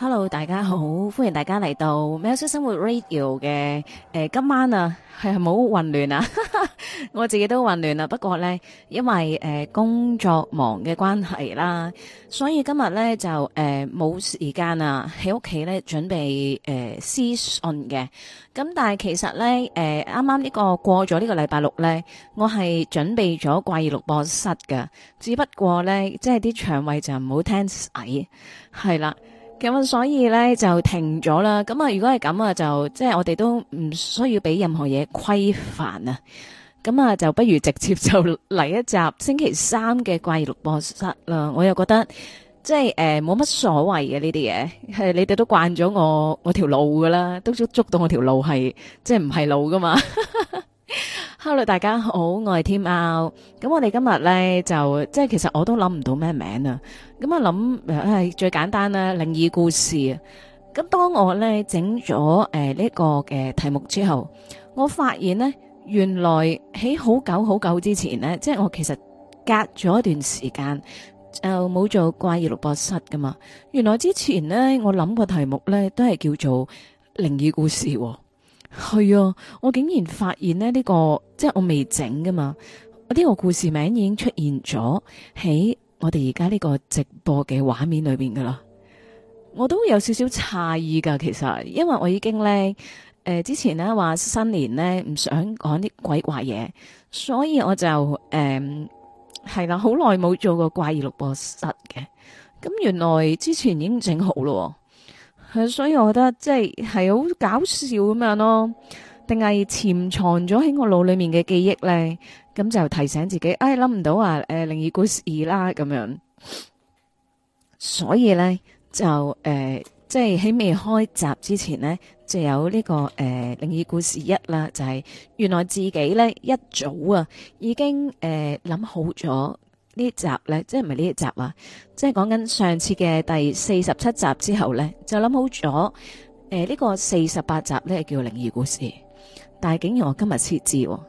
hello，大家好，好歡迎大家嚟到《喵式生活 Radio》嘅誒、呃，今晚啊係好混亂啊哈哈，我自己都混亂啊不過咧，因為誒、呃、工作忙嘅關係啦，所以今日咧就誒冇、呃、時間啊喺屋企咧準備誒屍訊嘅。咁、呃、但係其實咧誒啱啱呢、呃剛剛這個過咗呢個禮拜六咧，我係準備咗怪異錄播室嘅，只不過咧即係啲腸胃就唔好聽洗係啦。咁所以咧就停咗啦。咁啊，如果係咁啊，就即係我哋都唔需要俾任何嘢規範啊。咁啊，就不如直接就嚟一集星期三嘅怪異錄播室啦。我又覺得即係誒冇乜所謂嘅呢啲嘢，係你哋都慣咗我我條路噶啦，都捉捉到我條路係即係唔係路噶嘛。 hello，大家好，我係天喵，咁我哋今日呢，就即係其實我都諗唔到咩名啊，咁啊諗誒最簡單啦，靈異故事，咁當我呢整咗誒呢個嘅題目之後，我發現呢，原來喺好久好久之前呢，即係我其實隔咗一段時間就冇做怪異錄播室噶嘛，原來之前呢，我諗個題目呢都係叫做靈異故事哦。係啊，我竟然發現咧、這、呢個，即係我未整噶嘛，呢、這個故事名已經出現咗喺我哋而家呢個直播嘅畫面裏邊噶啦。我都有少少詫異噶，其實，因為我已經咧，誒、呃、之前咧話新年咧唔想講啲鬼怪嘢，所以我就誒係啦，好耐冇做過怪異錄播室嘅。咁原來之前已經整好咯。係，所以我覺得即係係好搞笑咁樣咯，定係潛藏咗喺我腦裏面嘅記憶呢？咁就提醒自己，哎諗唔到啊！誒、呃，靈異故事二啦咁樣，所以呢，就誒、呃，即係喺未開閘之前呢，就有呢、這個誒、呃、靈異故事一啦，就係、是、原來自己呢，一早啊已經誒諗、呃、好咗。呢集呢，即係唔係呢一集啊？即係講緊上次嘅第四十七集之後呢，就諗好咗。誒、呃，呢、這個四十八集呢，叫靈異故事，但係竟然我今日先知道，啊，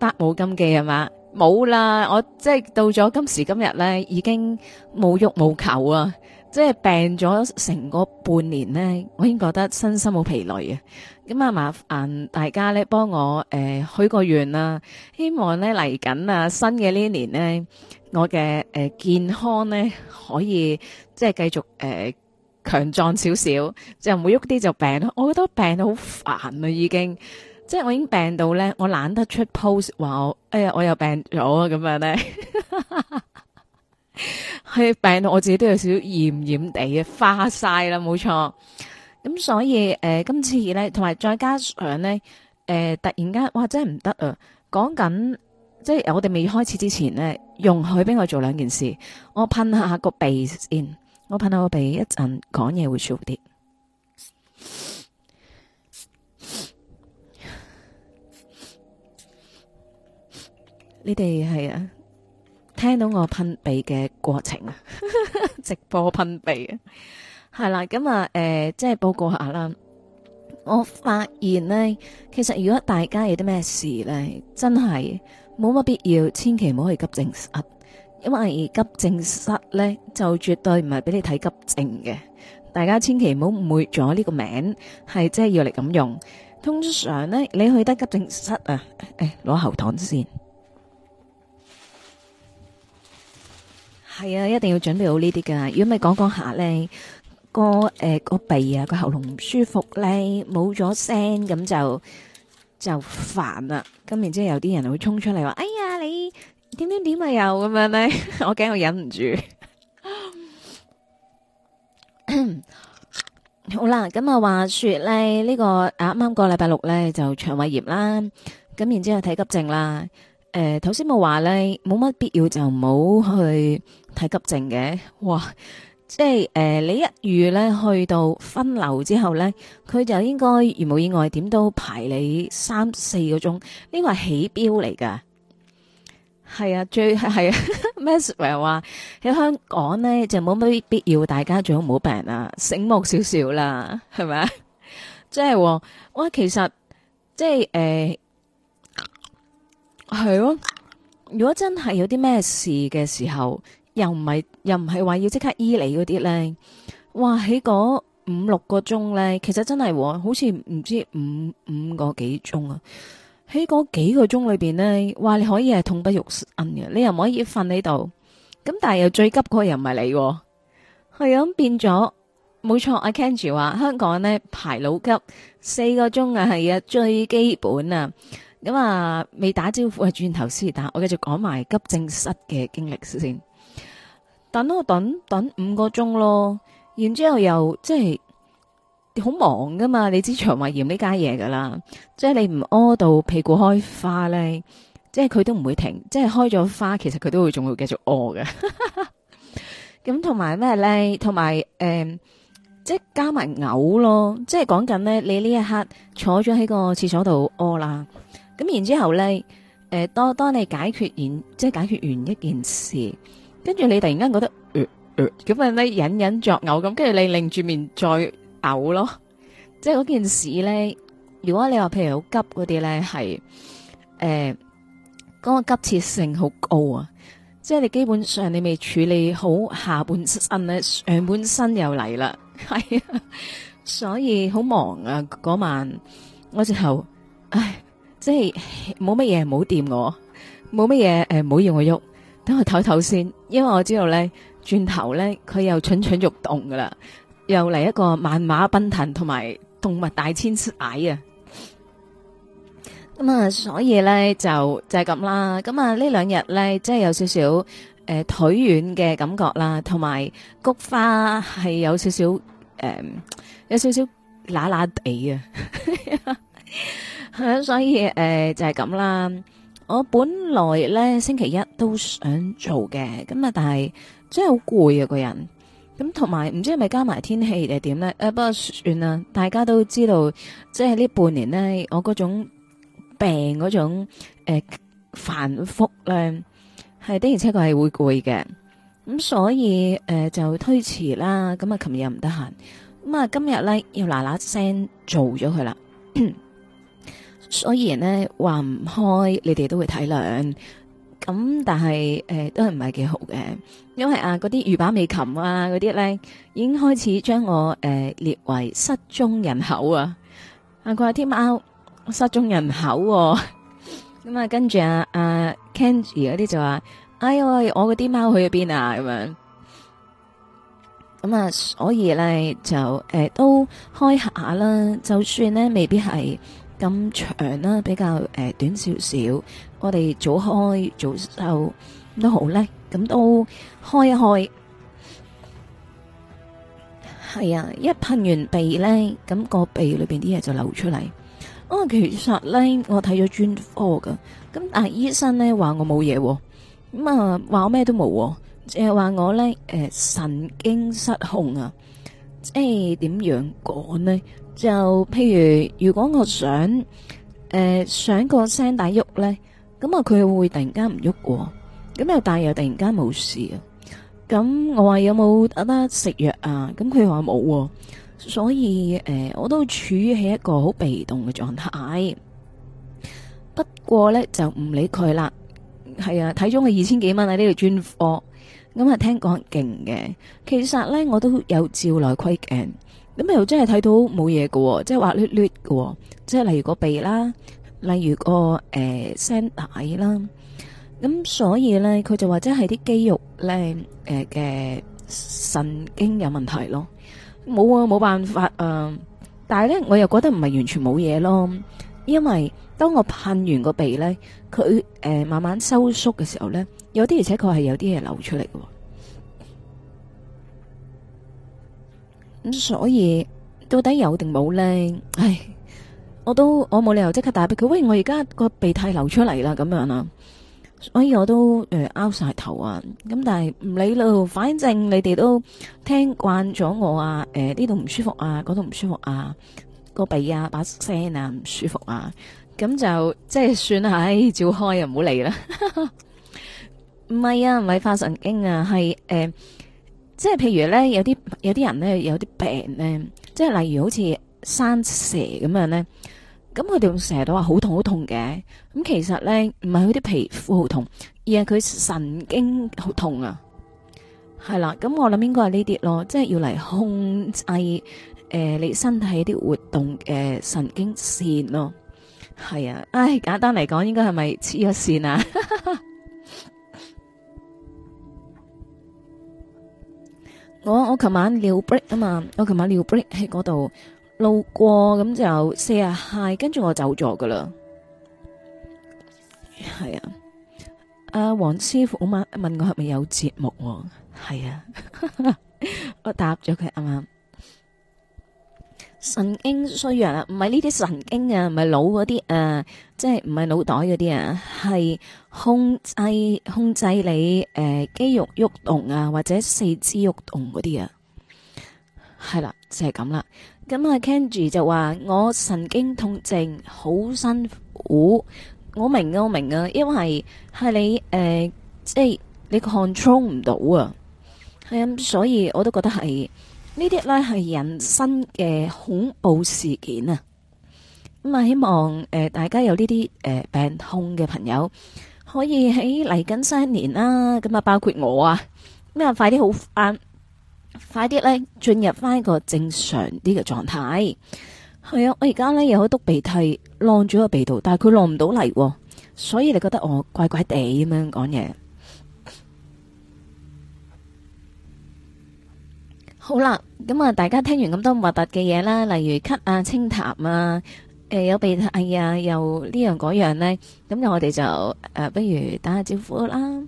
百冇禁忌係嘛？冇啦，我即係到咗今時今日呢，已經冇欲冇求啊！即係病咗成個半年咧，我已經覺得身心好疲累啊！咁啊，麻煩大家咧，幫我誒許、呃、個願啦，希望咧嚟緊啊新嘅呢年咧，我嘅誒、呃、健康咧可以即係繼續誒強壯少少，即係唔、呃、會喐啲就病咯。我覺得病到好煩啊，已經，即係我已經病到咧，我懶得出 post 話我哎呀我又病咗啊咁樣咧。 係 病到我自己都有少少炎炎地嘅花晒啦，冇錯。咁所以誒、呃，今次咧，同埋再加上咧，誒、呃，突然間，哇，真係唔得啊！講緊即係我哋未開始之前咧，容許俾我做兩件事，我噴下個鼻先，我噴下個鼻一陣講嘢會舒服啲。 你哋係啊。聽到我噴鼻嘅過程， 直播噴鼻啊！係啦，咁啊，誒、呃，即係報告一下啦。我發現呢，其實如果大家有啲咩事呢，真係冇乜必要，千祈唔好去急症室，因為急症室呢，就絕對唔係俾你睇急症嘅。大家千祈唔好誤會咗呢個名，係即係要嚟咁用。通常呢，你去得急症室啊，誒、哎，攞喉糖先。係啊，一定要準備好說一說一呢啲噶。如果咪講講下咧，個誒個鼻啊個喉嚨唔舒服咧，冇咗聲咁就就煩啦。咁然之後有啲人會衝出嚟話：哎呀，你點點點又咁樣咧、啊？樣呢 我驚我忍唔住。 好啦，咁啊，話說咧呢、這個啱啱個禮拜六咧就腸胃炎啦，咁然之後睇急症啦。誒，頭先我話，咧，冇乜必要就唔好去睇急症嘅。哇！即係誒、呃，你一遇咧去到分流之後咧，佢就應該如冇意外，點都排你三四個鐘，呢個係起標嚟噶係啊，最係啊 message 話喺香港咧，就冇乜必要，大家最好唔好病啦，啊，醒目少少啦，係咪啊？即係喎，其實即係誒。呃係咯、啊，如果真係有啲咩事嘅時候，又唔係又唔係話要即刻醫你嗰啲咧，哇喺嗰五六個鐘咧，其實真係好似唔知五五個幾鐘啊！喺嗰幾個鐘裏邊咧，哇你可以係痛不欲生嘅，你又唔可以瞓喺度，咁但係又最急嗰個人唔係你、啊，係咁、啊、變咗，冇錯。阿 Ken 住話香港咧排腦急四個鐘啊係啊最基本啊。咁啊，未、嗯、打招呼，係轉頭先打。我繼續講埋急症室嘅經歷先。等我等等五個鐘咯，然之後又即係好忙噶嘛。你知腸胃炎呢家嘢噶啦，即係你唔屙到屁股開花咧，即係佢都唔會停。即係開咗花，其實佢都會仲會繼續屙嘅。 咁同埋咩咧？同埋誒，即係加埋嘔咯。即係講緊咧，你呢一刻坐咗喺個廁所度屙啦。咁然之後咧，誒、呃，當當你解決完，即係解決完一件事，跟住你突然間覺得，咁啊咧，呃、樣你隱隱作嘔咁，跟住你擰住面再嘔咯，即係嗰件事咧，如果你話譬如好急嗰啲咧，係，誒、呃，嗰、嗰個急切性好高啊，即係你基本上你未處理好下半身咧，上半身又嚟啦，係啊，所以好忙啊，嗰晚我之後，唉。即係冇乜嘢，唔好掂我，冇乜嘢誒，唔好要我喐，等我唞唞先，因為我知道咧，轉頭咧佢又蠢蠢欲動噶啦，又嚟一個萬馬奔騰同埋動物大遷徙啊！咁、嗯、啊，所以咧就就係咁啦。咁、嗯、啊，兩呢兩日咧即係有少少誒、呃、腿軟嘅感覺啦，同埋菊花係有少少誒、呃、有少少乸乸地啊！ 咁、嗯、所以誒、呃、就係、是、咁啦。我本來咧星期一都想做嘅，咁啊但係真係好攰啊個人。咁同埋唔知係咪加埋天氣定係點咧？誒、呃、不過算啦，大家都知道，即係呢半年咧，我嗰種病嗰種誒、呃、繁複咧，係的而且確係會攰嘅。咁、嗯、所以誒、呃、就推遲啦。咁啊琴日又唔得閒。咁啊、嗯、今日咧要嗱嗱聲做咗佢啦。 所以咧話唔開，你哋都會體諒，咁但係誒、呃、都係唔係幾好嘅，因為啊嗰啲魚把尾琴啊嗰啲咧已經開始將我誒、呃、列為失蹤人口啊！啊佢話天貓失蹤人口，啊，咁 啊跟住啊啊 Kenji 嗰啲就話：哎喲，我嗰啲貓去咗邊啊？咁樣，咁啊，所以咧就誒、呃、都開下下啦，就算咧未必係。咁長啦，比較誒短少少，我哋早開早收都好咧。咁都開一開，係啊！一噴完鼻咧，咁個鼻裏邊啲嘢就流出嚟。我其實咧，我睇咗專科噶，咁但係醫生咧話我冇嘢，咁啊話我咩都冇，淨係話我咧誒神經失控啊，即係點樣講咧？就譬如如果我想誒、呃、想個聲帶喐呢，咁啊佢會突然間唔喐，咁又但又突然間冇事有有啊。咁我話有冇得食藥啊？咁佢話冇，所以誒、呃、我都處於喺一個好被動嘅狀態。不過呢，就唔理佢啦。係啊，睇咗我二千幾蚊喺呢度專科，咁啊聽講勁嘅。其實呢，我都有照內窺鏡。咁又真係睇到冇嘢喎，即係滑捋捋喎，即係例如個鼻啦，例如個誒聲帶啦。咁所以咧，佢就或者係啲肌肉咧誒嘅神經有問題咯。冇啊，冇辦法啊、呃。但係咧，我又覺得唔係完全冇嘢咯。因為當我噴完個鼻咧，佢誒、呃、慢慢收縮嘅時候咧，有啲而且佢係有啲嘢流出嚟嘅。咁所以到底有定冇呢？唉，我都我冇理由即刻打俾佢。喂，我而家個鼻涕流出嚟啦，咁樣啦，所以我都誒拗晒頭啊。咁但係唔理咯，反正你哋都聽慣咗我啊。誒、呃，呢度唔舒服啊，嗰度唔舒服啊，個鼻啊，把聲啊唔舒服啊。咁就即係算係照開啊，唔好理啦。唔 係啊，唔係發神經啊，係誒。呃即係譬如咧，有啲有啲人咧，有啲病咧，即係例如好似生蛇咁樣咧，咁佢哋成日都話好痛好痛嘅。咁其實咧，唔係佢啲皮膚好痛，而係佢神經好痛啊。係啦，咁我諗應該係呢啲咯，即係要嚟控制，誒、呃、你身體啲活動嘅神經線咯。係啊，唉，簡單嚟講，應該係咪黐咗綫啊？ 我我琴晚聊 break 啊嘛，我琴晚聊 break 喺嗰度路過咁就 say a hi，跟住我走咗噶啦，係啊，阿、啊、黃師傅問我問我係咪有節目、哦，係啊， 我答咗佢啱啱。神經衰弱啊，唔係呢啲神經啊，唔係腦嗰啲誒，即係唔係腦袋嗰啲啊，係控制控制你誒、呃、肌肉喐動啊，或者四肢喐動嗰啲啊，係啦，就係咁啦。咁啊 Kenji 就話我神經痛症好辛苦，我明啊，我明啊，因為係你誒、呃，即係你 control 唔到啊，係啊，所以我都覺得係。這呢啲咧係人生嘅恐怖事件啊！咁、嗯、啊，希望誒、呃、大家有呢啲誒病痛嘅朋友，可以喺嚟緊三年啦、啊，咁啊包括我啊，咩啊快啲好翻，快啲咧進入翻一個正常啲嘅狀態。係、嗯嗯、啊，我而家咧又好督鼻涕，晾住個鼻度，但係佢晾唔到嚟，所以你覺得我怪怪地咁樣講嘢。好啦，咁、嗯、啊，大家聽完咁多唔核突嘅嘢啦，例如咳啊、清痰啊、誒、呃、有鼻涕啊、哎，又樣樣呢樣嗰樣咧，咁我哋就誒、呃、不如打下招呼啦。咁、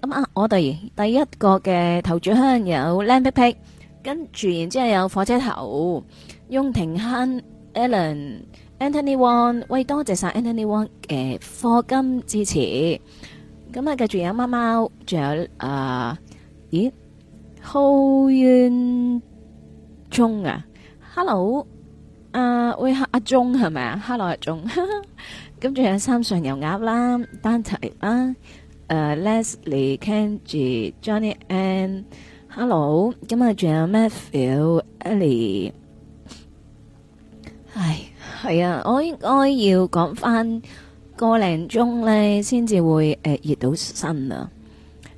嗯、啊，我哋第一個嘅頭柱香有靚碧碧，跟住然之後有火車頭、雍廷亨、Ellen、Anthony Wong，喂，多謝晒 Anthony Wong 嘅課金支持。咁、嗯、啊，繼續有貓貓，仲有啊、呃，咦？陶源鍾啊，Hello，啊會吓阿鍾係咪啊？Hello 阿鍾，咁仲有三上油鴨啦，丹提啦，誒 Leslie，Kenji，Johnny，Ann，Hello，咁啊仲有 Matthew，Ellie，唉係啊，我應該要講翻個零鐘咧，先至會誒熱到身啊。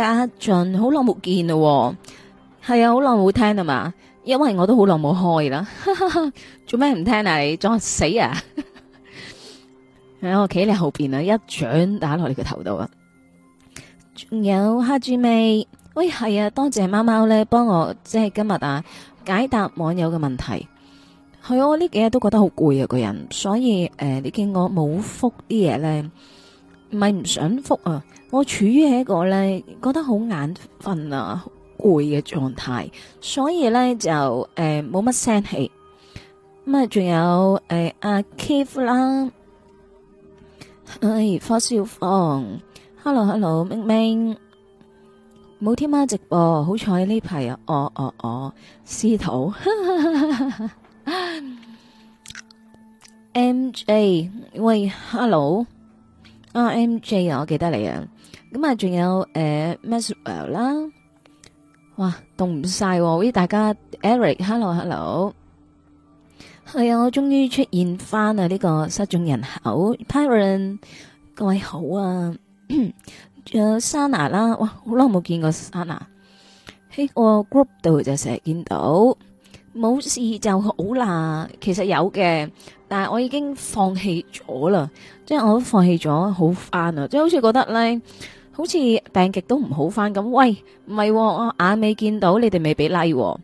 阿、啊、俊，好耐冇見咯、哦，係啊，好耐冇聽啊嘛，因為我都好耐冇開啦，做咩唔聽啊？你裝死啊！ 啊我企你後邊啊，一掌打落你個頭度啊！仲有哈住未？喂，係啊，多謝貓貓咧，幫我即係今日啊解答網友嘅問題。係、啊、我呢幾日都覺得好攰啊，個人，所以誒、呃，你見我冇覆啲嘢咧。唔係唔想復啊！我處於喺一個咧覺得好眼瞓啊、好攰嘅狀態，所以咧就誒冇乜聲氣。咁、呃、啊，仲有誒、呃、阿 Keith 啦，哎，o 燒方，Hello Hello，明明冇天喵直播，好彩呢排啊，我我我司徒 ，MJ 喂，Hello。r M J 啊，oh, MJ, 我記得你啊，咁啊仲有誒、呃、Maswell 啦，哇凍唔晒喎，咦、啊、大家 Eric，hello hello，係啊，我終於出現翻啊，呢個失蹤人口，Piran 各位好啊，誒 Sana 啦，哇好耐冇見過 Sana 喺、hey, 我 group 度就成日見到，冇事就好啦，其實有嘅。但係我已經放棄咗啦，即係我都放棄咗好翻啦，即係好似覺得咧，好似病極都唔好翻咁。喂，唔係、哦、我眼未見到你哋未俾 like，咁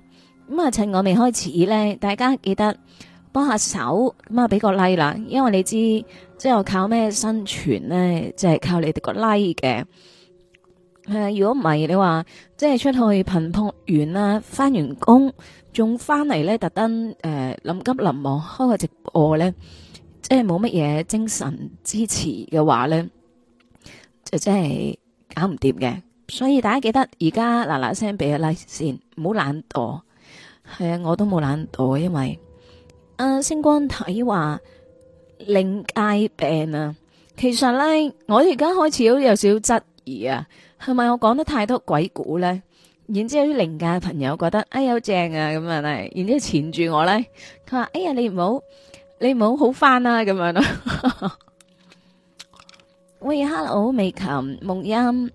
啊趁我未開始咧，大家記得幫下手，咁啊俾個 like 啦。因為你知即係我靠咩生存咧，即、就、係、是、靠你哋個 like 嘅。呃、啊，如果唔係你話，即係出去頻撲完啦，翻完工。仲翻嚟咧，特登誒，臨、呃、急臨忙開個直播咧，即係冇乜嘢精神支持嘅話咧，就真係搞唔掂嘅。所以大家記得而家嗱嗱聲俾個 like 先，唔好、like、懶惰。係啊，我都冇懶惰，因為啊星光體話靈界病啊。其實咧，我而家開始有少少質疑啊，係咪我講得太多鬼故咧？然之後啲靈界朋友覺得哎呀好正啊咁樣咧，然之後纏住我咧，佢話哎呀你唔好你唔好好返啦咁樣咯。喂，Hello 美琴夢音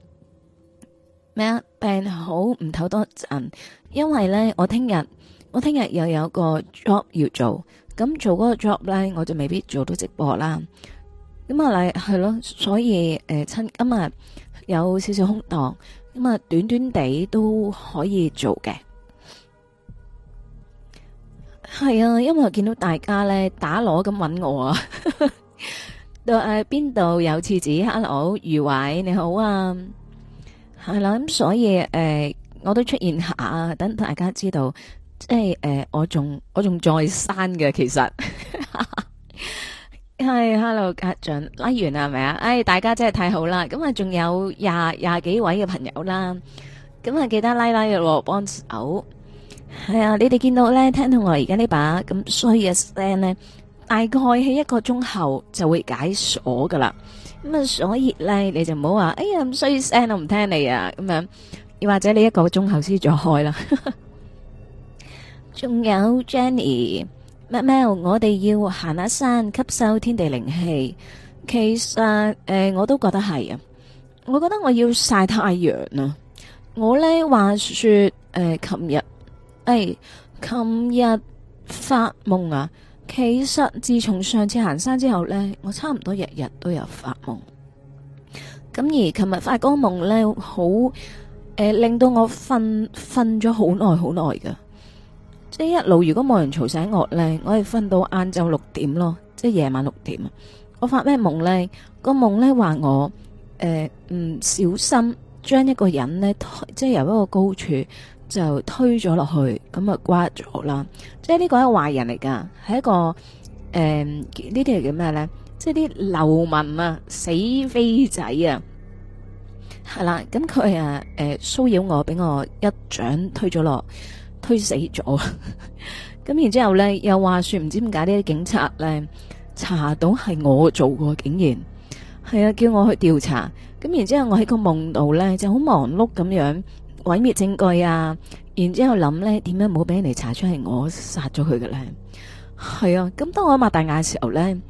咩啊？病好唔唞多陣？因為咧我聽日我聽日又有個 job 要做，咁做嗰個 job 咧我就未必做到直播啦。咁啊嚟，係咯，所以誒、呃、親今日有少少空檔。咁啊，短短地都可以做嘅，係啊，因為見到大家咧打攞咁搵我啊，到誒邊度有廁紙？Hello，余偉你好啊，係啦，咁所以誒，我都出現下，等大家知道，即係誒，我仲我仲再刪嘅，其實。係、hey，Hello，家長拉完啦，係咪啊？誒、哎，大家真係太好啦！咁啊，仲有廿廿幾位嘅朋友啦，咁啊，記得拉一拉嘅幫手。係啊、哎，你哋見到咧，聽到我而家呢把咁衰嘅聲咧，大概喺一個鐘後就會解鎖噶啦。咁啊，所以咧，你就唔好話，哎呀咁衰聲，的聲我唔聽你啊，咁樣，又或者你一個鐘後先再開啦。仲 有 Jenny。咩咩？我哋要行下山吸收天地靈氣。其實誒、呃，我都覺得係啊。我覺得我要晒太陽啊。我呢話說誒，琴、呃、日誒，琴、哎、日發夢啊。其實自從上次行山之後呢，我差唔多日日都有發夢。咁而琴日發嗰個夢呢，好、呃、令到我瞓瞓咗好耐好耐噶。即係一路，如果冇人嘈醒我咧，我係瞓到晏晝六點咯，即係夜晚六點。我發咩夢咧？個夢咧話我誒唔、呃、小心將一個人咧，即係由一個高處就推咗落去，咁啊瓜咗啦。即係呢個係壞人嚟㗎，係一個誒、呃、呢啲係叫咩咧？即係啲流民啊，死飛仔啊，係啦。咁、嗯、佢啊誒騷擾我，俾我一掌推咗落。推死咗，咁 然之後呢又話說，唔知點解啲警察呢查到係我做嘅，竟然係啊叫我去調查。咁然之後我喺個夢度呢，就好忙碌咁樣毀滅證據啊。然之後諗呢，點樣冇俾人哋查出係我殺咗佢嘅呢？係啊。咁當我擘大眼嘅時候呢，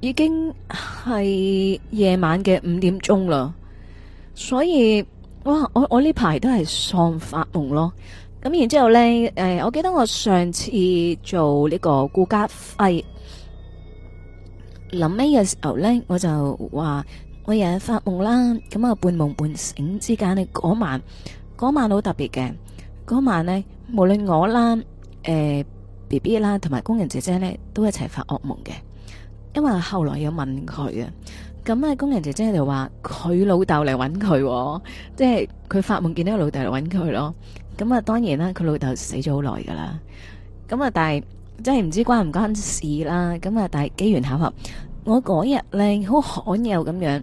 已經係夜晚嘅五點鐘啦。所以哇，我我呢排都係喪發夢咯。咁然之後咧，誒，我記得我上次做呢個顧家費諗起嘅時候咧，我就話我日日發夢啦。咁啊，半夢半醒之間咧，嗰晚嗰晚好特別嘅。嗰晚咧，無論我啦，誒，B B 啦，同埋工人姐姐咧，都一齊發噩夢嘅。因為後來有問佢嘅咁啊，工人姐姐就話佢老豆嚟揾佢，即係佢發夢見到老豆嚟揾佢咯。咁啊，當然啦，佢老豆死咗好耐噶啦。咁啊，但係真係唔知關唔關事啦。咁啊，但係機緣巧合，我嗰日呢好罕有咁樣，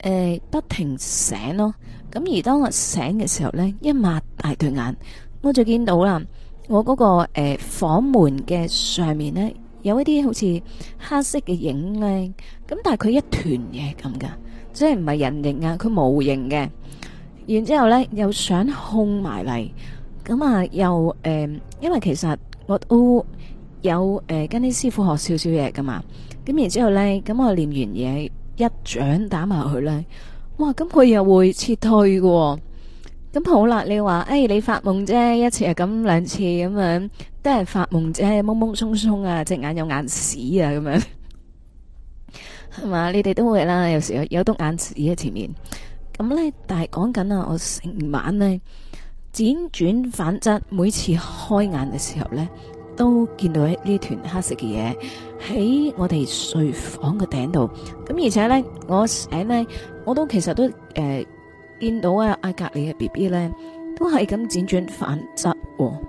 誒，不停醒咯。咁而當我醒嘅時候呢，一擘大對眼，我就見到啦，我嗰、嗰個誒、呃、房門嘅上面呢。有一啲好似黑色嘅影咧，咁但係佢一團嘢咁噶，即係唔係人形啊，佢無形嘅。然之後咧又想控埋嚟，咁啊又誒，因為其實我都有誒跟啲師傅學少少嘢噶嘛。咁然之後咧，咁我練完嘢一掌打埋去咧，哇！咁佢又會撤退嘅。咁好啦，你話誒、哎，你發夢啫，一次啊咁，兩次咁樣，都係發夢啫，懵懵鬆鬆啊，隻眼有眼屎啊，咁樣係嘛？你哋都會啦，有時有有督眼屎喺前面。咁呢。但係講緊啊，我成晚呢，輾轉反側，每次開眼嘅時候呢，都見到呢團黑色嘅嘢喺我哋睡房嘅頂度。咁而且呢，我醒呢，我都其實都誒。呃見到啊，阿隔籬嘅 B B 咧，都係咁輾轉反側喎、哦。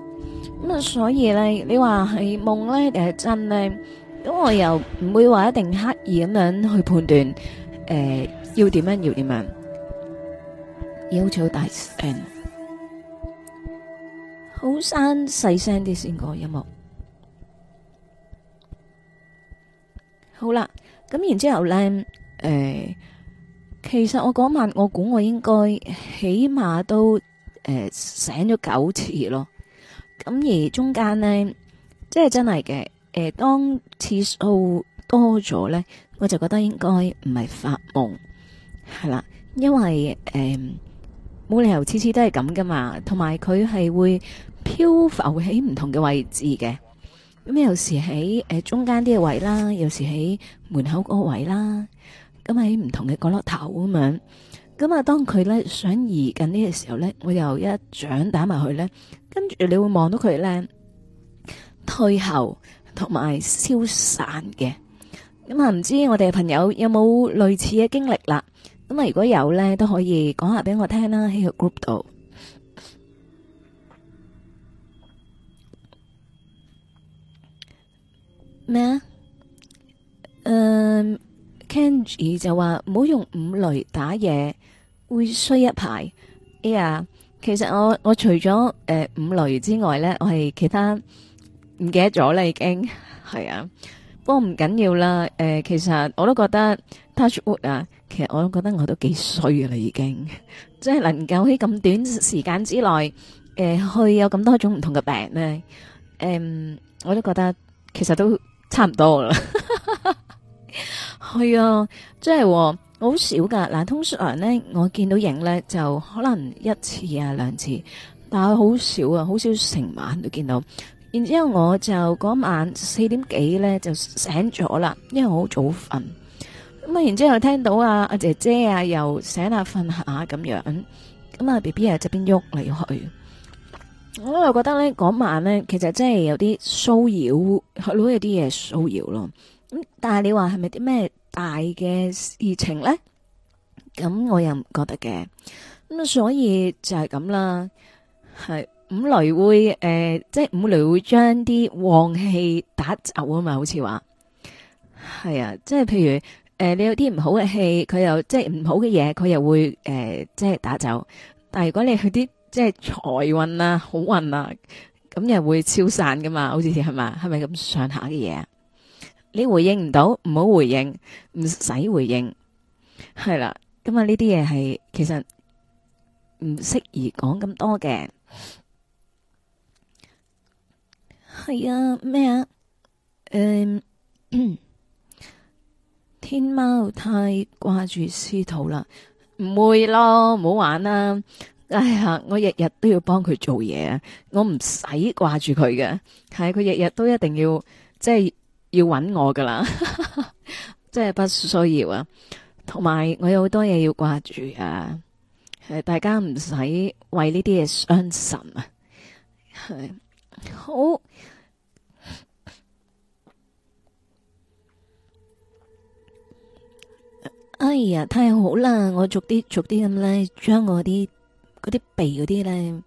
咁、嗯、啊，所以咧，你話係夢咧定，係真咧，咁我又唔會話一定刻意咁樣去判斷，誒、呃，要點樣，要點樣。要 o u s 好大聲，生細聲啲先個音樂。好啦，咁、嗯、然之後咧，誒、呃。其實我嗰晚我估我應該起碼都誒、呃、醒咗九次咯，咁而中間呢，即係真係嘅，誒、呃、當次數多咗呢，我就覺得應該唔係發夢係啦，因為誒、呃、冇理由次次都係咁噶嘛，同埋佢係會漂浮喺唔同嘅位置嘅，咁有時喺誒、呃、中間啲嘅位啦，有時喺門口嗰個位啦。咁喺唔同嘅角落頭咁樣，咁、嗯、啊，當佢咧想移近呢嘅時候咧，我又一掌打埋佢咧，跟住你會望到佢咧退後同埋消散嘅。咁啊，唔知我哋嘅朋友有冇類似嘅經歷啦？咁、嗯、啊，如果有咧，都可以講下俾我聽啦，喺個 group 度咩？嗯。Um, h a n r y 就話唔好用五雷打嘢，會衰一排。哎呀，其實我我除咗誒五雷之外咧，我係其他唔記得咗啦已經了了。係 啊，不過唔緊要啦。誒、呃，其實我都覺得 Touch Wood 啊，其實我都覺得我都幾衰噶啦已經。即 係能夠喺咁短時間之內，誒、呃、去有咁多種唔同嘅病咧，誒、呃，我都覺得其實都差唔多噶啦。係啊，即係我好少噶。嗱，通常咧，我見到影咧就可能一次啊兩次，但係好少啊，好少成晚都見到。然之後我就嗰晚四點幾咧就醒咗啦，因為我好早瞓。咁啊，然之後聽到阿、啊、阿姐姐啊又醒下瞓下咁樣，咁啊 B B 又側邊喐嚟去，我都又覺得咧嗰晚咧其實真係有啲騷擾，好有啲嘢騷擾咯。咁但係你話係咪啲咩大嘅事情咧？咁我又唔覺得嘅。咁所以就係咁啦。係五雷會誒、呃，即係五雷會將啲旺氣打走啊嘛，好似話係啊。即係譬如誒、呃，你有啲唔好嘅氣，佢又即係唔好嘅嘢，佢又會誒、呃，即係打走。但係如果你去啲即係財運啊、好運啊，咁又會超散噶嘛？好似係嘛？係咪咁上下嘅嘢？你回應唔到，唔好回應，唔使回應，係啦。咁啊，呢啲嘢係其實唔適宜講咁多嘅。係啊，咩啊？誒、嗯，天貓太掛住司徒啦，唔會咯，唔好玩啦。哎呀，我日日都要幫佢做嘢啊，我唔使掛住佢嘅。係，佢日日都一定要即係。要揾我噶啦，真係不需要啊。同埋我有好多嘢要掛住啊，誒，大家唔使為呢啲嘢傷神啊。係好，哎呀，太好啦！我逐啲逐啲咁咧，將我啲嗰啲鼻、嗰啲咧，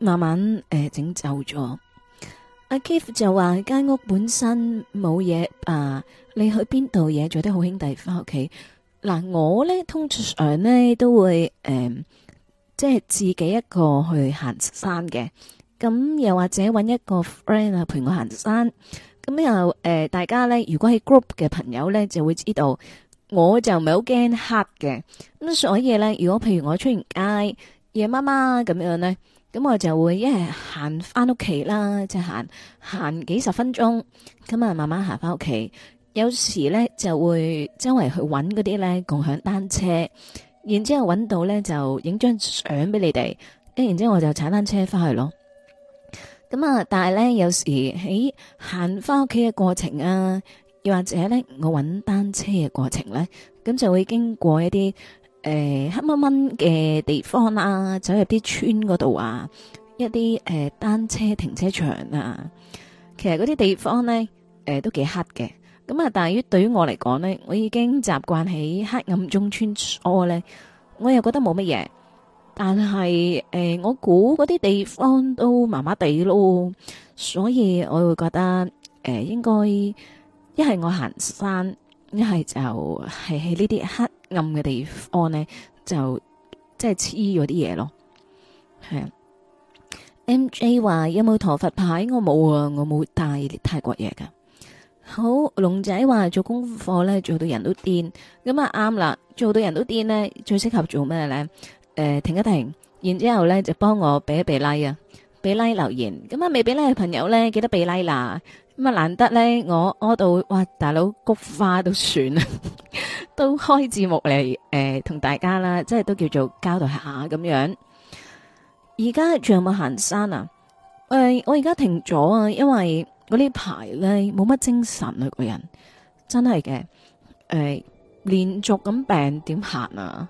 慢慢誒整走咗。呃阿 Kief 就話間屋本身冇嘢啊，你去邊度嘢？做啲好兄弟翻屋企。嗱，我咧通常咧都會誒、呃，即係自己一個去行山嘅。咁、嗯、又或者搵一個 friend 啊陪我行山。咁又誒，大家咧如果係 group 嘅朋友咧就會知道，我就唔係好驚黑嘅。咁、嗯、所以咧，如果譬如我出完街夜媽媽咁樣咧。咁我就會一係行翻屋企啦，即係行行幾十分鐘，咁啊慢慢行翻屋企。有時呢，就會周圍去搵嗰啲呢共享單車，然之後搵到呢，就影張相俾你哋，跟然之後我就踩單車翻去咯。咁啊，但係呢，有時喺行翻屋企嘅過程啊，又或者呢，我搵單車嘅過程呢，咁就會經過一啲。誒，黑掹掹嘅地方啊，走入啲村嗰度啊，一啲誒單車停車場啊，其實嗰啲地方呢，誒都幾黑嘅。咁啊，但係於對於我嚟講呢，我已經習慣喺黑暗中穿梭呢，我又覺得冇乜嘢。但係誒，我估嗰啲地方都麻麻地咯，所以我會覺得誒，應該一係我行山。一係就係喺呢啲黑暗嘅地方呢，就即係黐咗啲嘢咯。係啊，M J 話有冇陀佛牌？我冇啊，我冇帶泰國嘢噶。好，龍仔話做功課呢，做到人都癲。咁啊啱啦，做到人都癲呢，最適合做咩呢？誒，停一停，然之後呢就幫我俾一俾 like 啊，俾 like 留言。咁啊，未俾 like 嘅朋友呢，記得俾 like 啦。咁啊，難得咧，我屙到哇，大佬菊花都算啊， 都開字幕嚟誒、呃，同大家啦，即係都叫做交代下咁樣。而家仲有冇行山啊？誒、呃，我而家停咗啊，因為我呢排咧冇乜精神啊，個人真係嘅。誒、呃，連續咁病點行啊？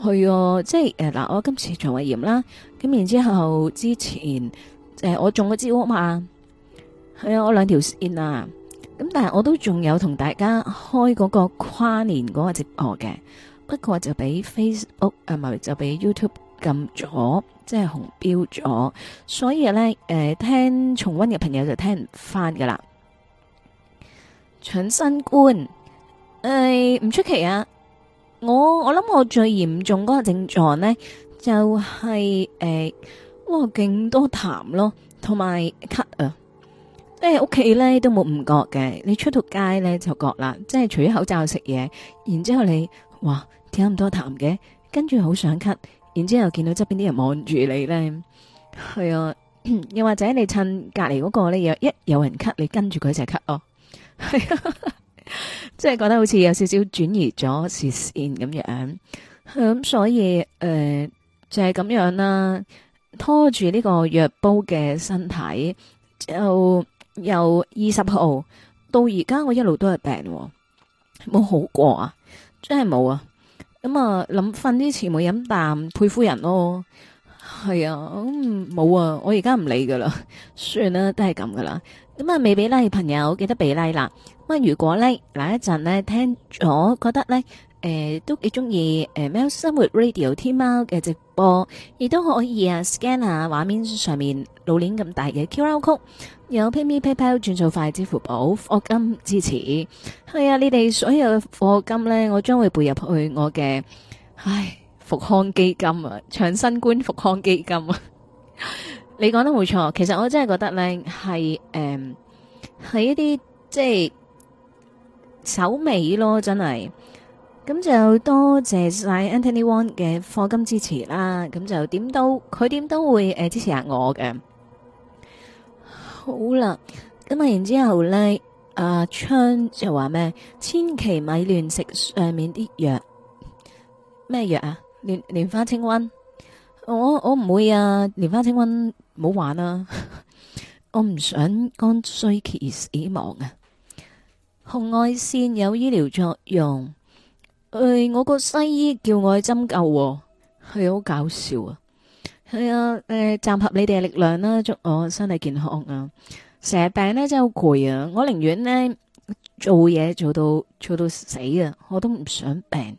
係哦、啊，即係誒嗱，我今次腸胃炎啦，咁然之後之前誒、呃，我中咗支烏嘛。係啊、嗯，我兩條線啊，咁、嗯、但係我都仲有同大家開嗰個跨年嗰個直播嘅，不過就畀 Facebook 誒、呃，咪係就畀 YouTube 撳咗，即係紅標咗，所以咧誒、呃、聽重溫嘅朋友就聽唔翻噶啦。搶新冠，誒、呃，唔出奇啊！我我諗我最嚴重嗰個症狀呢，就係、是、誒、呃，哇，勁多痰咯，同埋咳啊。誒，屋企咧都冇唔覺嘅，你出到街咧就覺啦。即係除咗口罩食嘢，然之後你哇，點解咁多痰嘅，跟住好想咳，然之後見到側邊啲人望住你咧，係啊，又或者你趁隔籬嗰個咧，有一有人咳，你跟住佢就咳哦。係啊，即係、啊、 覺得好似有少少轉移咗視線咁樣。咁、啊、所以誒、呃、就係、是、咁樣啦，拖住呢個藥煲嘅身體就。由二十號到而家，我一路都係病、哦，冇好過啊！真係冇啊！咁啊，諗瞓之前冇飲啖配夫人咯，係啊，冇、嗯、啊！我而家唔理噶啦，算啦，都係咁噶啦。咁啊，未俾 like 朋友，記得俾 like、like、啦。咁啊，如果咧、like，嗱一陣咧，聽咗覺得咧。誒，都幾中意誒，喵式生活 radio 天貓嘅直播，亦都可以啊 scan 啊，下畫面上面老年咁大嘅 QR code，有 PayMe PayPal 轉數快，支付寶課金支持，係啊，你哋所有嘅課金咧，我將會撥入去我嘅唉復康基金啊，長新冠復康基金啊， 你講得冇錯，其實我真係覺得咧係誒，係、嗯、一啲即係手尾咯，真係。咁就多謝晒 Anthony One 嘅課金支持啦。咁就點都佢點都會誒支持下我嘅。好啦，咁啊，然之後咧，阿昌就話咩？千祈咪亂食上面啲藥。咩藥啊？蓮蓮花清瘟。我我唔會啊！蓮花清瘟唔好玩啊！ 我唔想肝衰竭死亡啊！紅外線有醫療作用。誒、哎，我個西醫叫我去針灸、啊，係好搞笑啊！係啊，誒、呃，站合你哋嘅力量啦、啊，祝我身體健康啊！成日病咧、啊、真係好攰啊！我寧願呢做嘢做到做到死啊，我都唔想病，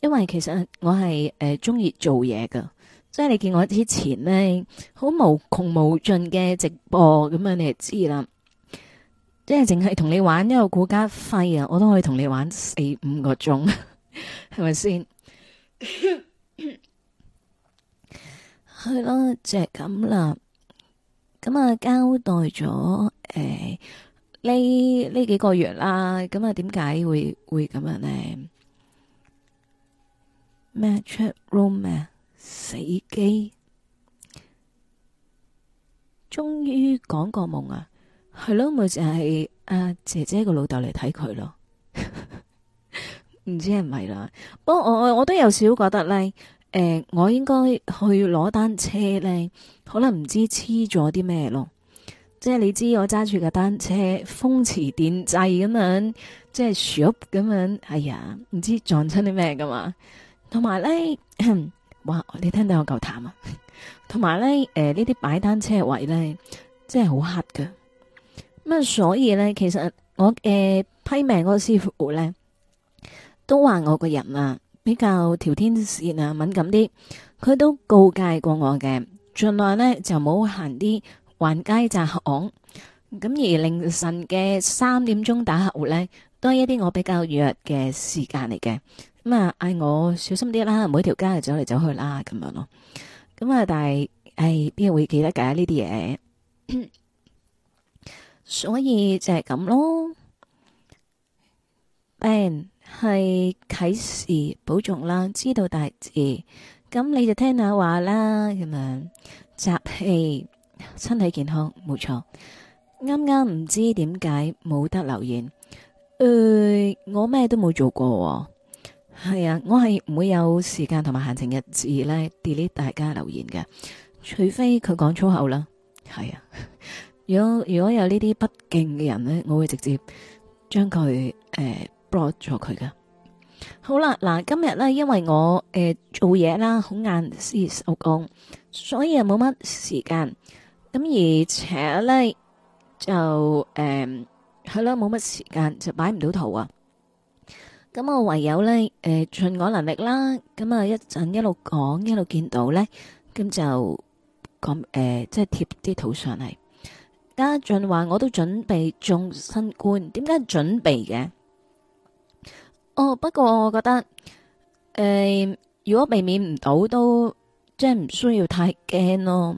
因為其實我係誒鍾意做嘢㗎，即係你見我之前呢，好無窮無盡嘅直播咁樣你就知啦。即係淨係同你玩一個顧家輝啊，我都可以同你玩四五個鐘，係咪先？係咯，就係咁啦。咁啊，交代咗誒呢呢幾個月啦。咁啊，點解會會咁樣呢？咩 chat room 咩死機，終於講個夢啊！係、就是啊、咯，咪就係阿姐姐個老豆嚟睇佢咯，唔知係唔係啦。不過我我都有少覺得咧，誒、呃，我應該去攞單車咧，可能唔知黐咗啲咩咯。即係你知我揸住個單車風馳電掣咁樣，即係 short 咁樣，係、哎、啊，唔知撞親啲咩噶嘛。同埋咧，哇，你聽到有嚿痰啊。同埋咧，誒、呃，呢啲擺單車位咧，真係好黑噶。咁啊，所以咧，其實我誒批命嗰個師傅咧，都話我個人啊比較條天線啊敏感啲，佢都告誡過我嘅，盡量呢就冇行啲橫街窄巷，咁而凌晨嘅三點鐘打後咧，都係一啲我比較弱嘅時間嚟嘅，咁啊嗌我小心啲啦，每條街條街走嚟走去啦，咁樣咯，咁啊但係誒邊個會記得噶呢啲嘢？ 所以就係咁咯，Ben 係啟示保重啦，知道大字，咁你就聽下話啦，咁樣，扎氣，身體健康，冇錯。啱啱唔知點解冇得留言，誒、呃，我咩都冇做過，哦，係啊，我係唔會有時間同埋閒情逸致咧 delete 大家留言嘅，除非佢講粗口啦，係啊。如果如果有呢啲不敬嘅人咧，我會直接將佢誒 block 咗佢噶。好啦，嗱，今日咧，因為我誒做嘢啦，好晏先收工，所以又冇乜時間。咁而且咧就誒係咯，冇乜時間就擺唔到圖啊。咁我唯有咧誒盡我能力啦。咁啊，一陣一路講一路見到咧，咁就講誒，即係貼啲圖上嚟。家俊話：我都準備中新冠，點解準備嘅？哦，不過我覺得，誒、呃，如果避免唔到，都即係唔需要太驚咯。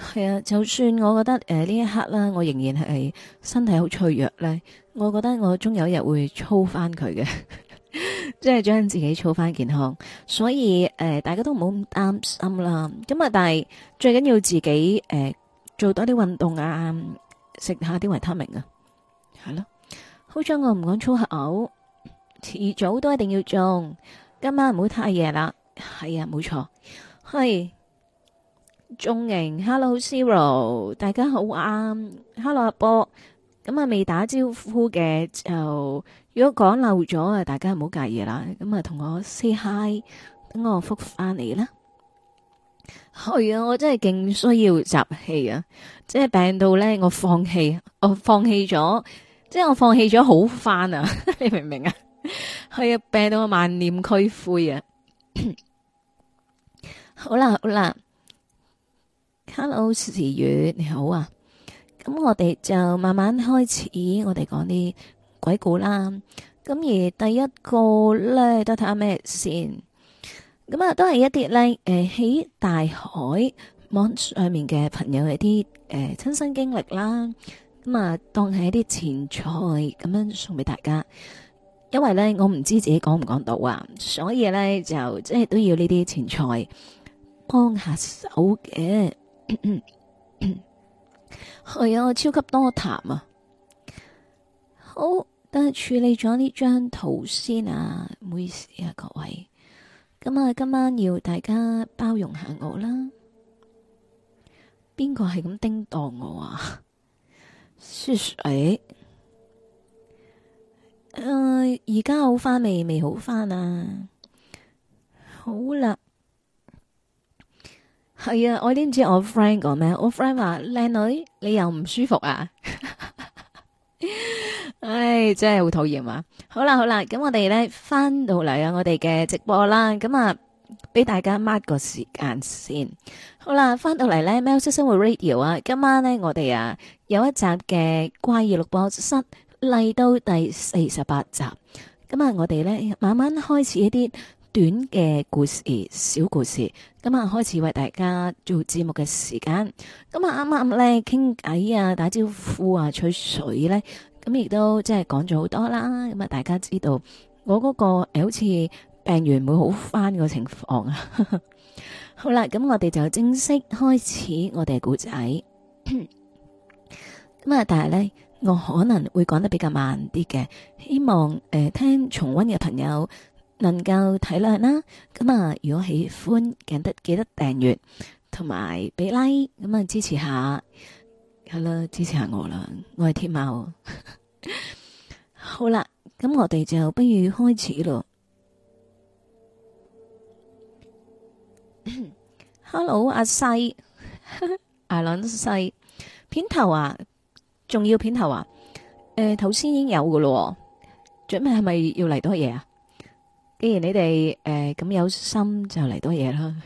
係啊，就算我覺得誒呢、呃、一刻啦，我仍然係身體好脆弱咧，我覺得我終有一日會操翻佢嘅，即係將自己操翻健康。所以誒、呃，大家都唔好咁擔心啦。咁啊，但係最緊要自己誒。呃做多啲運動啊，食下啲維他命啊，係咯。好彩我唔講粗口，遲早都一定要中。今晚唔好太夜啦。係啊，冇錯。係，鍾瑩，Hello Zero，大家好啱，啊。Hello 阿波。咁啊，未打招呼嘅就如果講漏咗啊，大家唔好介意啦。咁啊，同我 say hi，等我覆翻你啦。係啊，我真係勁需要集氣啊！即係病到咧，我放棄，我放棄咗，即係我放棄咗好返啊！ 你明唔明啊？係啊，病到我萬念俱灰啊！ 好啦、啊、好啦、啊，Hello 時月，你好啊！咁我哋就慢慢開始，我哋講啲鬼故啦。咁而第一個咧，得睇下咩先。咁啊、嗯，都係一啲呢誒，喺、呃、大海網上面嘅朋友嘅一啲誒親身經歷啦。咁、嗯、啊，當係一啲前菜，咁樣送俾大家，因為呢，我唔知自己講唔講到啊，所以呢，就即係都要呢啲前菜幫下手嘅。係 啊，我超級多談啊。好，等處理咗呢張圖先啊，唔好意思啊，各位。咁啊、嗯，今晚要大家包容下我啦。邊個係咁叮噹我啊？噓噓、哎，誒、呃，誒，而家好翻未？未好翻啊？好啦，係啊，我點知我 friend 講咩？我 friend 話靚女，你又唔舒服啊？ 唉，真係好討厭啊！好啦，好啦，咁我哋咧翻到嚟啊，我哋嘅直播啦，咁啊，俾大家 mark 個時間先。好啦，翻到嚟咧，喵式生活 Radio 啊，今晚咧我哋啊有一集嘅怪異錄播室，嚟到第四十八集。咁啊，我哋咧慢慢開始一啲短嘅故事，小故事。咁啊，開始為大家做節目嘅時間。咁啊，啱啱咧傾偈啊，打招呼啊，吹水咧、啊。咁亦都即係講咗好多啦，咁啊，大家知道我嗰個誒，好似病原會好返個情況啊。 好啦，咁我哋就正式開始我哋嘅故仔。咁啊， 但係呢，我可能會講得比較慢啲嘅，希望誒、呃、聽重溫嘅朋友能夠體諒啦。咁、嗯、啊，如果喜歡記得記得訂閱同埋俾 like，咁、嗯、啊支持下。係啦、嗯，支持下我啦，我係天貓。 好啦，咁我哋就不如開始咯。 Hello，阿細世， 阿兩細，片頭啊，仲要片頭啊。誒、呃，頭先已經有噶啦，準備係咪要嚟多嘢啊？既然你哋誒咁有心就來，就嚟多嘢啦。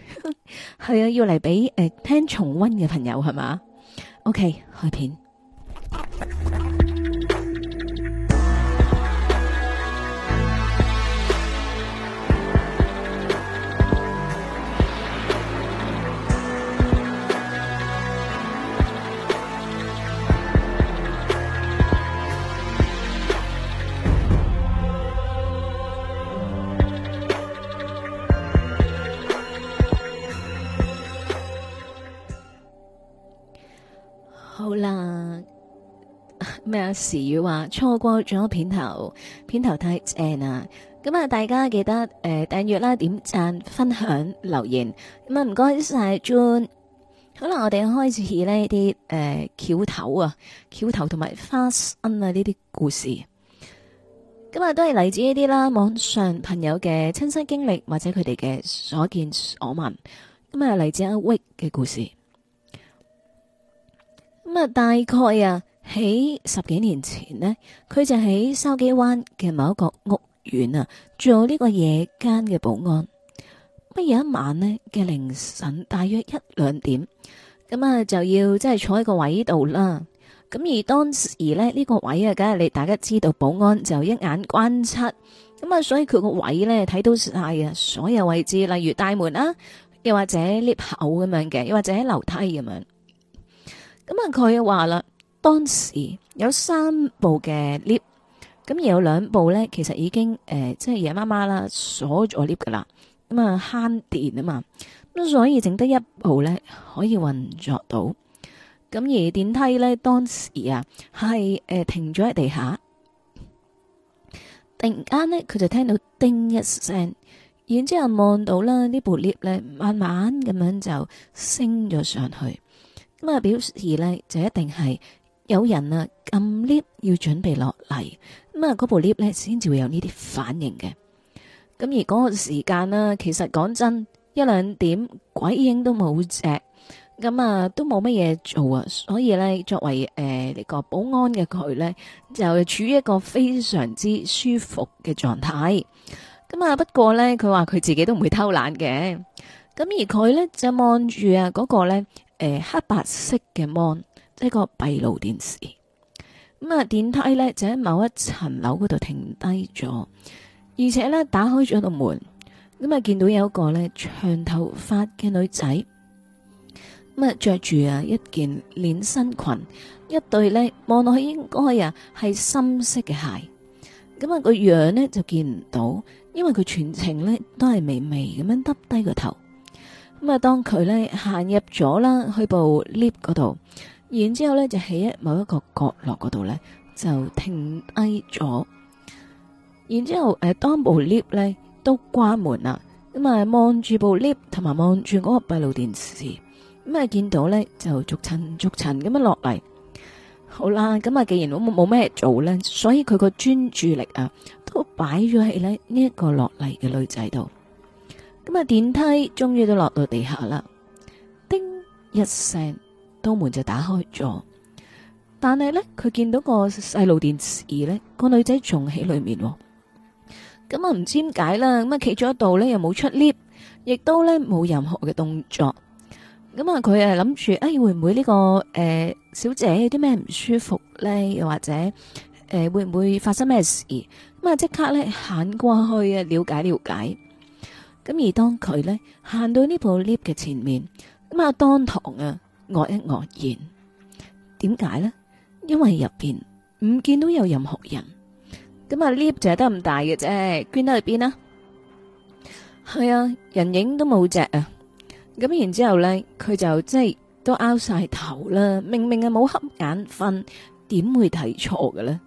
係啊，要嚟俾誒聽重溫嘅朋友係嘛？是 O.K. 開片。好啦，咩啊？時雨話錯過咗片頭，片頭太正啊！咁啊，大家記得誒，訂閱啦，點贊、分享、留言。咁啊，唔該晒，John。好啦，我哋開始呢啲誒橋頭啊，橋頭同埋花生啊呢啲故事。今日都係嚟自呢啲啦，網上朋友嘅親身經歷或者佢哋嘅所見所聞。咁啊，嚟自阿威嘅故事。咁啊，大概啊，喺十幾年前咧，佢就喺筲箕灣嘅某一個屋苑啊，做呢個夜間嘅保安。乜有一晚呢嘅凌晨，大約一兩點，咁啊就要即係坐喺個位度啦。咁而當時咧，呢個位啊，梗係你大家知道，保安就一眼關七，咁啊，所以佢個位咧睇到晒啊所有位置，例如大門啦、啊，又或者 lift 口咁樣嘅，又或者喺樓梯咁樣。咁啊！佢又話啦，當時有三部嘅 lift，咁而有兩部咧，其實已經誒，即、呃、係、就是、夜媽媽啦，鎖咗 lift 噶啦。咁啊慳電啊嘛，咁所以剩得一部咧可以運作到。咁而電梯咧當時啊係誒、呃、停咗喺地下，突然間咧佢就聽到叮一聲，然之後望到啦呢部 lift 咧慢慢咁樣就升咗上去。咁啊！表示呢就一定係有人啊撳 lift 要準備落嚟，咁啊嗰部 lift 呢先至會有呢啲反應嘅。咁而嗰個時間啦，其實講真一兩點鬼影都冇隻，咁啊都冇乜嘢做啊。所以呢，作為誒呢、呃這個保安嘅佢呢，就處於一個非常之舒服嘅狀態。咁啊，不過呢，佢話佢自己都唔會偷懶嘅。咁而佢呢，就望住啊嗰個呢。誒、呃，黑白色嘅芒，即係一個閉路電視。咁、嗯、啊，電梯呢就喺某一層樓嗰度停低咗，而且呢，打開咗道門，咁、嗯、啊見到有一個呢長頭髮嘅女仔，咁啊着住啊一件連身裙，一對呢望落去應該啊係深色嘅鞋，咁啊個樣呢就見唔到，因為佢全程呢都係微微咁樣耷低個頭。咁啊，當佢咧行入咗啦，去部 lift 嗰度，然之後咧就喺某一個角落嗰度咧就停低咗，然之後誒，當部 lift 咧都關門啦，咁啊望住部 lift 同埋望住嗰個閉路電視，咁啊見到咧就逐層逐層咁樣落嚟，好啦，咁啊既然我冇冇咩做咧，所以佢個專注力啊都擺咗喺咧呢一個落嚟嘅女仔度。咁啊！電梯終於都落到地下啦，叮一聲，度門就打開咗。但係呢，佢見到個細路電視呢，個女仔仲喺裏面，哦。咁、嗯、啊，唔知點解啦。咁啊，企咗一度呢，又冇出 lift，亦都呢，冇任何嘅動作。咁、嗯、啊，佢啊諗住，哎，會唔會呢、呢個誒、呃、小姐有啲咩唔舒服呢？又或者誒、呃，會唔會發生咩事？咁、嗯、啊，即刻呢，行過去啊，了解了解。咁而當佢呢，行到呢部 lift 嘅前面，咁啊當堂啊愕、呃、一愕、呃、然、呃，點解呢？因為入邊唔見到有任何人，咁啊 lift 就得咁大嘅啫，捐得去邊吖，係啊，人影都冇隻啊！咁然之後呢，佢就即係都拗晒頭啦，明明係冇瞌眼瞓，點會睇錯嘅呢？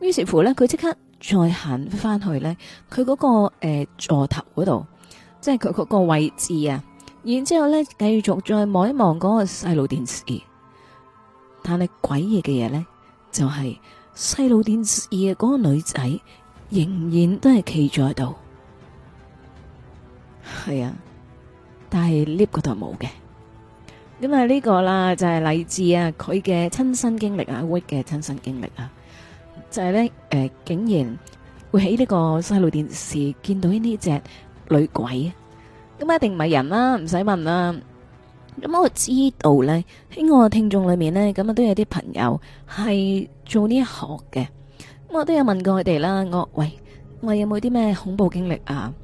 於是乎呢，佢即刻再行翻去呢，佢嗰、嗰個誒、呃、座頭嗰度。即係佢嗰個位置啊，然之後呢繼續再望一望嗰個細路電視，但係詭異嘅嘢呢，就係、是、細路電視嗰個女仔仍然都係企咗喺度，係啊，但係 lift 嗰度冇嘅。咁啊呢個啦就係嚟自啊，佢嘅親身經歷啊，阿威嘅親身經歷啊，就係、是、呢，誒、呃，竟然會喺呢個細路電視見到呢隻女鬼，咁一定唔係人啦，啊，唔使問啦，啊。咁我知道呢，喺我嘅聽眾裏面呢，咁啊都有啲朋友係做呢一行嘅。咁我都有問過佢哋啦。我喂，我有冇啲咩恐怖經歷啊？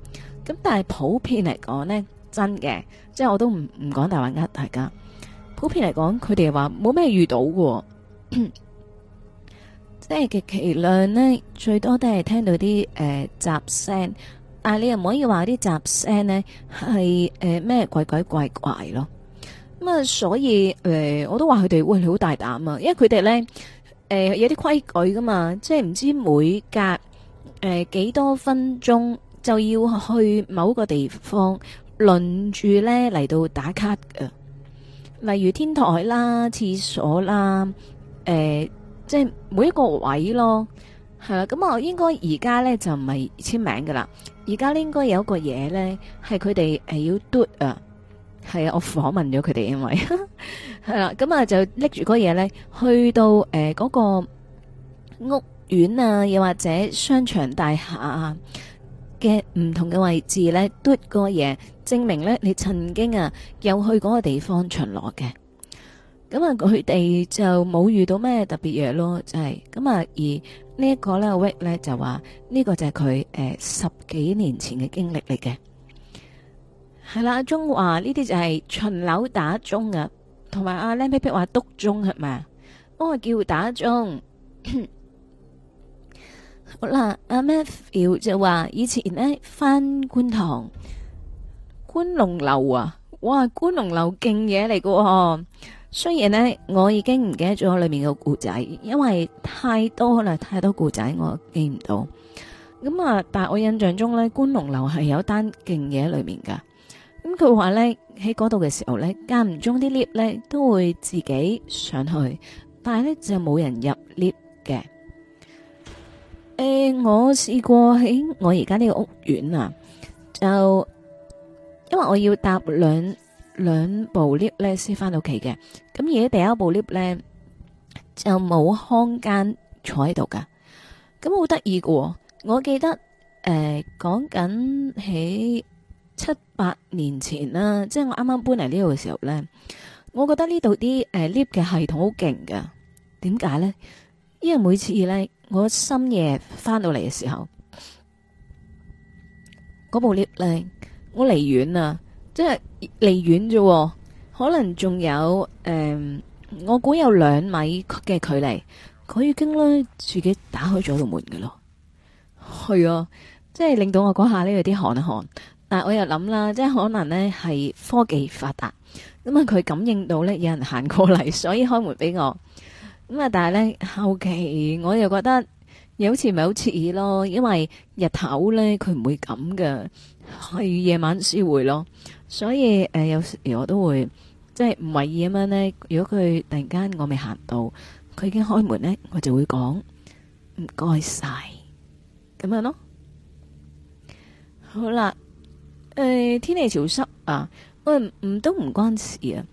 咁但係普遍嚟講呢，真嘅，即係我都唔唔講大話，呃，大家普遍嚟講，佢哋話冇咩遇到嘅，即係嘅， 就是，極其量呢，最多都係聽到啲、誒、呃、雜聲。但係、啊、你又唔可以話啲雜聲咧係誒咩鬼鬼怪怪咯咁啊、嗯！所以誒、呃、我都話佢哋會好大膽啊，因為佢哋咧誒有啲規矩噶嘛，即係唔知每隔誒、呃、幾多分鐘就要去某個地方輪住咧嚟到打卡噶，例如天台啦、廁所啦，誒、呃、即係每一個位咯。係啦，咁我應該而家咧就唔係簽名噶啦，而家應該有個嘢咧係佢哋誒要嘟啊，係啊，我訪問咗佢哋，因為係啦，咁 啊就拎住嗰嘢咧去到誒嗰、呃嗰個屋苑啊，又或者商場大廈啊嘅唔同嘅位置咧，嘟個嘢，證明咧你曾經啊有去嗰個地方巡邏嘅。咁啊，佢哋就冇遇到咩特別嘢咯，就係咁啊。而呢一個呢阿 w 咧就話呢、這個就係佢誒十幾年前嘅經歷嚟嘅。係啦，阿鐘話呢啲就係巡樓打鐘啊，同埋阿靚皮皮話督鐘係咪？我、哦、叫打鐘。 好啦，阿咩 p h 就話以前呢翻觀塘觀龍樓啊，哇，觀龍樓勁嘢嚟嘅。雖然呢，我已經唔記得咗裏面嘅故仔，因為太多啦，太多故仔我記唔到。咁啊，但係我印象中呢，觀龍樓係有單勁嘢喺裏面噶。咁佢話呢，喺嗰度嘅時候呢，間唔中啲 lift 呢都會自己上去，但係呢，就冇人入 lift 嘅。誒，我試過喺我而家呢個屋苑啊，就因為我要搭兩。兩部 lift 咧先翻到屋企嘅，咁而家第一部 lift 咧就冇空間坐喺度噶，咁好得意噶。我記得誒講緊喺七八年前啦，即係我啱啱搬嚟呢度嘅時候咧，我覺得呢度啲誒 lift 嘅系統好勁噶。點解咧？因為每次咧我深夜翻到嚟嘅時候，嗰部 lift 咧我離遠啊！即係離遠啫，可能仲有誒、嗯，我估有兩米嘅距離，佢已經咧自己打開咗個門噶咯。係啊，即係令到我嗰下呢有啲寒寒。但係我又諗啦，即係可能咧係科技發達，咁啊佢感應到咧有人行過嚟，所以開門俾我。咁啊，但係咧後期我又覺得又好似唔係好似意咯，因為日頭咧佢唔會咁噶，係夜晚先會咯。所以誒、呃、有時我都會即係唔為意咁樣咧，如果佢突然間我未行到，佢已經開門咧，我就會講唔該曬，咁樣咯。好啦，誒、呃、天氣潮濕啊，我、呃、唔都唔關事啊，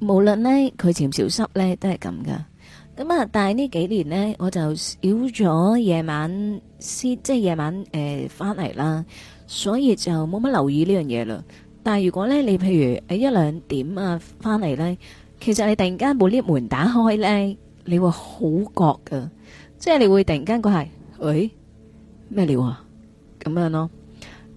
無論咧佢潮唔潮濕咧都係咁噶。咁啊！但係呢幾年呢，我就少咗夜晚，即係夜晚誒翻嚟啦，所以就冇乜留意呢樣嘢啦。但係如果咧，你譬如誒一兩點啊翻嚟呢，其實你突然間部 lift 門打開呢，你會好覺㗎，即係你會突然間個係，喂咩料啊咁樣咯。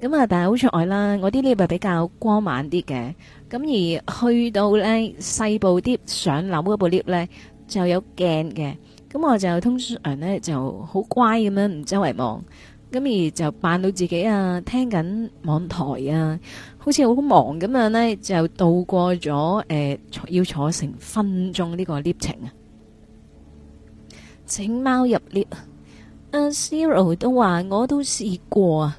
咁啊，但係好在啦，我啲 lift 係比較光猛啲嘅。咁而去到呢細部啲上樓嗰部 lift 就有鏡嘅，咁我就通常呢就好乖咁樣，唔周圍望，咁而就扮到自己啊，聽緊網台啊，好似好忙咁樣呢，就度過咗、欸、要坐成分鐘呢個 lift 程啊。請貓入 lift 啊！Zero 都話我都試過啊，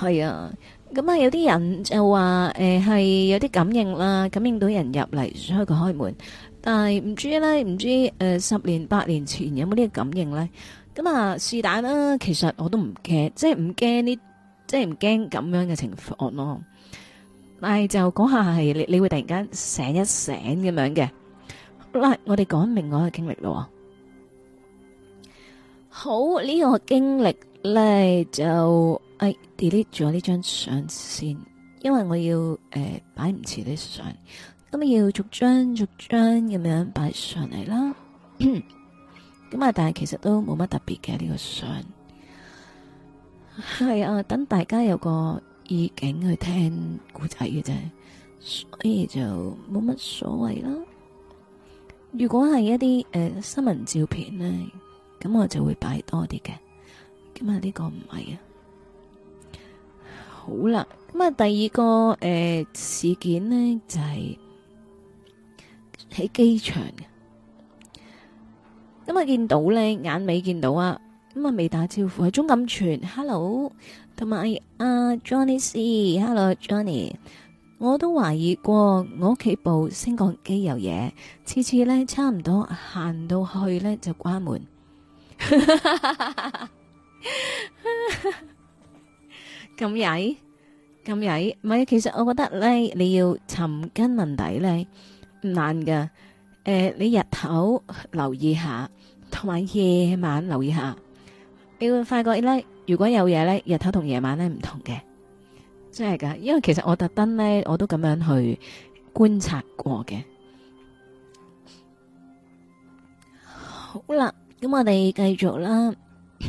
係啊，咁啊有啲人就話係、欸、有啲感應啦，感應到人入嚟，所以佢開門。但係唔知咧，唔知誒，十年八年前有冇呢個感應咧？咁啊，是但啦。其實我都唔驚，即係唔驚呢，即係唔驚咁樣嘅情況咯。但係就嗰下係你你會突然間醒一醒咁樣嘅。嗱，我哋講明我嘅經歷咯。好，呢個經歷咧就誒，delete 咗呢張相先，因為我要誒擺唔住呢張。咁要逐張逐張咁樣擺上嚟啦，咁啊，但係其實都冇乜特別嘅呢、這個相，係啊，等大家有個意境去聽古仔嘅啫，所以就冇乜所謂啦。如果係一啲誒、呃、新聞照片呢，咁我就會擺多啲嘅。咁啊，呢個唔係啊。好啦，咁啊，第二個誒、呃、事件呢，就係、是。喺機場嘅，咁啊見到咧，眼尾見到啊，咁啊未打招呼。鍾錦全，hello，同埋啊 Johnny C，hello Johnny。我都懷疑過我屋企部升降機有嘢，次次咧差唔多行到去咧就關門。咁曳咁曳，唔係，其實我覺得咧，你要尋根問底咧。唔難噶，誒、呃，你日頭留意下，同埋夜晚留意下，你會發覺咧，如果有嘢咧，日頭同夜晚咧唔同嘅，真係噶，因為其實我特登咧，我都咁樣去觀察過嘅。好啦，咁我哋繼續啦，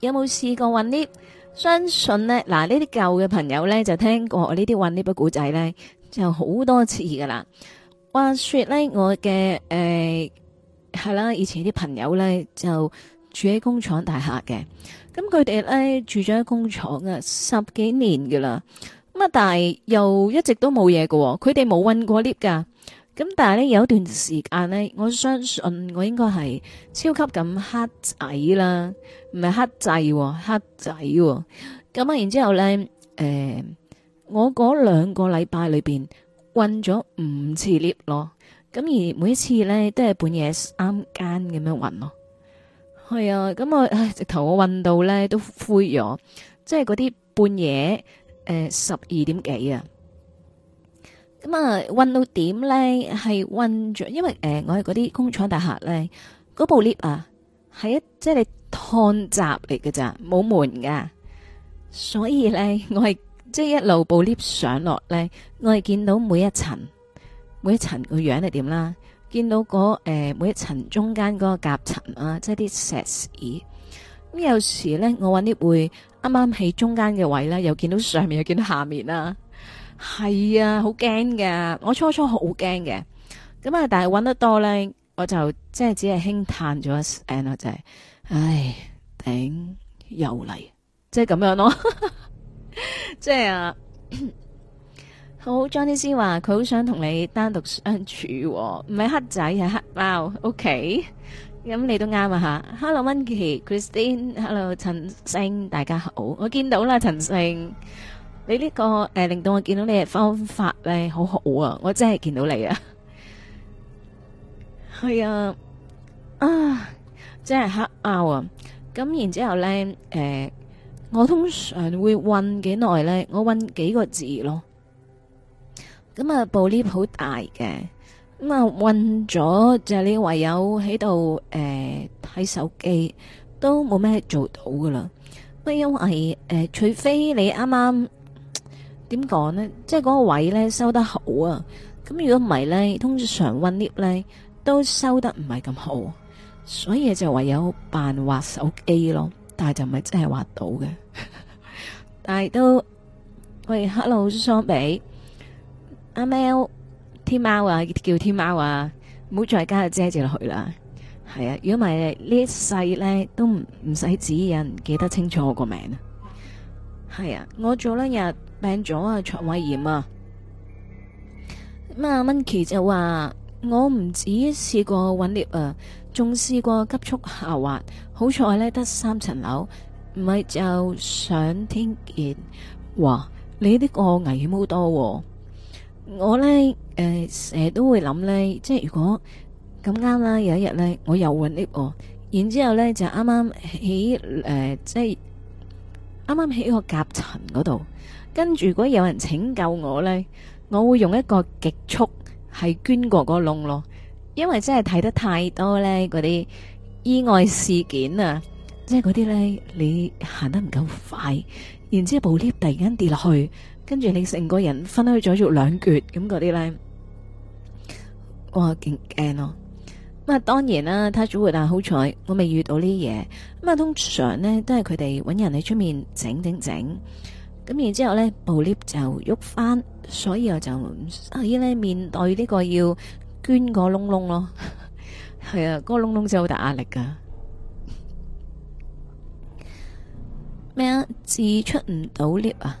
有冇試過搵呢？相信呢，嗱呢啲舊嘅朋友咧就聽過我呢啲搵呢筆古仔咧，就好多次噶啦。話說咧，我嘅，誒，係啦，以前啲朋友咧就住喺工廠大廈嘅，咁佢哋咧住咗喺工廠啊十幾年噶啦，咁啊但係又一直都冇嘢喎，佢哋冇搵過 lift 噶。咁但係咧有一段時間咧，我相信我應該係超級咁黑仔啦，唔係黑制，哦，黑仔，哦，咁啊然之後咧誒、欸，我嗰兩個禮拜裏邊。困咗五次 lift 咯，咁而每一次咧都係半夜三更咁樣困咯，係啊，咁我唉直頭我困到咧都灰咗，即係嗰啲半夜誒十二點幾啊，咁啊困到點咧係困咗，因為誒我係嗰啲工廠大廈咧，嗰部 lift 啊係一即係你趟閘嚟嘅咋，冇門噶，所以咧我係。即係一路部 lift 上落咧，我係見到每一層，每一層個樣係點啦？見到嗰誒每一層中間嗰個夾層啊，即係啲石屎。咁有時咧，我揾啲會啱啱喺中間嘅位咧，又見到上面又見到下面啦。係啊，好驚嘅，我初初好驚嘅。咁啊，但係揾得多咧，我就即係只係輕嘆咗一聲啦，就係、是，唉，頂，又嚟，即係咁樣咯。 即係、 哦 OK？啊，好，Johnny 話 佢好想同你單獨相處，唔係黑仔係黑貓，OK，咁你都啱啊吓，Hello，Monkey，Christine，Hello，陳星，大家好，我見到啦陳星，你呢、這個誒、呃、令到我見到你嘅方法咧好好啊，我真係見到你啊，係 啊，啊，真、就、係、是、黑貓啊，咁然之後咧誒。呃我通常會運幾耐呢？我運幾個字咯。咁啊，部 lift 好大嘅。咁啊，運咗就係、是、你唯有喺度誒睇手機，都冇咩做到噶啦。因為誒、呃，除非你啱啱點講呢？即係嗰個位呢收得好啊。咁如果唔係呢，通常運 lift 呢都收得唔係咁好，所以就唯有扮滑手機咯。但係就唔係真係畫到嘅， 但係都喂，hello，雙比，阿貓，天貓啊，叫天貓啊，唔好再加遮住落去啦。係啊，如果唔係呢一世咧，都唔唔使指引記得清楚我個名啊。係啊，我早兩日病咗啊，腸胃炎啊。咁啊，monkey 就話我唔止試過搵獵啊。仲試過急速下滑，好彩咧得三層樓，唔係就上天見。哇！你呢個危險好多，哦。我咧誒，成、呃、日都會諗咧，即係如果咁啱啦，有一日咧我又搵 lift，然之後咧就啱啱起誒、呃，即係啱啱起個夾層嗰度，跟住如果有人拯救我咧，我會用一個極速係捐過個窿咯。因為真係睇得太多咧，嗰啲意外事件啊，即係嗰啲咧，你行得唔夠快，然之後部 lift 突然間跌落去，跟住你成個人分開咗做兩橛，咁嗰啲咧，哇，勁驚咯！咁啊，當然啦，touch wood，好彩我未遇到呢啲嘢。咁啊，通常咧都係佢哋搵人喺出面整整整，咁然之後咧部 lift 就喐翻，所以我就唔使面對呢個要。捐個窿窿咯，係 啊，嗰個窿窿真係好大壓力噶。咩 啊？字出唔到嚟啊！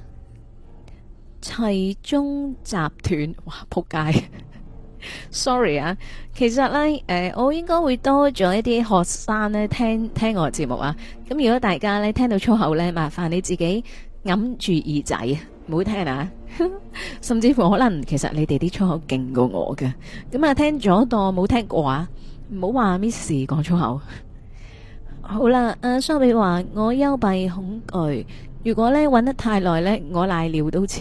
齊中集團，哇，仆街 ！Sorry 啊，其實呢，誒、呃，我應該會多咗一啲學生呢聽聽我嘅節目啊。咁如果大家呢聽到粗口呢，麻煩你自己揞住耳仔。唔好聽啊！甚至乎可能，其實你哋啲粗口勁過我嘅。咁啊，聽咗當冇聽過啊，唔好話 Miss 講粗口。好啦，阿蘇美話我幽閉恐懼，如果咧搵得太耐咧，我賴尿都似。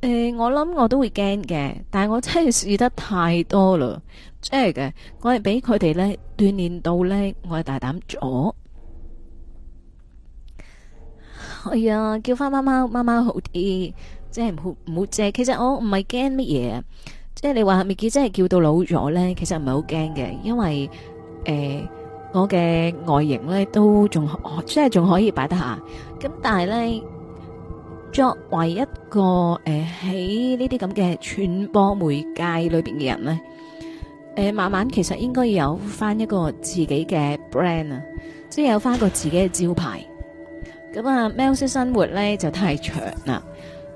誒，我諗我都會驚嘅，但係我真係試得太多啦，真係嘅，我係俾佢哋咧鍛煉到咧，我係大膽咗。哎呀，叫翻貓貓，貓貓好啲，即係唔好唔好借。其實我唔係驚乜嘢，即係你話咪叫，真係叫到老咗咧。其實唔係好驚嘅，因為誒我嘅外形咧都仲即係仲可以擺得下。咁但係咧，作為一個誒喺呢啲咁嘅傳播媒介裏邊嘅人咧，誒慢慢其實應該有翻一個自己嘅 brand 啊，即係有翻個自己嘅招牌。咁啊，喵式、嗯、生活咧就太長啦。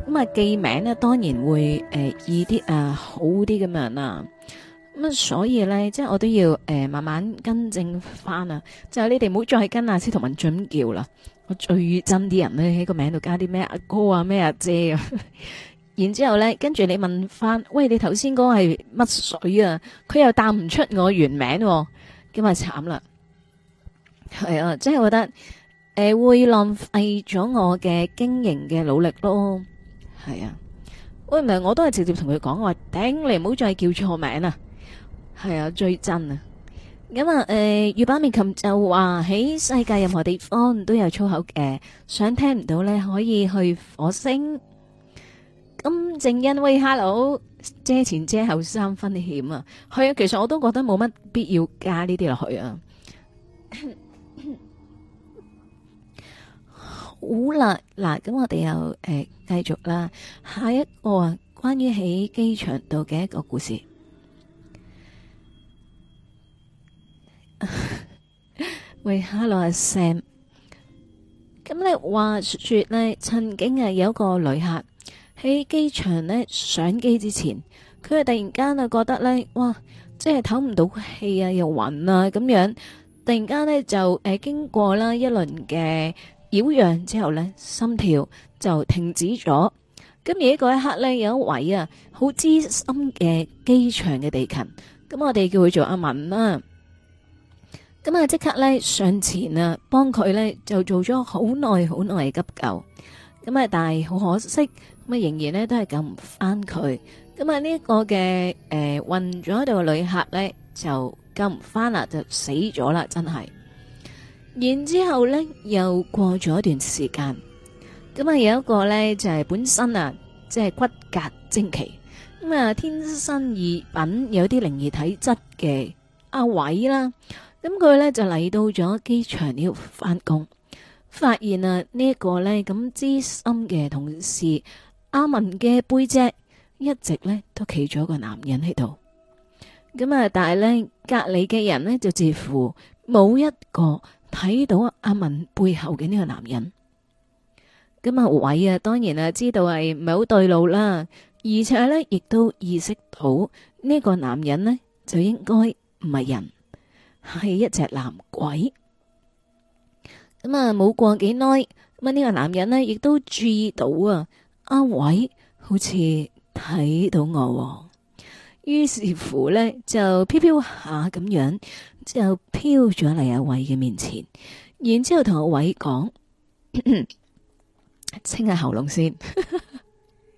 咁、嗯、啊，記名呢當然會誒、呃、易啲啊、呃，好啲咁樣啦。咁、嗯、啊，所以咧，即係我都要誒、呃、慢慢更正翻啊。就係你哋唔好再跟阿司徒文進叫啦。我最憎啲人咧喺個名度加啲咩阿哥啊，咩阿姐、啊。 然之後咧，跟住你問翻，喂，你頭先嗰個係乜水啊？佢又答唔出我原名、啊，咁、嗯、啊、嗯、慘啦。係啊，即係我覺得。誒、呃，會浪費咗我嘅經營嘅努力咯，係啊，喂唔係，我都係直接同佢講，我話頂，你唔好再叫錯名啊。係啊，最真啊，咁、嗯、啊，誒、呃，月板面琴就話喺世界任何地方都有粗口嘅，想聽唔到呢可以去火星。咁正因為 hello，遮前遮後三分險啊，係啊，其實我都覺得冇乜必要加呢啲落去啊。 好、哦、啦，嗱，咁我哋又誒繼、呃、續啦，下一個啊關於喺機場度嘅一個故事。 喂，Hello，阿 Sam。咁你話說呢？曾經係有個旅客喺機場呢上機之前，佢係突然間啊覺得呢：「哇，即係唞唔到氣啊，又暈啊」咁樣，突然間呢，就誒經過啦一輪嘅。擾攘之後咧，心跳就停止咗。咁而嗰一刻咧，有一位啊好資深嘅機場嘅地勤，咁我哋叫佢做阿文啦。咁啊，即刻咧上前啊，幫佢咧就做咗好耐好耐急救。咁啊，但係好可惜，咁啊仍然咧都係救唔翻佢。咁啊、呃、呢一個嘅誒暈咗喺度嘅旅客咧，就救唔翻啦，就死咗啦，真係。然之後呢，又過咗一段時間，咁啊有一個呢就係、是、本身啊，即係骨骼精奇咁啊，天生異品，有啲靈異體質嘅阿偉啦，咁佢呢就嚟到咗機場要翻工，發現啊、這個、呢一個呢咁資深嘅同事阿文嘅背脊一直呢都企咗個男人喺度，咁啊，但係呢，隔籬嘅人呢，就似乎冇一個。睇到阿、啊、文背後嘅呢個男人，咁阿偉啊，當然啊，知道係唔係好對路啦，而且呢，亦都意識到呢個男人呢，就應該唔係人，係一隻男鬼。咁啊，冇過幾耐，咁呢個男人呢，亦都注意到啊，阿偉、啊、好似睇到我、喎，於是乎呢，就飄飄下咁樣。之後飄咗嚟阿偉嘅面前，然之後同阿偉講，清下喉嚨先，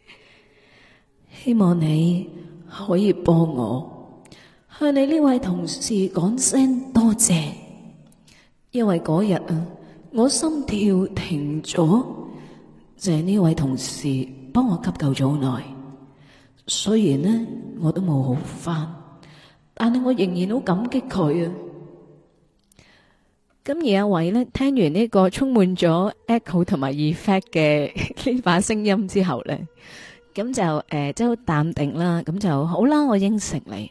希望你可以幫我向你呢位同事講聲多謝、謝，因為嗰日啊我心跳停咗，就係呢位同事幫我急救咗好耐，雖然呢我都冇好返。但係我仍然好感激佢啊。咁而阿偉呢，聽完呢個充滿咗 echo 同埋 effect 嘅呢把聲音之後呢，咁就誒即係好淡定啦。咁就好啦，我應承你。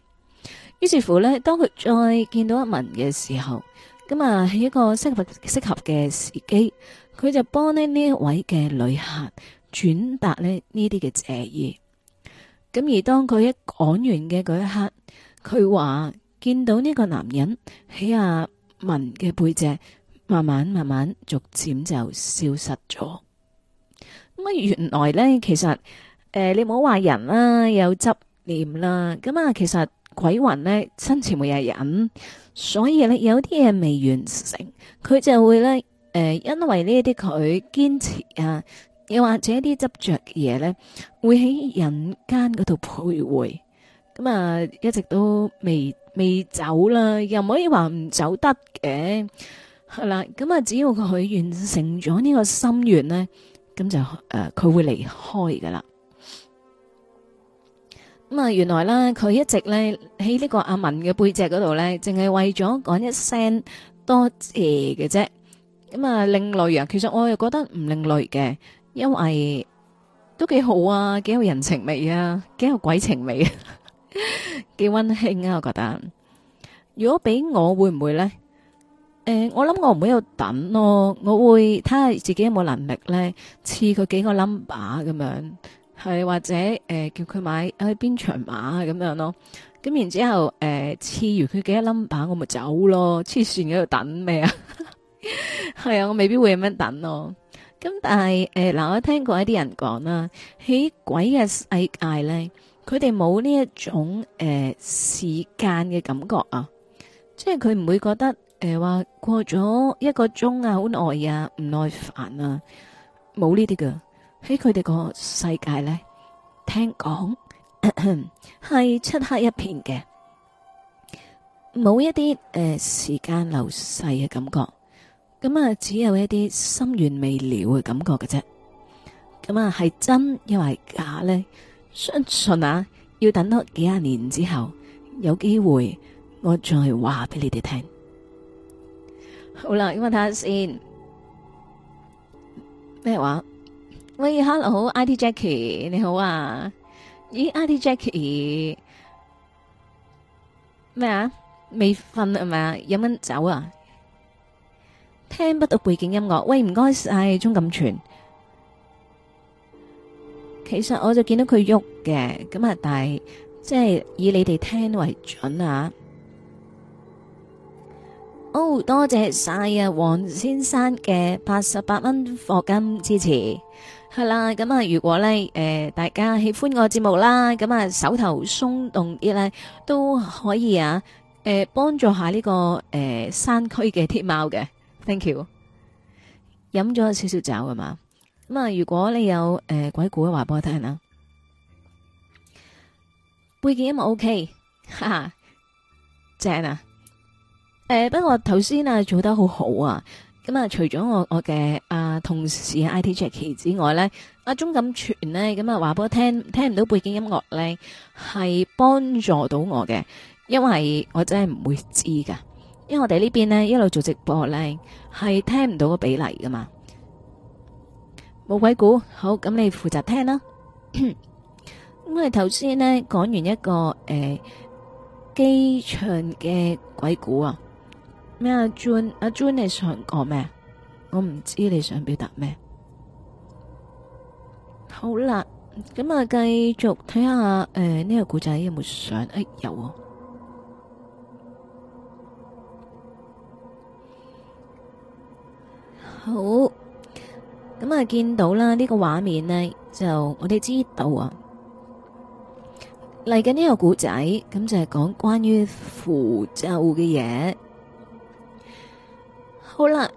於是乎呢，當佢再見到一文嘅時候，咁啊喺一個適合適合嘅時機，佢就幫呢呢一位嘅旅客轉達呢呢啲嘅謝意。咁而當佢一講完嘅嗰一刻，佢話見到呢個男人喺阿、啊、文嘅背脊，慢慢慢慢逐漸就消失咗。咁啊，原來呢，其實誒、呃，你唔好話人啦，有執念啦，咁啊，其實鬼魂呢生前冇人，所以呢，有啲嘢未完成，佢就會呢，誒、呃，因為呢啲佢堅持啊，又或者啲執着嘅嘢呢，會喺人間嗰度徘徊。咁啊，一直都未未走啦，又唔可以話唔走得嘅，係啦。咁啊，只要佢可以完成咗呢個心願咧，咁就誒，佢會離開噶啦。咁啊，原來咧，佢一直咧喺呢個阿文嘅背脊嗰度咧，淨係為咗講一聲多謝嘅啫。咁啊，另類啊，其實我又覺得唔另類嘅，因為都幾好啊，幾有人情味啊，幾有鬼情味啊。幾温馨啊，我覺得。如果俾我會唔會咧？誒、欸，我諗我唔會喺度等咯，我會睇下自己有冇能力咧，賜佢幾個 number 咁樣，係或者誒、呃、叫佢買去邊場馬咁樣咯。咁然之後誒，賜、呃、完佢幾多 number，我咪走咯，黐線喺度等咩啊？係 啊，我未必會咁樣等咯。咁但係誒，嗱、呃，我聽過一啲人講啦，啊，喺鬼嘅世界咧。佢哋冇呢一種誒、呃、時間嘅感覺啊，即係佢唔會覺得誒話、呃、過咗一個鐘啊，好耐啊，唔耐煩啊，冇呢啲噶。喺佢哋個世界呢，聽講係漆黑一片嘅，冇一啲誒、呃、時間流逝嘅感覺，咁啊只有一啲心願未了嘅感覺嘅啫，咁啊係真亦或係假呢？相信啊，要等多幾廿年之後有機會，我再話俾你哋聽。好啦，咁我睇下先咩話？喂，hello，I D Jackie，你好啊？咦，I D Jackie 咩啊？未瞓係咪？飲緊酒啊？聽不到背景音樂。喂，唔該晒鍾錦全。其實我就見到佢喐嘅，咁啊，但係即係以你哋聽為準啊。哦、oh，多謝晒啊，黃先生嘅八十八蚊課金支持，係啦。咁啊，如果咧誒、呃、大家喜歡我節目啦，咁啊手頭鬆動啲咧都可以啊，誒、呃、幫助下呢、這個誒、呃、山區嘅鐵貓嘅。Thank you。飲咗少少酒啊嘛。咁啊，如果你有誒、呃、鬼故嘅話，俾我聽啊，背景音樂 OK 哈哈，正啊，誒、呃，不過頭先啊做得好好啊。咁、嗯、啊，除咗我我嘅啊同事 IT Jackie 之外咧，阿鍾錦全咧咁啊，話俾我聽聽唔到背景音樂咧，係幫助到我嘅，因為我真係唔會知噶，因為我哋呢邊咧一路做直播咧，係聽唔到個比例噶嘛。冇鬼故，好，咁你負責聽啦。咁我頭先呢講完一個誒、呃、機場嘅鬼故啊，咩阿 j o h n 阿 John 你想講咩？我唔知你想表達咩。好啦，咁啊繼續睇下誒呢、呃這個古仔有冇上？誒、哎、有、哦。好。咁啊，見到啦呢個畫面呢，就我哋知道啊嚟緊呢個古仔，咁就係講關於符咒嘅嘢。好啦，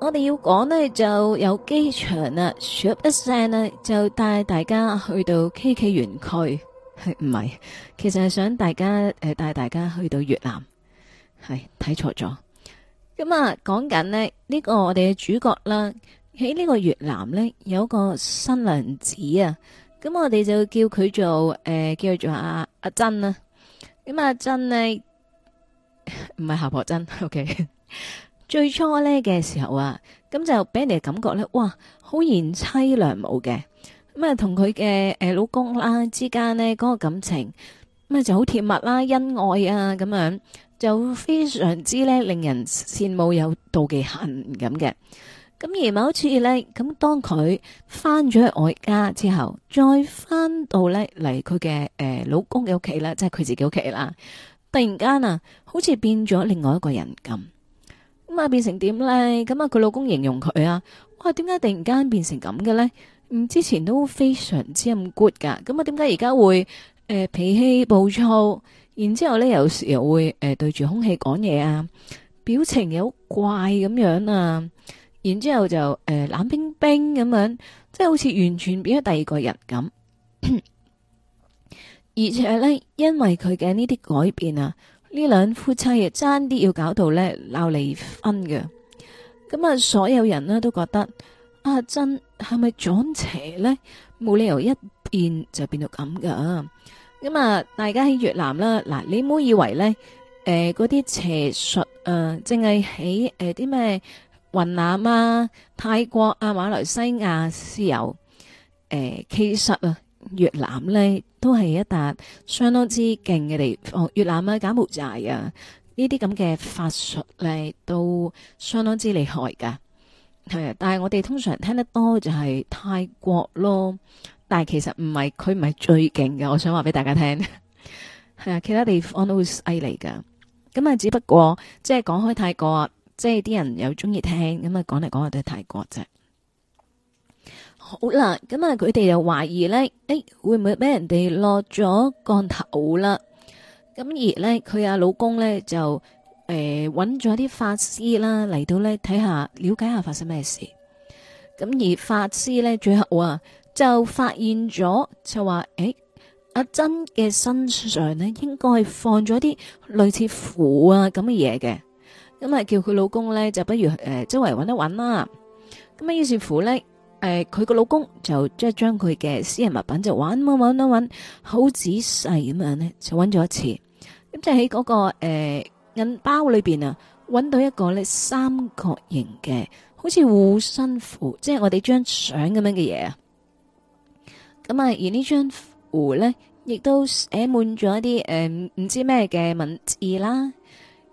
我哋要講呢，就有機場啊，ship 一聲就帶大家去到 K K 園區，係唔係？其實係想大家誒帶大家去到越南，係睇錯咗。咁啊，講緊呢，呢、呢個我哋嘅主角啦。喺呢個越南呢，有一個新娘子啊，咁我哋就叫佢做誒、呃，叫做阿阿珍啊。咁阿珍呢，唔係姣婆珍。O、okay、K。 最初呢嘅時候啊，咁就俾人哋感覺呢，哇，好賢妻良母嘅咁啊，同佢嘅誒老公啦之間呢，嗰、那個感情咁啊，就好甜蜜啦、啊，恩愛啊，咁樣就非常之呢，令人羨慕，有妒忌恨咁嘅。咁而某次咧，咁當佢翻咗去外家之後，再翻到咧嚟佢嘅誒老公嘅屋企啦，即係佢自己屋企啦。突然間啊，好似變咗另外一個人咁。咁啊，變成點咧？咁啊，佢老公形容佢啊，哇、啊，點解突然間變成咁嘅咧？嗯，之前都非常之咁 good 噶，咁啊，點解而家會誒、呃、脾氣暴躁？然之後咧，有時又會誒、呃、對住空氣講嘢啊，表情又好怪咁樣啊。然之後就誒、呃、冷冰冰咁樣，即係好似完全變咗第二個人咁。 而且呢，因為佢嘅呢啲改變啊，呢兩夫妻啊，差啲要搞到呢鬧離婚嘅。咁啊、嗯，所有人呢都覺得阿、啊、珍係咪撞邪呢？冇理由一變就變到咁噶。咁、嗯、啊，大家喺越南啦，嗱，你唔好以為呢誒嗰啲邪術誒，淨係喺誒啲咩？雲南啊、泰國啊、馬來西亞私有，誒、呃，其實啊，越南咧都係一笪相當之勁嘅地方。越南啊、柬埔寨啊，呢啲咁嘅法術咧都相當之厲害噶。係，但係我哋通常聽得多就係泰國咯，但係其實唔係，佢唔係最勁嘅。我想話俾大家聽，係啊，其他地方都犀利噶。咁啊，只不過即係講開泰國。即係啲人又中意聽，咁啊講嚟講去都係泰國啫。好啦，咁啊佢哋又懷疑呢誒、欸、會唔會俾人哋落咗降頭啦？咁而呢，佢阿老公呢就誒揾咗啲法師啦，嚟到呢，睇下了解下發生咩事。咁而法師呢，最後啊就發現咗就話誒、欸、阿珍嘅身上呢應該放咗啲類似符啊咁嘅嘢嘅。咁啊、嗯，叫佢老公咧，就不如誒周圍搵一搵啦。咁啊，於是乎咧，誒、呃，佢個老公就即係將佢嘅私人物品就搵啊搵啊搵，好、啊、仔細咁樣咧，就搵咗一次。咁、嗯、就喺、是、嗰、那個誒銀、呃、包裏邊啊，搵到一個咧三角形嘅，好似護身符，即係我哋張相咁樣嘅嘢啊。咁、嗯、啊，而這張呢張符咧，亦都寫滿咗一啲誒唔知咩嘅文字啦。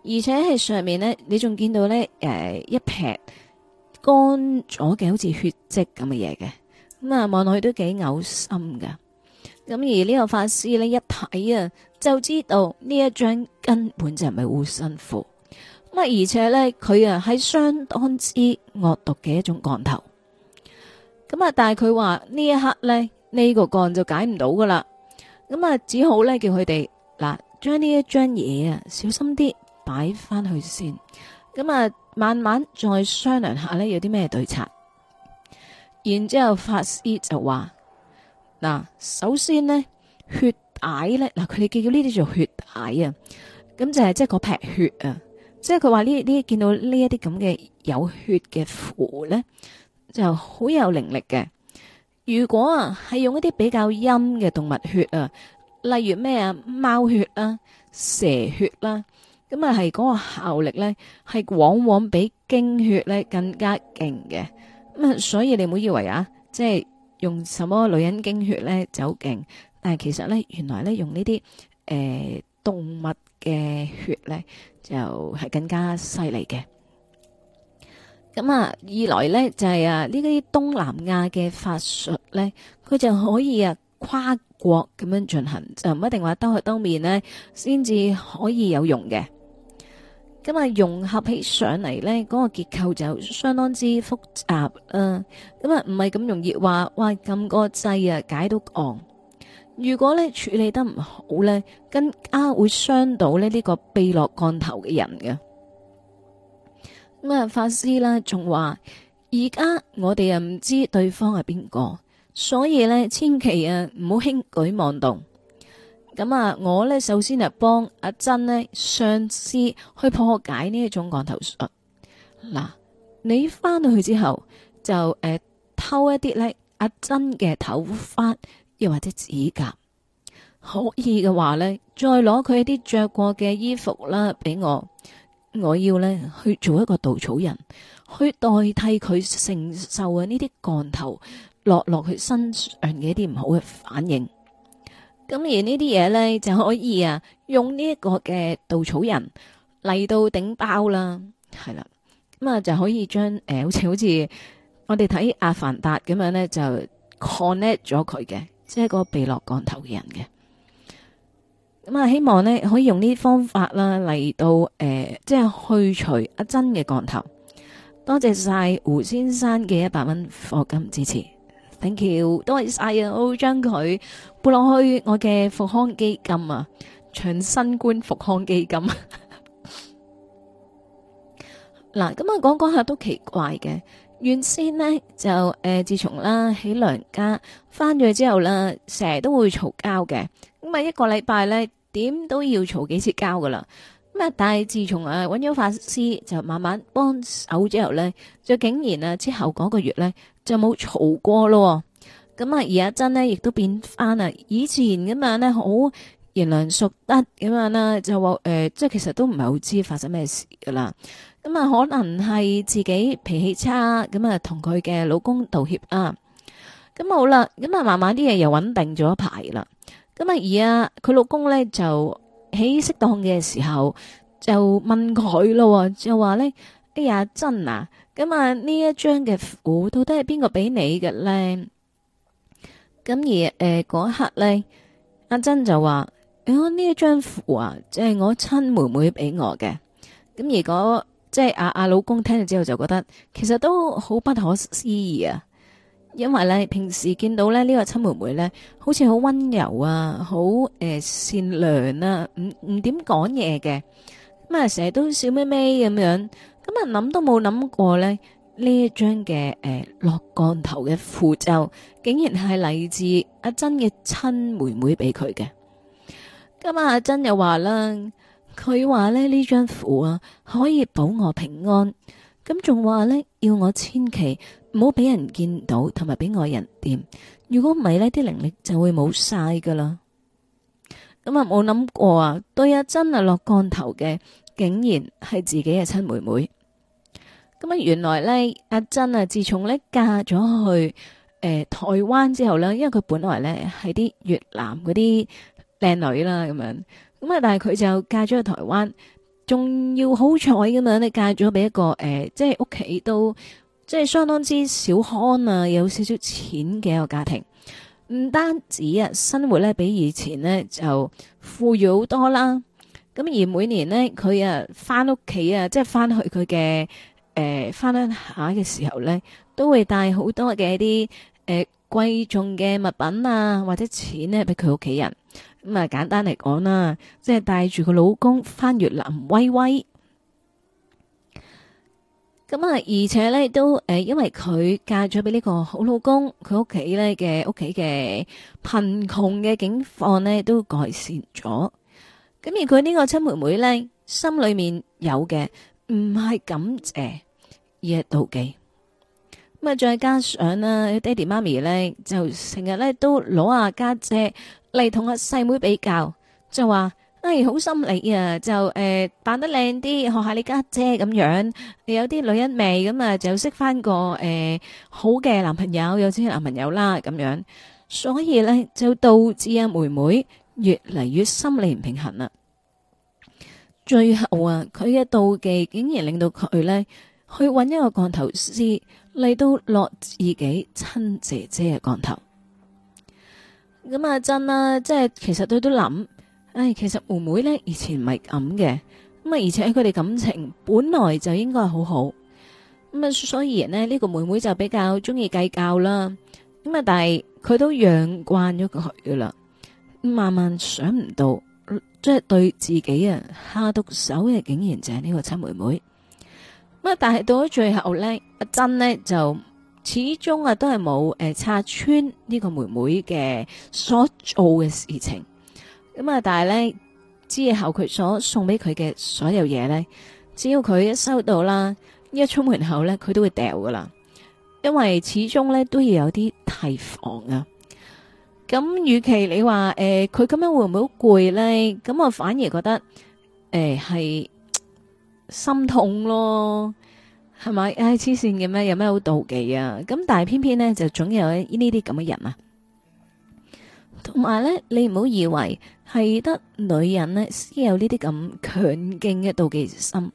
而且係上面呢，你仲見到呢誒、呃、一撇乾咗嘅，好似血跡咁嘅嘢嘅。咁啊，望、嗯、落去都幾嘔心嘅。咁而呢個法師呢，一睇啊，就知道呢一張根本就唔係護身符，咁、嗯、啊，而且呢，佢啊喺相當之惡毒嘅一種降頭。咁、嗯、啊，但係佢話呢一刻呢、呢、這個降就解唔到噶啦，咁、嗯、啊，只好呢叫佢哋嗱將呢一張嘢啊小心啲。擺翻去先，咁啊，慢慢再商量一下呢，有啲咩對策。然之後 fast eat，法師就話嗱，首先呢，血矮呢，嗱，佢哋叫呢啲做血矮啊。咁就係、是、即係個劈血啊，即係佢話呢呢見到呢一啲咁嘅有血嘅符呢，就好有靈力嘅。如果啊，係用一啲比較陰嘅動物血啊，例如咩啊貓血啦、啊、蛇血啦、啊。咁啊，係嗰個效力咧，係往往比經血咧更加勁嘅。咁啊，所以你唔好以為啊，即係用什麼女人經血咧就好勁，但係其實咧，原來咧用呢啲誒動物嘅血咧就係、是、更加犀利嘅。咁啊，二來咧就係、是、啊呢啲東南亞嘅法術咧，佢就可以啊跨國咁樣進行，就、呃、唔一定話當去當面咧先至可以有用嘅。因為、嗯、融合起上嚟呢，嗰個結構就相當之複雜啦。咁、呃、啊，唔係咁容易話，嘩，咁個掣啊解到案。如果咧處理得唔好呢，更加會傷到咧呢、這個被落降頭嘅人嘅。咁、嗯、啊，法師呢仲話而家我哋又唔知道對方係邊個，所以呢千祈啊唔好輕舉妄動。咁啊，我呢首先就幫阿珍呢上司去破解呢一種降頭術。嗱，你翻到去之後，就誒、呃、偷一啲呢阿珍嘅頭髮，又或者指甲，可以嘅話呢，再攞佢啲着過嘅衣服啦俾我。我要呢去做一個稻草人，去代替佢承受啊呢啲降頭落落佢身上嘅一啲唔好嘅反應。咁而呢啲嘢咧就可以啊，用呢一個嘅稻草人嚟到頂包啦，係啦，咁啊就可以將誒、呃、好似好似我哋睇阿凡達咁樣咧，就 connect 咗佢嘅，即係個被落降頭嘅人嘅。咁、嗯、啊，希望咧可以用呢啲方法啦嚟到誒、呃，即係去除阿珍嘅降頭。多謝晒胡先生嘅一百蚊課金支持。Thank you，多謝晒啊！我將佢撥落去我嘅復康基金啊，長新冠復康基金。嗱， 咁啊講講下都奇怪嘅，原先呢，就誒、呃、自從啦喺娘家翻咗之後啦，成日都會嘈交嘅。咁啊一個禮拜咧，點都要嘈幾次交噶啦。但係自從誒揾咗法師就慢慢幫手之後咧，就竟然啊之後嗰個月咧就冇吵過咯。咁啊而阿珍呢，亦都變翻啦，以前咁啊咧好賢良淑德咁啊咧就話誒、呃，即係其實都唔係好知道發生咩事噶啦。咁啊可能係自己脾氣差，咁啊同佢嘅老公道歉啊。咁好啦，咁啊慢慢啲嘢又穩定咗一排啦。咁啊而阿佢老公咧就。喺適當嘅時候就問佢咯，就話咧：哎呀，珍啊，咁啊呢一張嘅符到底係邊個俾你嘅咧？咁、嗯、而誒嗰、呃、一刻咧，阿珍就話：我呢一張符啊，即係我親妹妹俾我嘅。咁、嗯、而嗰即係阿阿老公聽咗之後就覺得，其實都好不可思議啊！因為咧，平時見到咧呢、這個親妹妹咧，好似好温柔啊，好誒、呃、善良啊，唔唔點講嘢嘅，咁啊成日都笑眯眯咁樣，咁啊諗都冇諗過咧呢一張嘅誒、呃、落降頭嘅符咒，竟然係嚟自阿珍嘅親妹妹俾佢嘅。咁阿珍又話啦，佢話咧呢張符啊可以保我平安，咁仲話咧要我千祈。唔好俾人見到，同埋俾外人掂。如果唔係，呢啲能力就會冇晒噶啦。咁啊，冇諗過啊，對阿珍啊落降頭嘅，竟然係自己嘅親妹妹。咁啊，原來呢，阿珍啊，自從呢嫁咗去誒、呃、台灣之後呢，因為佢本來呢係啲越南嗰啲靚女啦，咁樣。咁啊，但係佢就嫁咗去台灣，仲要好彩咁樣你嫁咗俾一個誒、呃，即係屋企都。即係相當之小康啊，有少少錢嘅一個家庭，唔單止啊，生活咧比以前咧就富裕好多啦。咁，而每年咧，佢啊翻屋企啊，即係翻去佢嘅誒翻鄉下嘅時候咧，都會帶好多嘅啲誒貴重嘅物品啊，或者錢咧俾佢屋企人。咁啊，簡單嚟講啦，即係帶住個老公翻越南威威。娓娓咁啊！而且咧都誒，因為佢嫁咗俾呢個好老公，佢屋企咧嘅屋企嘅貧窮嘅境況咧都改善咗。咁而佢呢個親妹妹咧心裏面有嘅唔係感謝，而係妒忌。咁啊，再加上啦，爹哋媽咪咧就成日咧都攞阿家姐嚟同阿細妹比較，就話。哎好心理啊，就誒扮得靚啲，學下你家姐咁樣，有啲女人味咁啊，就識翻個誒好嘅男朋友，有錢嘅男朋友啦咁樣，所以咧就導致啊妹妹越嚟越心理唔平衡啦。最後啊，佢嘅妒忌竟然令到佢咧去揾一個降頭師嚟到落自己親姐姐嘅降頭。咁啊真啊，即係其實佢都諗。唉、哎，其實妹妹呢，以前唔係咁嘅，咁啊，而且佢哋感情本來就應該係好好，咁啊，所以呢，呢、呢個妹妹就比較中意計較啦，咁啊，但係佢都養慣咗佢噶啦，萬萬想唔到，即係對自己啊下毒手嘅竟然就係呢個親妹妹，咁啊，但係到咗最後呢，阿珍呢，就始終啊都係冇誒拆穿呢個妹妹嘅所做嘅事情。咁啊、嗯！但係咧之後佢所送俾佢嘅所有嘢咧，只要佢一收到啦，一出門口咧，佢都會掉噶啦。因為始終咧都要有啲提防啊。咁、嗯，與其你話誒，佢、呃、咁樣會唔會好攰咧？咁、嗯、我反而覺得誒係、呃、心痛咯，係咪？唉、哎，黐線嘅咩？有咩好妒忌啊？咁、嗯、但係偏偏咧，就總有呢啲咁嘅人啊。同埋咧，你唔好以為係得女人呢先有呢啲咁強勁嘅妒忌心。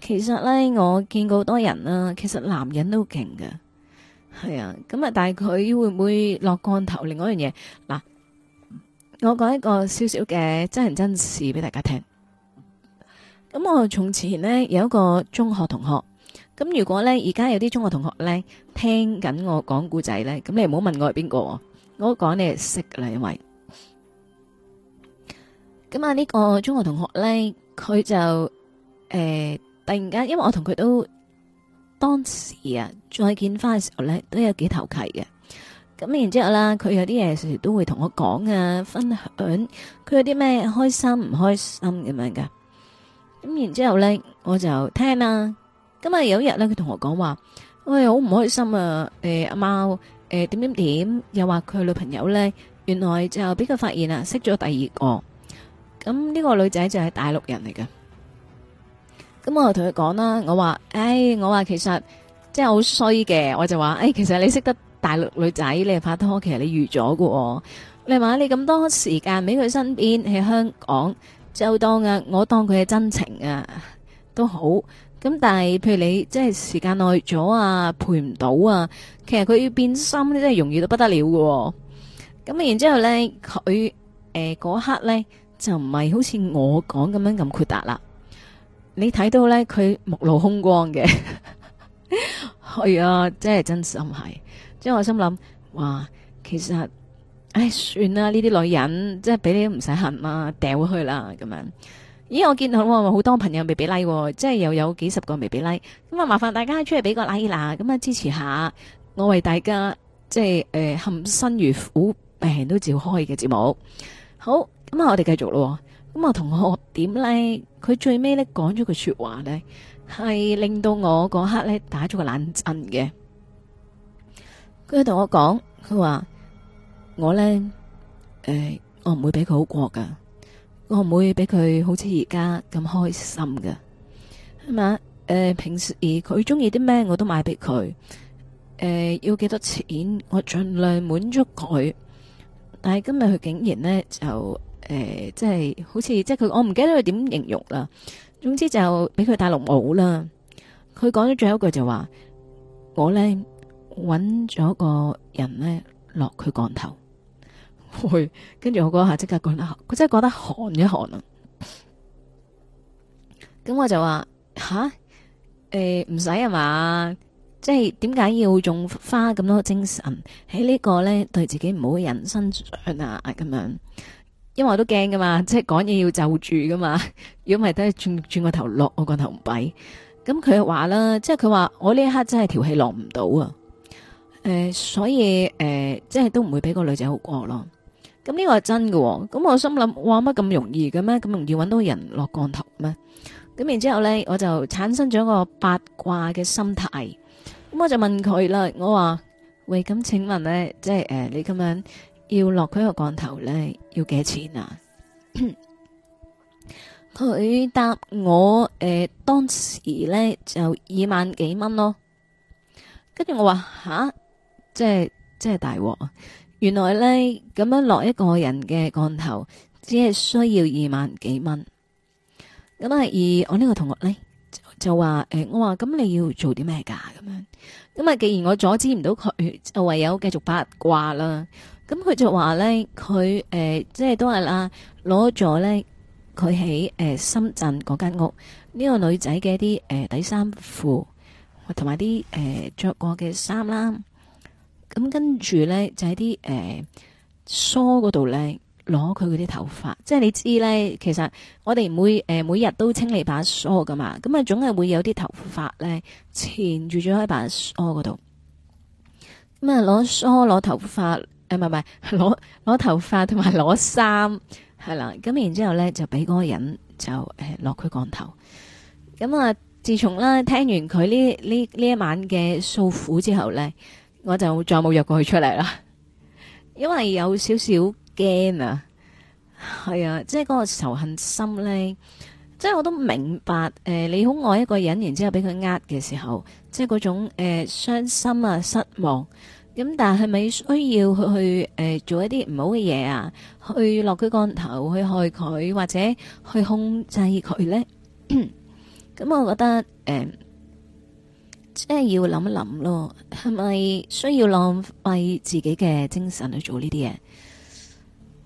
其實呢，我見過好多人啦、啊，其實男人都勁㗎，係啊。咁啊，但係佢會唔會落降頭？另外一樣嘢，嗱，我講一個少少嘅真人真事俾大家聽。咁我從前呢，有一個中學同學。咁如果呢，而家有啲中學同學呢，聽緊我講故仔呢，咁你唔好問我係邊個。我講你係識噶啦，因為咁啊呢個中學同學咧，佢就誒突然間，因為我同佢都當時啊再見翻嘅時候咧，都有幾投契嘅。咁然之後啦，佢有啲嘢時時都會同我講啊，分享佢有啲咩開心唔開心咁樣噶。咁然之後咧，我就聽啦。咁啊有一日咧，佢同我講話，喂，我好唔開心啊！誒，阿貓。誒，點、呃、點點，又話佢女朋友呢，原來就俾佢發現啦，識咗第二個。咁呢個女仔就係大陸人嚟嘅。咁我就同佢講啦，我話，誒、哎，我話其實真係好衰嘅，我就話，誒、哎，其實你識得大陸女仔，你係拍拖，其實你預咗㗎。你話你咁多時間喺佢身邊，喺香港，就當啊，我當佢係真情啊，都好。咁但係，譬如你即係時間耐咗啊，陪唔到啊，其實佢要變心呢真係容易到不得了嘅，哦。咁、嗯、然之後呢佢，誒嗰刻呢，就唔係好似我講咁樣咁豁達啦。你睇到呢，佢目露凶光嘅，係 啊，真係真，是真，真心係。即係我心諗，哇，其實唉、哎、算啦，呢啲女人即係俾你都唔使恨啊，掉咗去啦咁樣。咦，我見到好多朋友未俾 like，即係又有幾十個未俾 like，咁啊麻煩大家出嚟俾個 like 啦，咁啊支持下我為大家，即係誒含辛茹苦病都照開嘅節目。好，咁啊我哋繼續咯。咁啊同學點 like？佢最尾咧講咗句說話咧，係令到我嗰刻咧打咗個冷震嘅。佢同我講，佢話我咧誒，我唔、呃、會俾佢好過噶。我唔會俾佢好似而家咁開心噶，係嘛？誒、呃，平時而佢中意啲咩我都買俾佢。誒、呃，要幾多錢我盡量滿足佢。但係今日佢竟然呢，就誒、呃，即係好似即係佢，我唔記得佢點形容啦。總之就俾佢戴綠帽啦。佢講咗最後一句就話：我呢，揾咗個人呢落佢降頭。會，跟住我嗰下即刻覺得，佢真係覺得寒一寒啊！咁、嗯、我就話吓，誒唔使係嘛，即係點解要用花咁多精神喺呢個咧對自己唔好嘅人身上啊？咁樣，因為我都驚噶嘛，即係講嘢要就住噶嘛，如果唔係都轉轉個頭落，我個頭唔抵。咁佢話啦，即係佢話我呢一刻真係條氣落唔到啊！誒、呃，所以誒、呃，即係都唔會俾個女仔好過咯。咁呢個係真嘅、哦，咁我心諗話乜咁容易嘅咩？咁容易揾到人落降頭咩？咁然之後呢我就產生咗一個八卦嘅心態，咁我就問佢啦，我話喂咁請問呢即係誒、呃、你咁樣要落佢個降頭呢要幾錢啊？佢 答我誒、呃，當時呢就二萬幾蚊咯，跟住我話吓，即係即係大鑊啊！原來咧咁樣落一個人嘅降頭，只係需要二萬幾蚊。咁、嗯、啊，而我呢個同學咧就話：，誒、呃，我話咁你要做啲咩噶？咁樣咁啊、嗯，既然我阻止唔到佢，就唯有繼續八卦啦。咁、嗯、佢就話咧，佢誒、呃，即係都係啦，攞咗咧佢喺誒深圳嗰間屋呢、這個女仔嘅啲誒底衫褲，同埋啲誒着過嘅衫啦。咁跟住咧，就喺啲誒梳嗰度咧攞佢嗰啲頭髮，即係你知咧。其實我哋唔會、呃、每日都清理把梳噶嘛，咁啊，總係會有啲頭髮咧纏住咗喺把梳嗰度。咁、嗯、啊，攞梳攞頭髮，誒唔係唔係攞攞頭髮同埋攞衫係啦。咁然之後咧，就俾嗰個人就誒、呃、落佢降頭。咁、嗯、啊，自從啦聽完佢呢呢呢一晚嘅訴苦之後咧。我就再冇約過佢出嚟啦，因為有少少驚啊，係啊，即係嗰個仇恨心呢，即係我都明白，呃、你好愛一個人，然之後俾佢呃嘅時候，即係嗰種誒傷、呃、心啊、失望，咁但係咪需要去去、呃、做一啲唔好嘅嘢啊，去落佢降頭去害佢，或者去控制佢呢？咁 我覺得、呃即係要諗一諗咯，係咪需要浪費自己嘅精神去做呢啲嘢？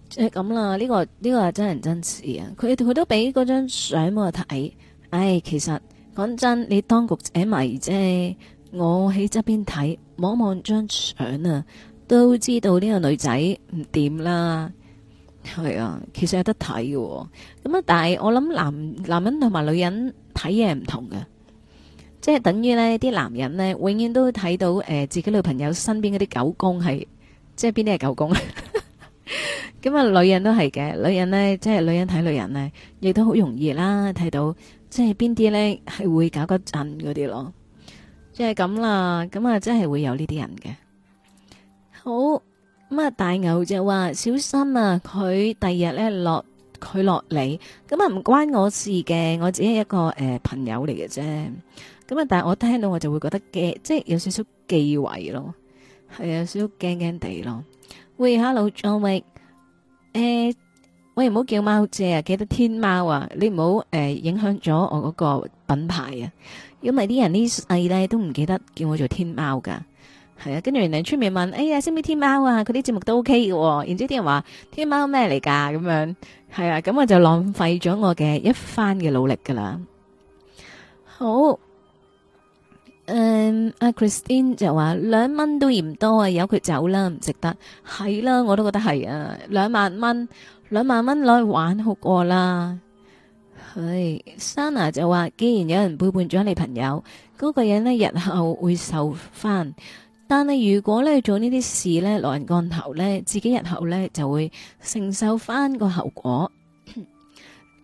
即係咁啦，呢個呢個係真人真事啊！佢佢都俾嗰張相我睇，唉，其實講真，你當局者迷啫。我喺側邊睇，望望張相啊，都知道呢個女仔唔掂啦。係啊，其實有得睇嘅，咁啊，但係我諗男男人同埋女人睇嘢唔同嘅。即係等於呢啲男人呢，永遠都睇到誒、呃、自己女朋友身邊嗰啲狗公係，即係邊啲係狗公咁啊、 嗯？女人都係嘅，女人呢，即係女人睇女人呢，亦都好容易啦，睇到即係邊啲呢，係會搞個陣嗰啲咯。即係咁啦，咁、嗯、啊，真係會有呢啲人嘅好咁啊、嗯。大牛就話小心啊，佢第日呢，落佢落嚟咁啊，唔、嗯嗯、關我事嘅，我只係一個誒、呃、朋友嚟嘅啫。咁啊、嗯！但係我聽到我就會覺得驚，即係有少少忌諱咯，係啊，少少驚驚地咯。喂，Hello j 張偉，誒、欸，喂，唔好叫貓姐啊，記得天貓啊，你唔好誒影響咗我嗰個品牌啊，因為啲人呢世咧都唔記得叫我做天貓噶，係啊。跟住人哋出面問，哎呀，識唔識天貓啊？佢啲節目都 O K 嘅，然之後啲人話天貓咩嚟噶咁樣，係啊，咁我就浪費咗我嘅一番嘅努力噶啦。好。誒，阿、um, Christine 就話兩蚊都嫌多啊，由佢走啦，唔值得係啦。我都覺得係啊，兩萬蚊兩萬蚊攞去玩好過啦。唉 ，Sana 就話，既然有人背叛咗你朋友，嗰、嗰個人呢日後會受翻。但係如果呢做呢啲事呢，落人干頭呢，自己日後呢就會承受翻個後果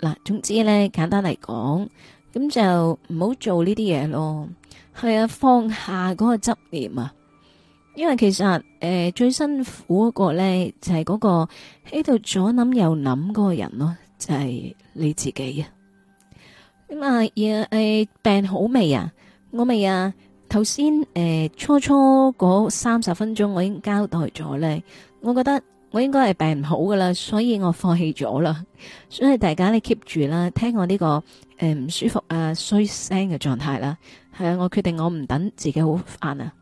嗱。 總之呢，簡單嚟講，咁就唔好做呢啲嘢咯。係啊，放下嗰個執念啊，因為其實誒、呃、最辛苦嗰個咧就係嗰個喺度左諗右諗嗰個人咯，就係、是啊就是、你自己啊。咁、嗯、啊，而誒病好未啊？我未啊。頭先誒初初嗰三十分鐘我已經交代咗咧，我覺得我應該係病唔好噶啦，所以我放棄咗啦。所以大家你 keep 住啦，聽我呢、這個誒唔、呃、舒服啊衰聲嘅狀態啦。係啊，我決定我唔等自己好煩啊！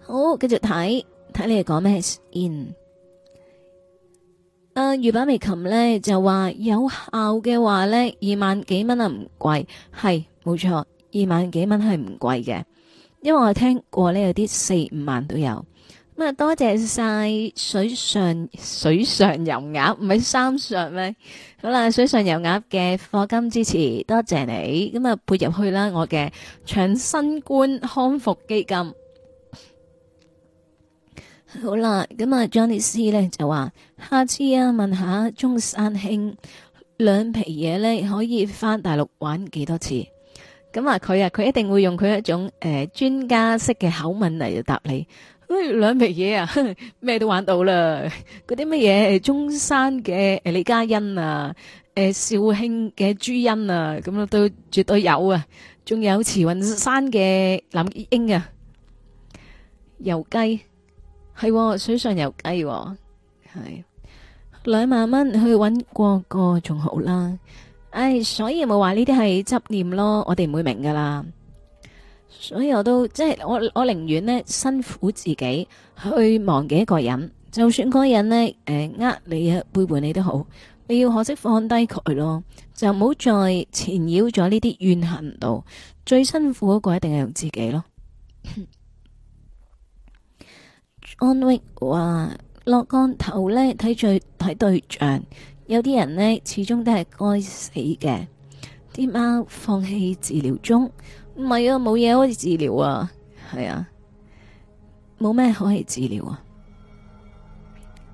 好，繼續睇睇你哋講咩？in，誒，魚板眉琴呢，就話有效嘅話呢，二萬幾蚊啊，唔貴，係冇錯，二萬幾蚊係唔貴嘅，因為我聽過呢，有啲四五萬都有。咁啊，多謝晒水上水上油鴨，唔係三上咩？好啦，水上油鴨嘅課金支持，多謝你咁啊，撥入去啦，我嘅長新冠康復基金。好啦，咁啊，Johnny C 呢就話下次啊，問下鍾山興兩皮嘢呢可以翻大陸玩幾多次？咁啊，佢啊，佢一定會用佢一種誒專家式嘅口吻嚟答你。誒，兩皮嘢啊，咩都玩到啦！嗰啲乜嘢中山嘅誒李嘉欣啊，誒肇慶嘅朱茵啊，咁樣都絕對有啊！仲有慈雲山嘅林英啊，游雞係水上游雞，係兩萬蚊去搵過個仲好啦！唉，所以冇話呢啲係執念咯，我哋唔會明噶啦。所以我都即係我我寧願呢辛苦自己去忘記一個人，就算嗰個人呢誒呃你啊背叛你都好，你要學識放低佢咯，就唔好再纏繞咗呢啲怨恨度。最辛苦嗰個一定係用自己咯。安域話落干頭呢，睇罪睇對象，有啲人呢，始終都係該死嘅。啲貓放棄治療中。唔係啊，冇嘢可以治療啊，係啊，冇咩可以治療啊。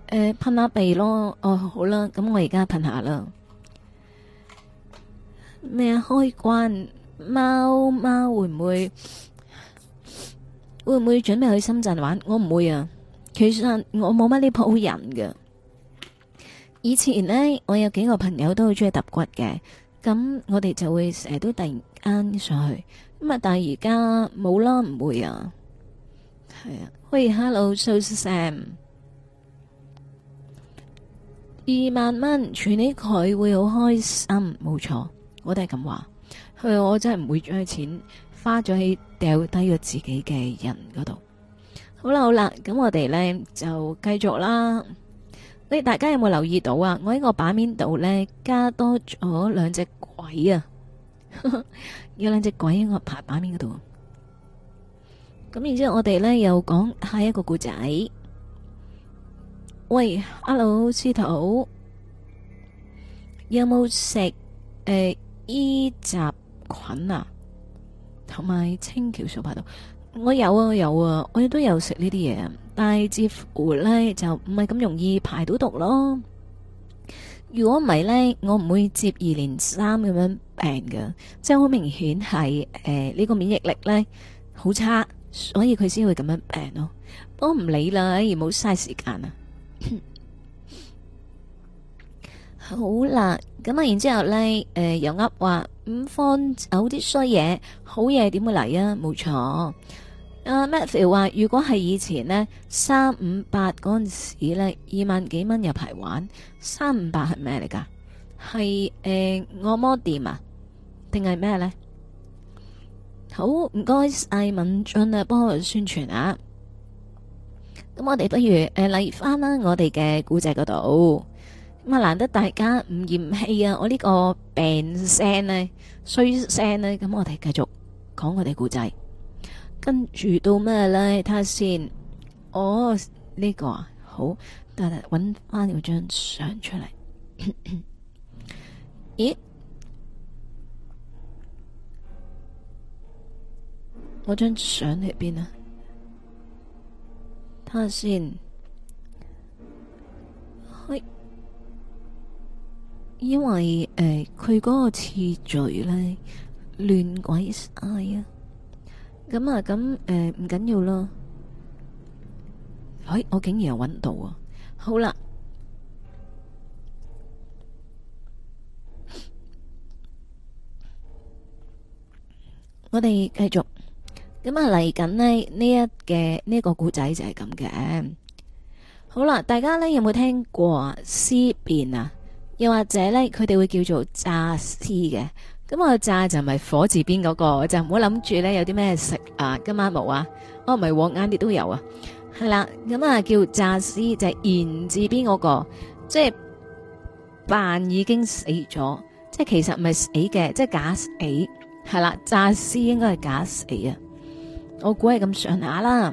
誒、呃，噴下鼻咯。哦，好啦，咁我而家噴下啦。咩啊？開關貓貓會唔會會唔會準備去深圳玩？我唔會啊。其實我冇乜呢鋪人㗎。以前呢，我有幾個朋友都好中意揼骨嘅，咁我哋就會成日都突然間上去。咁啊！但而家冇啦，唔會啊，係啊。喂 Hello, Su、hey, so、Sam 二萬蚊存俾佢會好開心，冇錯，我都係咁話。佢、啊、我真係唔會將啲錢花咗喺掉低咗自己嘅人嗰度。好啦，好啦，好啦，咁我哋呢就繼續啦。誒，大家有冇留意到啊？我喺個版面度呢，加多咗兩隻鬼啊！ 有兩隻鬼喺我排版面嗰度，咁然之後我哋呢又講下一個故仔。喂，Hello 司徒，有冇食誒衣雜菌啊？同埋青椒素排毒，我有啊，我有啊，我亦都有食呢啲嘢，但係似乎咧就唔係咁容易排到毒咯。如果唔係呢，我唔會接二連三咁樣。病嘅，即係好明顯係誒呢個免疫力咧好差，所以佢先會咁樣病咯。我唔理啦，而冇嘥時間啊。 好啦，咁、嗯呃嗯、啊，然之後咧誒有噏話五方有啲衰嘢，好嘢點會嚟啊？冇錯。阿 Matthew 話如果係以前呢，三五八嗰陣時咧二萬幾蚊有排玩，三五八係咩嚟噶？係誒按摩店啊？定係咩呢？好，唔該，艾文俊啊，幫我宣傳啊！咁我哋不如誒，嚟翻啦，我哋嘅古仔嗰度。咁啊，難得大家唔嫌棄啊，我呢個病聲呢、啊、衰聲呢、啊，咁我哋繼續講我哋古仔。跟住到咩呢？睇下先。哦、呢、這個啊，好，等陣，搵翻條張相出嚟。咦？我張相喺邊啊？睇下先。哎，因為誒，佢嗰個次序咧亂鬼晒啊！咁啊，咁誒唔緊要咯。哎，我竟然又搵到啊！好啦，我哋繼續。咁啊，嚟緊呢呢一嘅呢個古仔，這個，就係咁嘅。好啦，大家咧有冇聽過屍變啊？又或者咧，佢哋會叫做詐屍嘅。咁、嗯、啊，詐就唔係火字邊嗰個，就唔好諗住咧有啲咩食啊？今晚冇啊？我唔係，往晏，啲都有啊。係啦，咁、嗯、啊、嗯、叫詐屍就係言字邊嗰個，即係扮已經死咗，即、就、係、是、其實唔係死嘅，即、就、係、是、假死。係啦，詐屍應該係假死啊。我估係咁上下啦。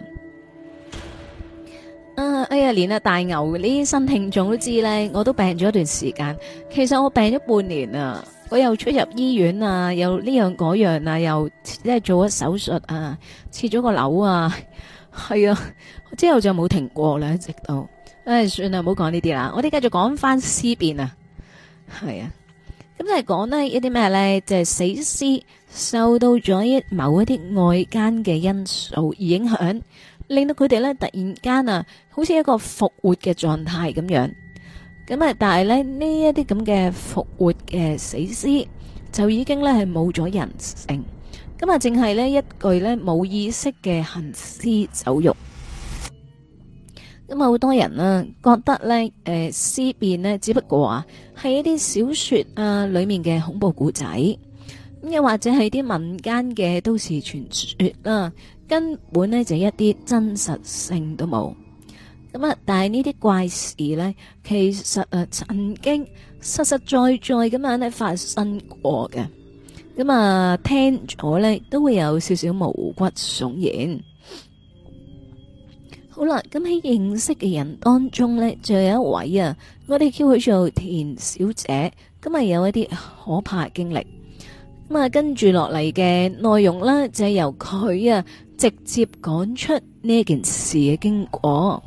啊，哎呀，連啊大牛呢啲新聽眾都知咧，我都病咗一段時間。其實我病咗半年啊，我又出入醫院啊，又呢樣嗰樣啊，又即係做咗手術啊，切咗個瘤啊，係啊，之後就冇停過啦，一直到。唉，算啦，唔好講呢啲啦，我哋繼續講翻屍變啊。係啊，咁嚟講呢一啲咩咧，就係死屍。受到咗某一啲外間嘅因素而影響，令到佢哋呢突然間啊，好似一個復活嘅狀態咁樣。咁啊，但係呢呢一啲咁嘅復活嘅死屍，就已經呢係冇咗人性。咁啊，淨係呢一句呢冇意識嘅行屍走肉。咁啊，好多人啊覺得呢誒屍變呢只不過啊係一啲小說啊裏面嘅恐怖故仔。咁又或者係啲民間嘅都市傳說啦，根本呢就一啲真實性都冇。咁啊，但係呢啲怪事呢，其實誒曾經實實在在咁樣咧發生過嘅。咁啊，聽咗呢都會有少少毛骨悚然。好啦，咁喺認識嘅人當中呢，就有一位啊，我哋叫佢做田小姐，咁啊有一啲可怕經歷。咁啊，跟住落嚟嘅內容啦，就係由佢啊直接講出呢件事嘅經過。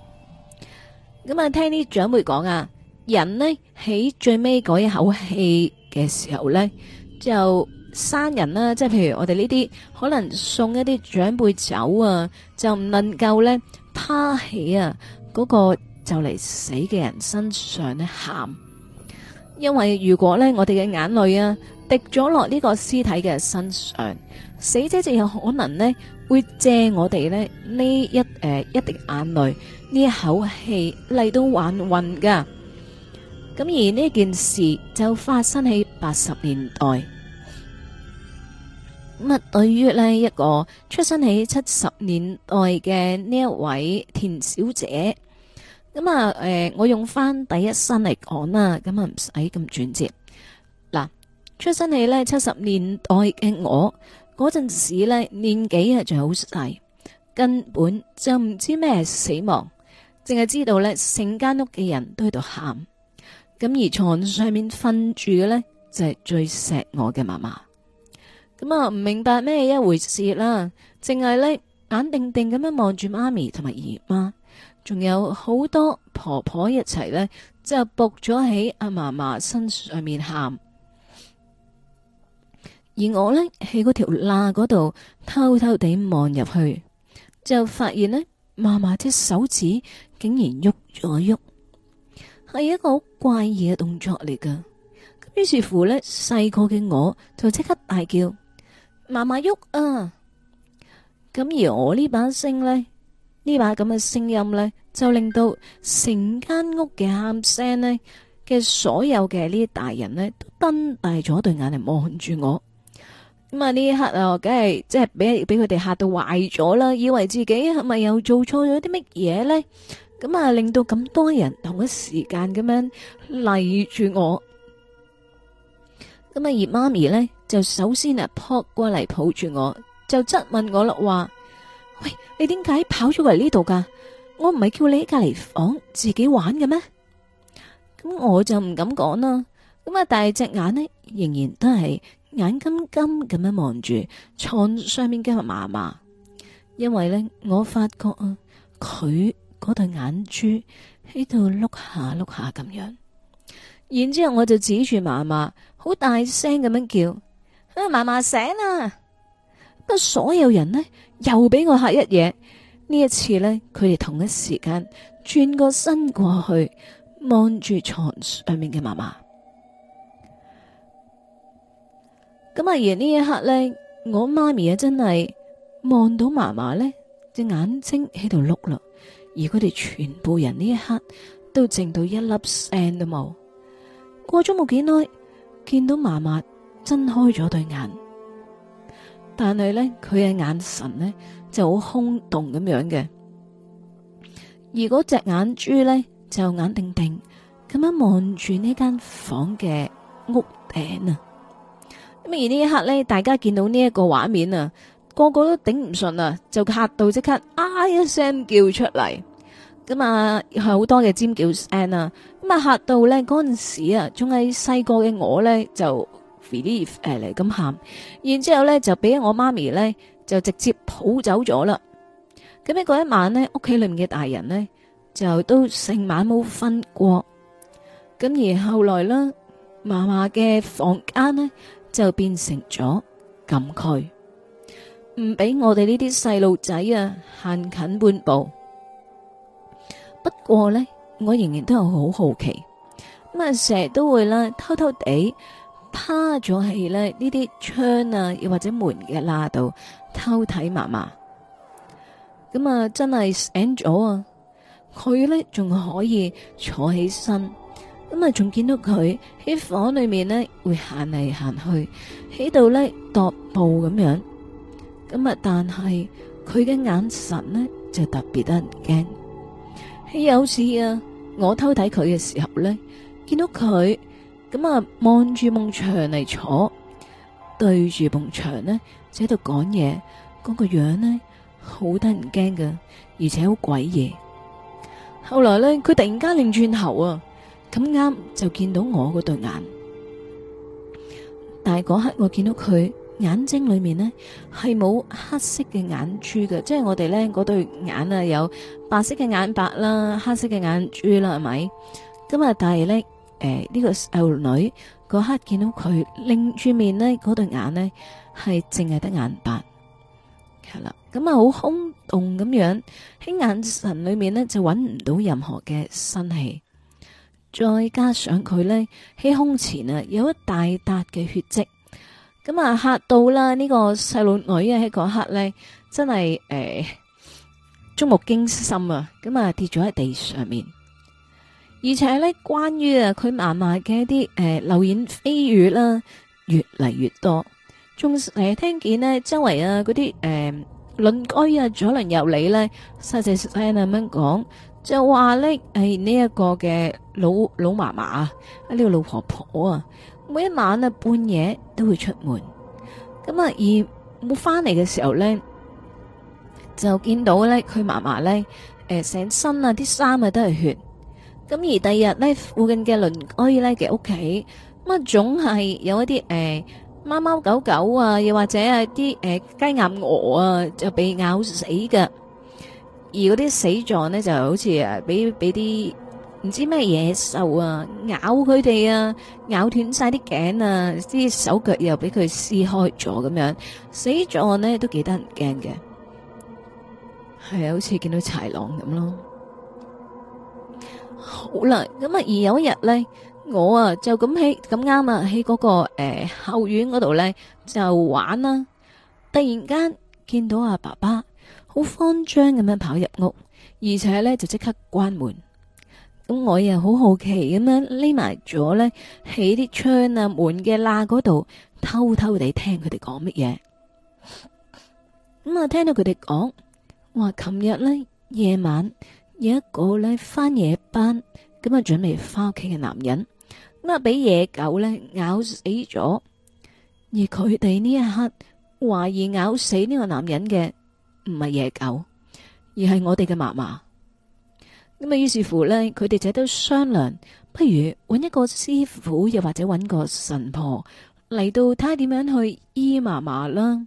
咁啊，聽啲長輩講啊，人呢喺最尾嗰一口氣嘅時候呢，就生人啦，即係譬如我哋呢啲可能送一啲長輩走啊，就唔能夠呢趴起啊嗰個就嚟死嘅人身上咧喊，因為如果呢，我哋嘅眼淚啊～滴咗落呢個屍體嘅身上，死者就有可能呢會借我哋呢呢這一誒、呃、一滴眼淚呢一口氣嚟到玩運噶。咁而呢件事就發生喺八十年代。咁啊，對於呢一個出生喺七十年代嘅呢一位田小姐，咁啊誒，我用返第一身嚟講啦，咁啊唔使咁轉折。出生起呢七十年代嘅我嗰陣時呢，年紀啊，仲好細，根本就唔知咩死亡，淨係知道呢，成間屋嘅人都喺度喊。咁而床上面瞓住嘅呢，就係最錫我嘅媽媽。咁啊，唔明白咩一回事啦，淨係呢，眼定定咁樣望住媽咪同埋姨媽，仲有好多婆婆一齊呢，就仆咗喺阿媽媽身上面喊。而我呢，喺嗰條罅嗰度偷偷地望入去，就發現呢，嫲嫲隻手指竟然喐咗喐，係一個好怪異嘅動作嚟噶。於是乎呢，細個嘅我就即刻大叫：嫲嫲喐啊！咁而我呢把聲呢，呢把咁嘅聲音呢，就令到成間屋嘅喊聲呢，嘅所有嘅呢啲大人呢，都瞪大咗對眼嚟望住我。咁啊，呢一刻啊，梗係即係俾俾佢哋嚇到壞咗啦，以為自己係咪又做錯咗啲乜嘢呢？咁啊，令到咁多人同一時間咁樣嚟住我。咁啊，葉媽咪呢，就首先啊撲過嚟抱住我，就質問我啦，話：喂，你點解跑咗嚟呢度噶？我唔係叫你喺隔籬房自己玩嘅咩？咁我就唔敢講啦。咁啊，大隻眼呢，仍然都係。眼金金咁樣望住床上面嘅媽媽，因為呢，我發覺啊佢嗰對眼珠喺度碌下碌下咁樣，然之後我就指住媽媽，好大聲咁樣叫啊媽媽醒啦！但所有人呢，又俾我嚇一嘢，呢一次呢，佢哋同一時間轉個身過去望住床上面嘅媽媽。咁阿爺呢一刻呢，我媽咪啊真係望到嫲嫲呢隻眼睛喺度碌啦，而佢哋全部人呢一刻都靜到一粒聲都冇。過咗冇幾耐，見到嫲嫲睜開咗對眼，但係呢，佢嘅眼神呢就好空洞咁樣嘅，而嗰隻眼珠呢，就眼定定咁樣望住呢間房嘅屋頂啊。咁而呢一刻呢，大家見到呢一個畫面啊，個個都頂唔順啊，就嚇到即刻嗌一聲叫出嚟，咁啊係好多嘅尖叫聲啊，咁啊嚇到呢嗰陣時啊，仲喺細個嘅我呢，就 relief 嚟咁喊，然之後呢就俾我媽咪呢，就直接抱走咗啦。咁喺嗰一晚呢，屋企裏面嘅大人呢，就都成晚冇瞓過。咁而後來呢，嫲嫲嘅房間呢，就變成咗禁區，唔俾我哋呢啲細路仔啊，行近半步。不過呢，我仍然都係好好奇，咁啊，成日都會啦，偷偷地趴咗喺咧呢啲窗啊，又或者門嘅罅度偷睇嫲嫲。咁啊，真係醒咗啊，佢呢仲可以坐起身。咁啊，仲見到佢喺房裏面咧，會行嚟行去，喺度咧踱步咁樣。咁啊，但係佢嘅眼神咧就特別得人驚。有次啊，我偷睇佢嘅時候咧，見到佢咁啊，望住埲牆嚟坐，對住埲牆咧就喺度講嘢，嗰個樣咧好得人驚噶，而且好詭異。後來咧，佢突然間擰轉頭啊！咁啱就見到我嗰對眼，但係嗰刻我見到佢眼睛裏面呢係冇黑色嘅眼珠嘅，即係我哋呢嗰對眼啊有白色嘅眼白啦、黑色嘅眼珠啦，係咪？咁啊，但係呢，誒、呃、呢、呢個幼女嗰刻見到佢擰住面呢嗰對眼呢係淨係得眼白，係啦，咁啊好空洞咁樣，喺眼神裏面呢就揾唔到任何嘅生氣。再加上佢咧喺胸前大大啊，有、這個、一大笪嘅血跡，咁啊吓到啦呢個細路女啊喺嗰一刻咧真係誒觸目驚心啊，咁啊跌咗喺地上面，而且咧關於、呃、啊佢嫲嫲嘅一啲誒流言蜚語啦，越嚟越多，仲誒聽見呢周圍啊嗰啲誒鄰居啊左鄰右里咧，細細聲咁樣講就話咧係呢一個嘅。老老嫲嫲啊，呢個老婆婆啊，每一晚啊半夜都會出門，咁啊而冇翻嚟嘅時候咧，就見到咧佢嫲嫲咧，誒成、呃、身啊啲衫，啊都係血，咁而第二日咧附近嘅鄰居咧嘅屋企，咁啊總係有一啲誒、呃、貓貓狗狗啊，又或者係啲誒雞鴨鵝啊就俾咬死㗎，而嗰啲死狀咧就好似誒俾俾啲。唔知咩野獸啊，咬佢哋啊，咬斷晒啲頸啊，啲手腳又俾佢撕開咗，咁樣死狀咧都幾得人驚嘅，係啊，好似見到豺狼咁咯。好啦，咁啊，而有一日咧，我啊就咁喺咁啱啊喺嗰個誒後院嗰度咧就玩啦。突然間見到阿爸爸好慌張咁樣跑入屋，而且咧就即刻關門。咁我又好好奇咁樣匿埋咗咧，喺啲窗啊門嘅罅嗰度偷偷地聽佢哋講乜嘢。咁啊，聽到佢哋講，話琴日咧夜晚有一個咧翻夜班，咁啊準備翻屋企嘅男人，呃俾野狗咧咬死咗。而佢哋呢一刻懷疑咬死呢個男人嘅唔係野狗，而係我哋嘅嫲嫲。咁啊，於是乎呢佢哋就都商量，不如揾一個師傅，又或者揾個神婆嚟到睇下點樣去醫嫲嫲啦。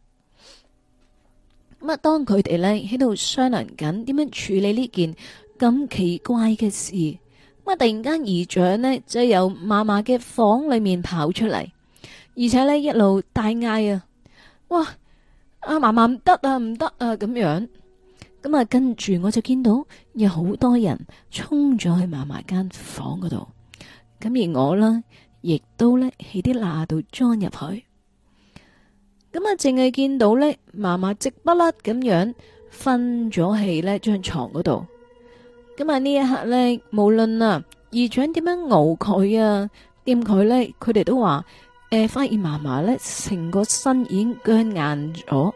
咁啊，當佢哋呢喺度商量緊點樣處理呢件咁奇怪嘅事，咁啊，突然間姨丈呢就由嫲嫲嘅房裏面跑出嚟，而且呢一路大嗌啊！哇！阿嫲嫲唔得啊，唔得啊，咁樣。咁啊，跟住我就見到有好多人衝咗去嫲嫲間房嗰度，咁而我呢，亦都呢喺啲罅度裝入去，咁啊，淨係見到呢，嫲嫲直不甩咁樣瞓咗喺呢張床嗰度，咁啊呢一刻呢，無論啊姨丈點樣熬佢啊掂佢呢，佢哋都話，誒、呃、發現嫲嫲呢成個身已經僵硬咗。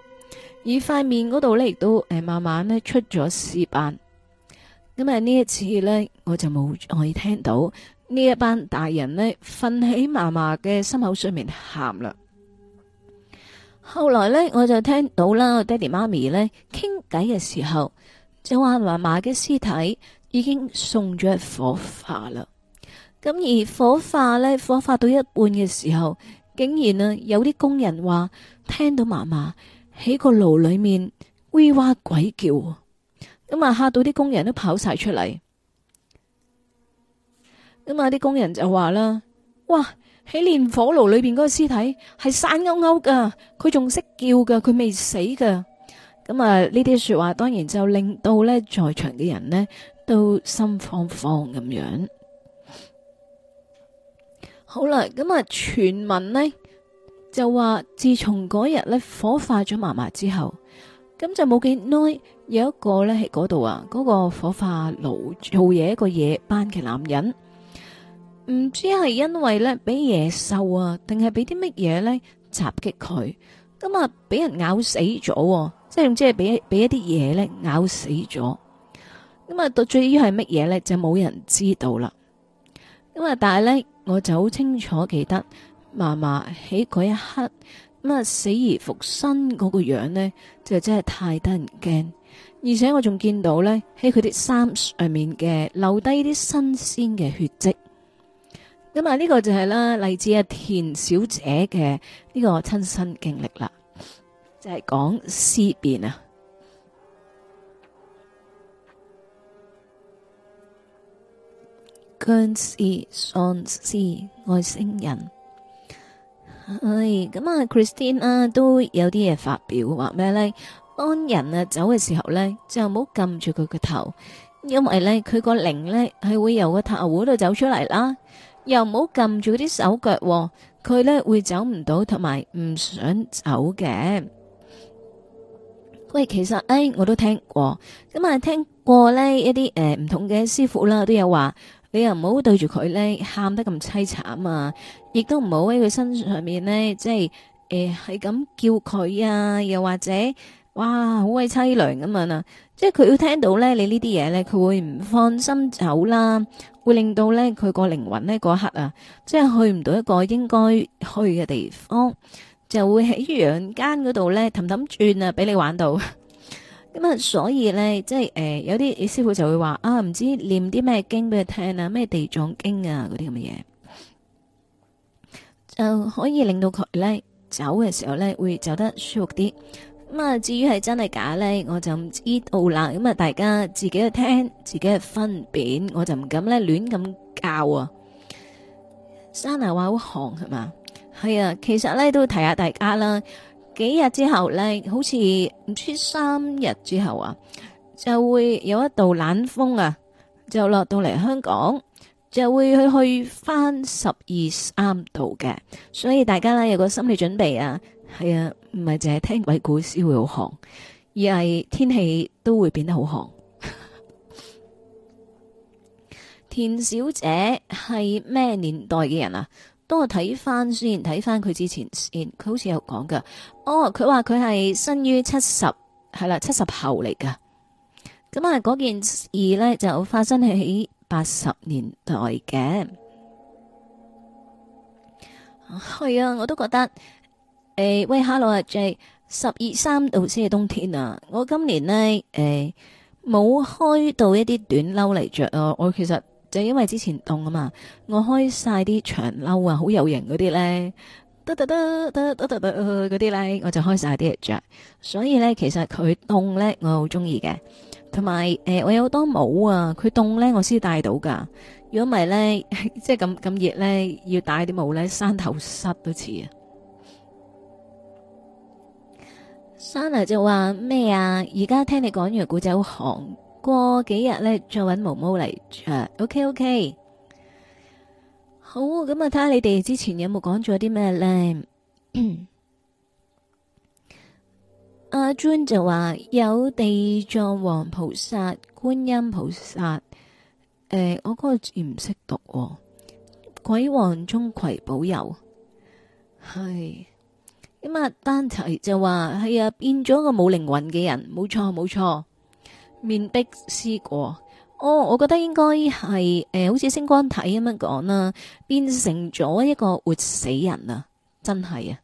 而塊面嗰度呢，亦都誒慢慢呢出咗屍斑。咁啊呢一次呢，我就冇可以聽到呢一班大人呢瞓喺嫲嫲嘅心口上面喊啦。後來呢，我就聽到啦，我爹哋媽咪呢傾偈嘅時候，就話嫲嫲嘅屍體已經送咗火化啦。咁而火化呢，火化到一半嘅時候，竟然啊有啲工人話聽到嫲嫲。喺個爐裏面，嗚哇鬼叫，咁啊嚇到啲工人都跑晒出嚟，咁啊啲工人就話啦，哇，喺煉火爐裏邊嗰個屍體係生勾勾噶，佢仲識叫噶，佢未死噶。咁啊，呢啲說話當然就令到呢在場嘅人呢都心慌慌咁樣。好啦，咁啊，傳聞呢？就話自從嗰日咧火化咗嫲嫲之後，咁就冇幾耐，有一個咧喺嗰度啊，嗰個火化爐做嘢一個夜班嘅男人，唔知係因為咧俾野獸啊，定係俾啲乜嘢呢襲擊佢，咁啊俾人咬死咗，即係唔知係俾俾一啲嘢呢咬死咗，咁啊到至於係乜嘢呢，就冇人知道啦。咁啊，但係呢，我就好清楚記得。嫲嫲喺嗰一刻咁啊，死而復生嗰個樣呢，就真係太得人驚。而且我仲見到呢，喺佢啲衫,上面嘅留低啲新鮮嘅血跡。咁啊呢個就係啦，嚟自阿田小姐嘅呢個親身經歷啦，就係講屍變啊，僵屍、喪屍、外星人。唉，咁啊，Christine 都有啲嘢發表，話咩咧？安人啊走嘅時候咧，就唔好撳住佢個頭，因為咧佢個靈咧係會由個塔碗度走出嚟啦，又唔好撳住佢啲手腳，佢咧會走唔到，同埋唔想走嘅。喂，其實唉，我都聽過，咁啊聽過咧一啲誒唔同嘅師傅啦，都有話。你又唔好對住佢咧，喊得咁淒慘啊！亦都唔好喺佢身上面咧，即係誒，係、呃、咁叫佢啊！又或者，哇，好鬼淒涼咁樣啊！即係佢要聽到咧，你呢啲嘢咧，佢會唔放心走啦，會令到咧佢個靈魂咧嗰刻啊，即係去唔到一個應該去嘅地方，就會喺陽間嗰度咧氹氹轉啊，俾你玩到。咁啊、嗯，所以咧，即係誒、呃，有啲師傅就會話啊，唔知念啲咩經俾佢聽啊，咩地藏經啊嗰啲咁嘅嘢，就可以令到佢咧走嘅時候咧會走得舒服啲。咁、嗯、啊，至於係真係假咧，我就唔知道啦。咁啊，大家自己去聽，自己去分辨，我就唔敢咧亂咁教啊。珊娜話好寒係嘛？係啊，其實咧都提下大家啦。幾日之後呢，好似唔出三日之後啊，就會有一道冷風啊，就落到嚟香港，就會去去翻十二三度嘅。所以大家呢，有個心理準備啊，係啊，唔係淨係聽鬼故事會好寒，而係天氣都會變得好寒。 田小姐係咩年代嘅人啊？都我睇翻先，睇翻佢之前先，佢好似有講噶。哦，佢話佢係生於七十，係啦七十後嚟噶。咁啊，嗰件事咧就發生喺八十年代嘅。係啊，我都覺得。誒、欸，喂，Hello 阿 J，十二三度先係冬天啊。我今年呢，誒、欸，冇開到一啲短褸嚟着啊。我其實。就因為之前凍啊嘛，我開晒啲長褸啊，好有型嗰啲咧，嗰啲咧，我就開晒啲嚟着。所以咧，其實佢凍咧，我好中意嘅。同埋誒，我有好多帽啊，佢凍咧，我先戴到噶。如果唔係咧，即係咁咁熱咧，要戴啲 帽咧，山頭濕都似啊。山嚟就話咩啊？而家聽你講完古仔好寒。過幾日呢，再揾毛毛嚟，誒，OK OK，好咁啊，睇下你哋之前有冇講咗啲咩呢？阿、 啊、Jun 就話有地藏王菩薩、觀音菩薩、呃，我嗰個字唔識讀、哦，鬼王鍾馗保佑，係咁啊，丹齊就話係啊，變咗個冇靈魂嘅人，冇錯冇錯。沒錯面壁思過，哦，我覺得應該係誒，好似星光體咁樣講啦，變成咗一個活死人啊，真係啊！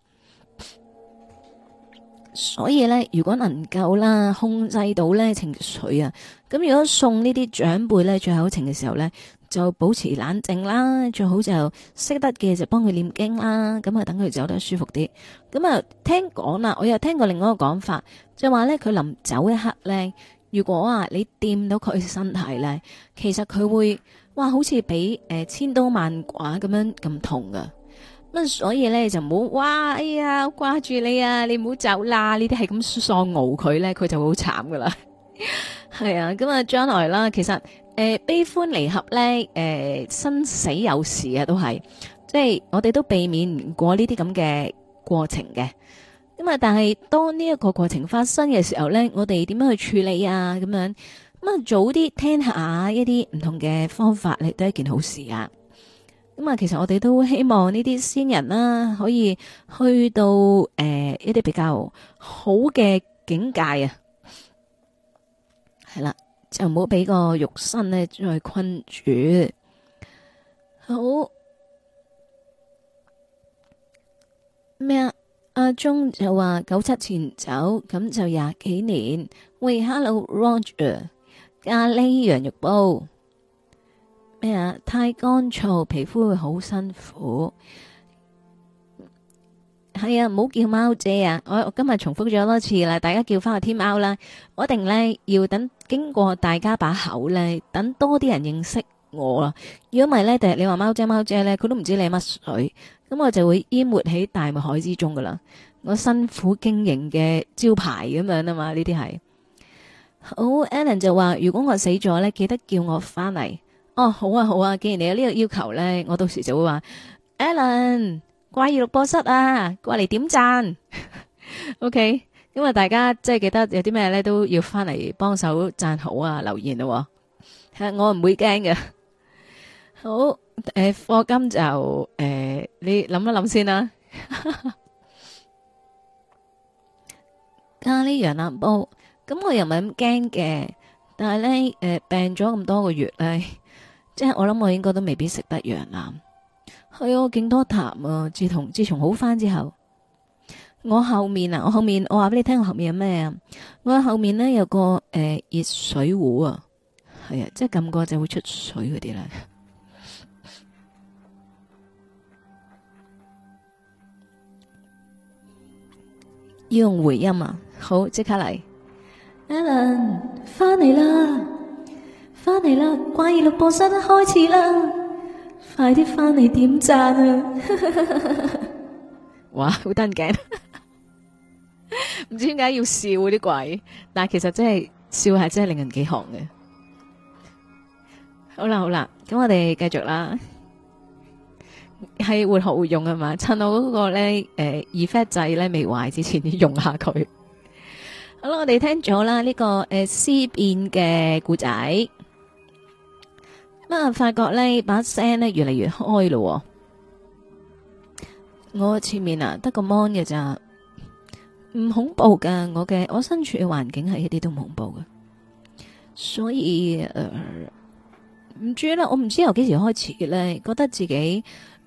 所以呢，如果能夠啦，控制到呢情緒啊，咁如果送呢啲長輩呢，最後一程嘅時候呢，就保持冷靜啦，最好就識得嘅就幫佢念經啦，咁啊等佢走得舒服啲。咁啊，聽講啦，我又聽過另外一個講法，就話呢，佢臨走一刻呢。如果啊，你掂到佢身體咧，其實佢會哇，好似俾誒千刀萬剮咁樣咁痛噶。咁所以咧就唔好哇，哎呀掛住你啊，你唔好走啦。呢啲係咁喪傲佢咧，佢就會好慘噶啦。係 啊，咁、嗯、啊將來啦，其實誒、呃、悲歡離合咧，誒、呃、生死有時啊，都係即係我哋都避免唔過呢啲咁嘅過程嘅。咁啊！但係當呢一個過程發生嘅時候咧，我哋點樣去處理啊？咁樣咁啊，早啲聽下一啲唔同嘅方法，亦都係一件好事啊！咁啊，其實我哋都希望呢啲先人啦、啊，可以去到誒、呃、一啲比較好嘅境界啊！係啦，就唔好俾個肉身呢再困住。好咩啊？阿鐘就話九七前走咁就廿幾年。喂，Hello Roger，咖喱羊肉煲咩啊？太乾燥，皮膚會好辛苦。係啊，唔好叫貓姐啊！我我今日重複咗多次啦，大家叫翻個天貓啦。我一定咧要等經過大家把口咧，等多啲人認識我啊！如果唔係咧，第日你話貓姐貓姐咧，佢都唔知你係乜水。咁我就會淹沒喺大霧海之中噶啦，我辛苦經營嘅招牌咁樣啊嘛，呢啲係好。Alan 就話如果我死咗呢，記得叫我翻嚟。哦，好啊好啊，既然你有呢個要求呢，我到時就會話 Alan，怪異錄播室啊，過嚟點讚。 OK，因、嗯、為大家即係記得有啲咩呢都要翻嚟幫手讚好啊，留言咯、啊。我唔會驚嘅。好誒，貨金就誒，你諗一諗先啦。咖喱羊腩煲咁我又唔係咁驚嘅，但係呢，誒，病咗咁多個月呢，即係我諗我應該都未必食得羊腩。係我勁多痰啊！自從自從好翻之後，我後面啊，我後面我話俾你聽，我後面有咩啊？我後面呢有個誒熱、呃、水壺啊，係啊，即係撳過就會出水嗰啲啦要用回音啊！好，即刻嚟，Alan 翻嚟啦，翻嚟啦，怪異錄播室開始啦，快啲翻嚟點讚啊！ 哇，好得人驚，唔 知點解要笑嗰、啊、啲鬼，但係其實真係笑係真係令人幾寒嘅。好啦好啦，咁我哋繼續啦。係活學活用啊嘛，趁我嗰個咧，誒，effect 掣咧未壞之前用它，用下佢。好啦，我哋聽咗啦呢個誒、呃、思變嘅故仔，咁啊發覺咧把聲咧越嚟越開咯。我前面啊得個 mon 嘅咋，唔恐怖噶，我嘅我身處嘅環境係一啲都唔恐怖嘅，所以誒唔、呃、知啦，我唔知由幾時開始嘅咧，覺得自己。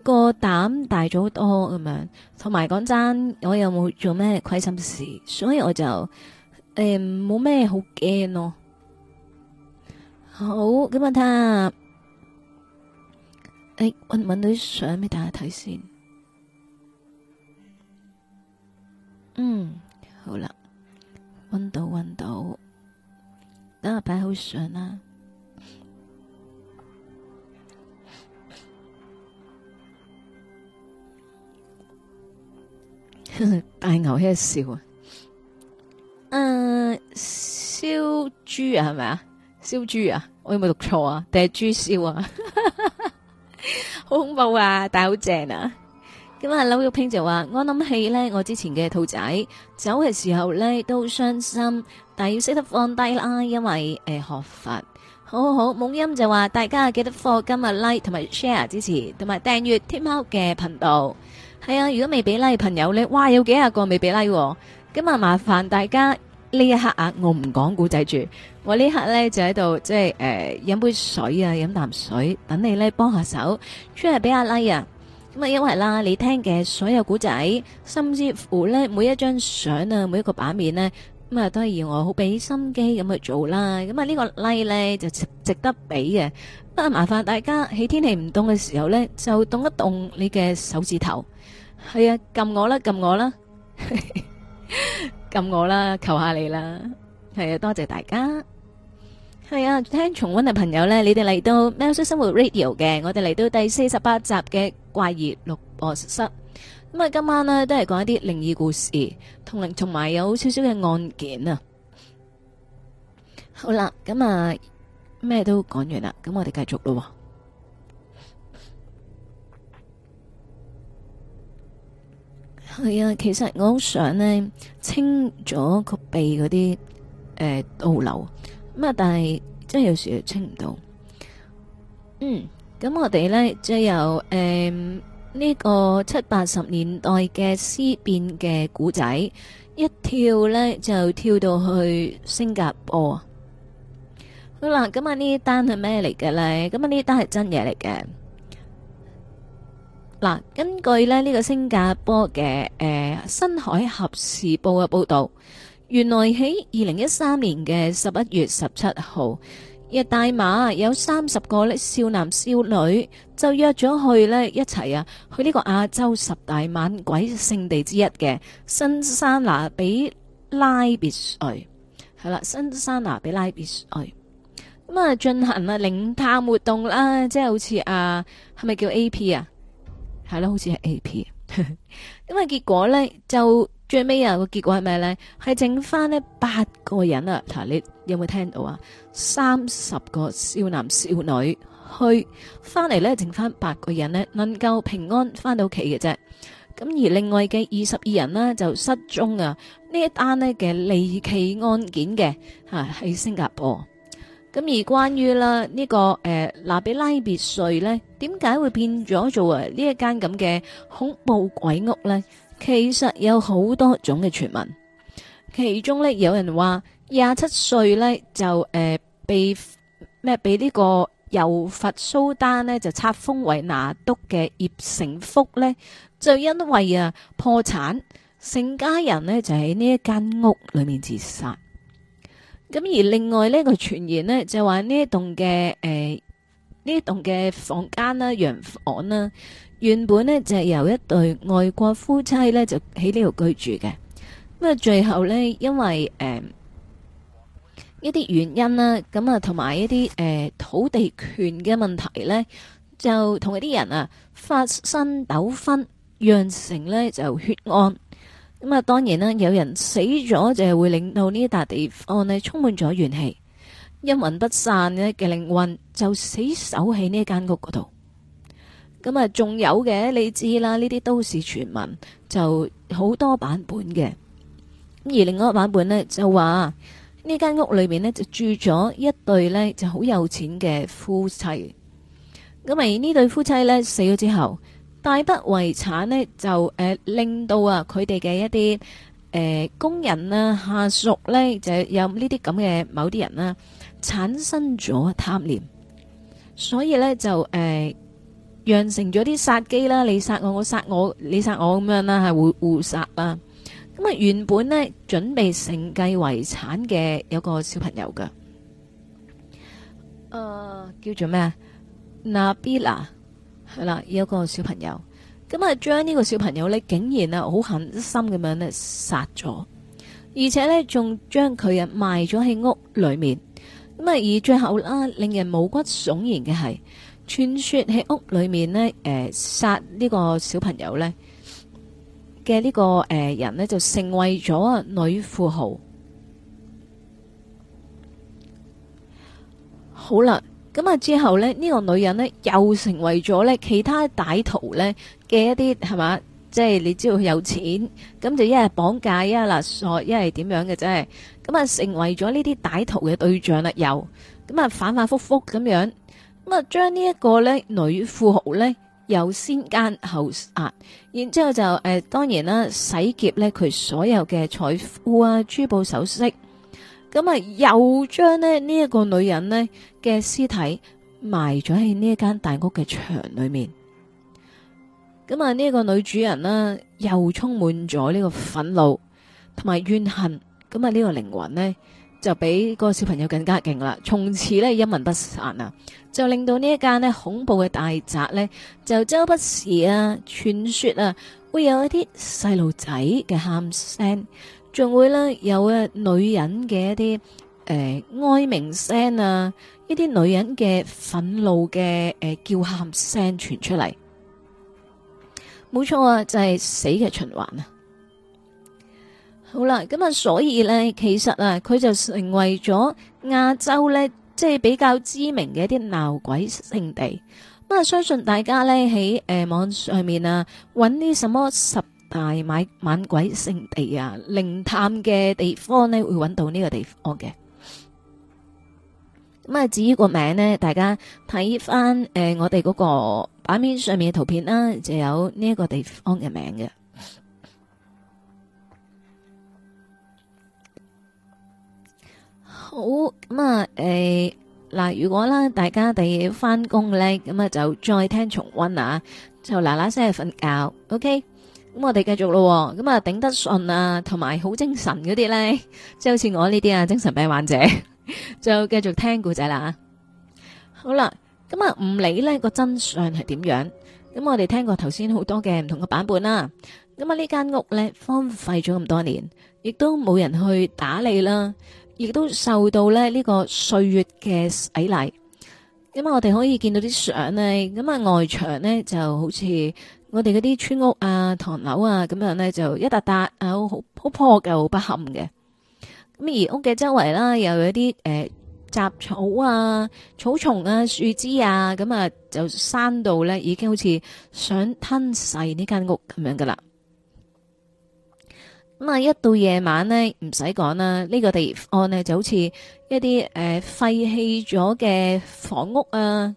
個膽大咗好多咁樣，同埋講真，我又冇做咩虧心事，所以我就誒冇咩好驚咯。好，咁啊，下，誒，搵到啲相俾大家睇先。嗯，好啦，搵到搵到，等下擺好相啦。 大牛喺度笑啊！誒，燒豬啊，係咪啊？燒豬啊，我有冇讀錯啊？定係豬燒啊？ 好恐怖啊！但係好正啊！咁啊，柳玉平就話： 我諗起呢，我之前嘅兔仔走嘅時候呢都好傷心。但係要識得放低啦，因為誒、欸、學佛。好好好，冇音就話大家記得放今日 like 同埋 share 支持，同埋訂閱天貓嘅頻道。係啊！如果未俾 like 朋友呢，哇，有幾廿個未俾 like 喎。咁啊麻煩大家呢一刻啊，我唔講古仔住，我呢刻呢，就喺度即係誒飲杯水啊，飲啖水，等你呢幫下手出嚟俾下 like 啊！咁啊，因為啦，你聽嘅所有古仔，甚至乎呢，每一張相啊，每一個版面呢，咁啊都係要我好俾心機咁去做啦。咁啊呢個 like 呢，就值得俾嘅，啊麻煩大家喺天氣唔凍嘅時候呢，就動一動你嘅手指頭。係啊，撳我啦，撳我啦，撳我啦，求下你啦，係啊，多謝大家。係啊，聽重溫嘅朋友呢，你哋嚟到喵式生活 radio 嘅，我哋嚟到第四十八集嘅怪異錄播室。咁啊，今晚呢，都係講一啲靈異故事，同同埋有少少嘅案件啊。好啦，咁啊，咩都講完啦，咁我哋繼續咯。係啊，其實我好想呢，清咗個鼻嗰啲誒倒流，咁啊，但係真係有時又清唔到。嗯，咁我哋呢，即係由誒呢個七八十年代嘅思辨嘅古仔一跳呢，就跳到去新加坡、嗯嗯、好啦，咁啊，呢一單係咩嚟嘅呢？咁啊，呢一單係真嘢嚟嘅。嗱，根據呢呢、這個新加坡嘅誒、呃《新海峽時報》嘅報道，原來喺二零一三年嘅十一月十七號，日大馬有三十個咧少男少女就約咗去呢一齊啊，去呢個亞洲十大猛鬼聖地之一嘅新山拿比拉別墅係啦，新山拿比拉別墅咁啊，進行啊靈探活動啦，即係好似啊，係咪叫 A P 啊？係啦，好似係 A.P.，因為 結果呢，就最尾啊個結果係咩呢？係剩翻呢八個人啊！嗱、啊，你有冇聽到啊？三十個少男少女去翻嚟呢，剩翻八個人呢，能夠平安翻到屋企嘅啫。咁而另外嘅二十二人呢，就失蹤啊！呢一單呢嘅離奇案件嘅吓喺新加坡。咁而關於啦、這、呢個誒、呃、拿比拉別墅呢，點解會變咗做啊呢一間咁嘅恐怖鬼屋呢？其實有好多種嘅傳聞，其中呢，有人話廿七歲呢就誒、呃、被咩被呢個柔佛蘇丹呢就冊封為拿督嘅葉成福呢，就因為啊破產，成家人呢就喺呢一間屋裏面自殺。咁而另外呢個傳言呢，就話呢一棟嘅、誒呢一棟嘅房間啦、洋房啦，原本呢，就係由一對外國夫妻呢，就喺呢度居住嘅。咁啊，最後呢，因為誒、呃、一啲原因啦，咁啊同埋一啲誒、呃、土地權嘅問題呢，就同一啲人啊發生糾紛，釀成呢就血案。咁啊，當然啦，有人死咗就係會令到呢笪地方咧充滿咗怨氣，陰魂不散嘅靈魂就死守喺呢間屋嗰度。咁啊，仲有嘅，你知啦，呢啲都市傳聞，就好多版本嘅。而另外一個版本呢，就話，呢間屋裏面呢就住咗一對呢就好有錢嘅夫妻。咁而呢對夫妻呢，死咗之後。大得遺產呢，就誒、呃、令到啊，佢哋嘅一啲誒工人啊、下屬呢，就有呢啲咁嘅某啲人啦、啊，產生咗貪念，所以呢，就誒釀、呃、成咗啲殺機啦，你殺我，我殺我，你殺我咁樣啦，係會互殺啊！咁啊，原本呢，準備承繼遺產嘅有個小朋友噶，誒、呃、叫做咩啊？納比拉。係啦，有個小朋友，咁啊將呢個小朋友呢，竟然啊好狠心咁樣呢殺咗，而且呢仲將佢啊埋咗喺屋裏面，咁啊而最後啦，令人毛骨悚然嘅係，傳說喺屋裏面呢，誒、呃、殺呢個小朋友呢嘅呢個誒人呢就成為咗女富豪，好啦。咁啊，之後呢，呢、這個女人呢，又成為咗呢其他歹徒呢嘅一啲係嘛，即係你知道佢有錢，咁就一係綁架啊，一係勒索，一係點樣嘅啫？咁啊，成為咗呢啲歹徒嘅對象啦，又咁啊，反反复复咁樣，咁啊，將呢一個呢女富豪呢，又先奸後殺，然之後就誒、呃，當然啦，洗劫呢佢所有嘅財富啊，珠寶首飾。咁啊，又將呢呢一個女人呢嘅屍體埋咗喺呢一間大屋嘅牆裏面。咁啊，呢一個女主人呢，又充滿咗呢個憤怒同埋怨恨。咁啊，呢個靈魂呢，就比個小朋友更加勁啦。從此呢，一文不散啊，就令到呢一間呢恐怖嘅大宅呢，就周不時啊傳說啊，會有一啲細路仔嘅喊聲。仲會呢，有一女人嘅一啲誒、呃、哀鳴聲啊，一啲女人嘅憤怒嘅誒、呃、叫喊聲傳出嚟。冇錯啊，就係、是、死嘅循環啊。好啦，咁啊，所以呢，其實啊，佢就成為咗亞洲呢，即、就、係、是、比較知名嘅一啲鬧鬼聖地。咁啊，相信大家呢，喺誒、呃、網上面啊，揾啲什麼十。大買猛鬼聖地啊，靈探嘅地方咧，會揾到呢個地方嘅。咁啊，至於個名咧，大家睇翻誒，我哋嗰個版面上面嘅圖片啦，就有呢一個地方嘅名嘅。好，咁啊，誒嗱，如果咧大家哋翻工咧，咁啊就再聽重温啊，就嗱嗱聲去瞓覺，OK。咁我哋繼續咯，咁啊頂得順啊，同埋好精神嗰啲呢，即係好似我呢啲啊精神病患者， 就繼續聽故仔啦。好啦，咁啊唔理呢個真相係點樣，咁我哋聽過頭先好多嘅唔同嘅版本啦。咁啊呢間屋呢，荒廢咗咁多年，亦都冇人去打理啦，亦都受到咧呢個歲月嘅洗禮。咁啊我哋可以見到啲相呢。咁啊外牆呢，就好似。我哋嗰啲村屋啊、唐樓啊咁樣咧，就一笪笪啊，好好破嘅，好不堪嘅。咁而屋嘅周圍啦、啊，又有啲誒、呃、雜草啊、草叢啊、樹枝啊，咁啊就生到咧，已經好似想吞噬呢間屋咁樣噶啦。咁啊，一到夜晚咧，唔使講啦，呢、呢個地方咧就好似一啲誒廢棄咗嘅房屋啊。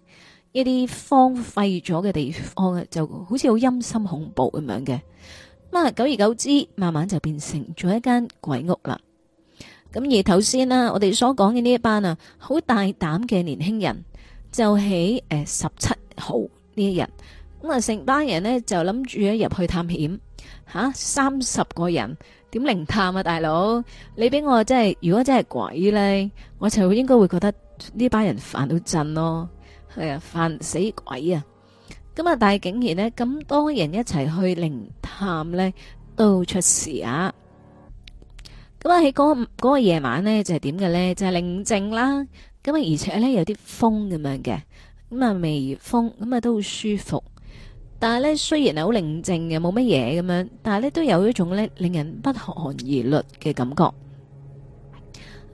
一啲荒廢咗嘅地方就好似好陰森恐怖咁樣嘅。咁啊，久而久之，慢慢就變成咗一間鬼屋啦。咁而頭先啦，我哋所講嘅呢一班啊，好大膽嘅年輕人，就喺誒十七號呢一日咁啊，成班人呢，就諗住一入去探險吓，三十個人點靈探啊？大佬，你俾我真係如果真係鬼呢，我就應該會覺得呢班人煩到震咯。係啊、哎，犯死鬼啊！咁啊，但係竟然呢，咁多人一齊去靈探呢，都出事啊！咁、嗯、啊，喺嗰嗰個夜、那個、晚呢，就係點嘅呢？就係寧靜啦。咁、嗯、啊，而且呢，有啲風咁樣嘅，咁、嗯、啊微風，咁、嗯、啊都好舒服。但係呢，雖然係好寧靜嘅，冇乜嘢咁樣，但係呢，都有一種呢令人不寒而慄嘅感覺。咁、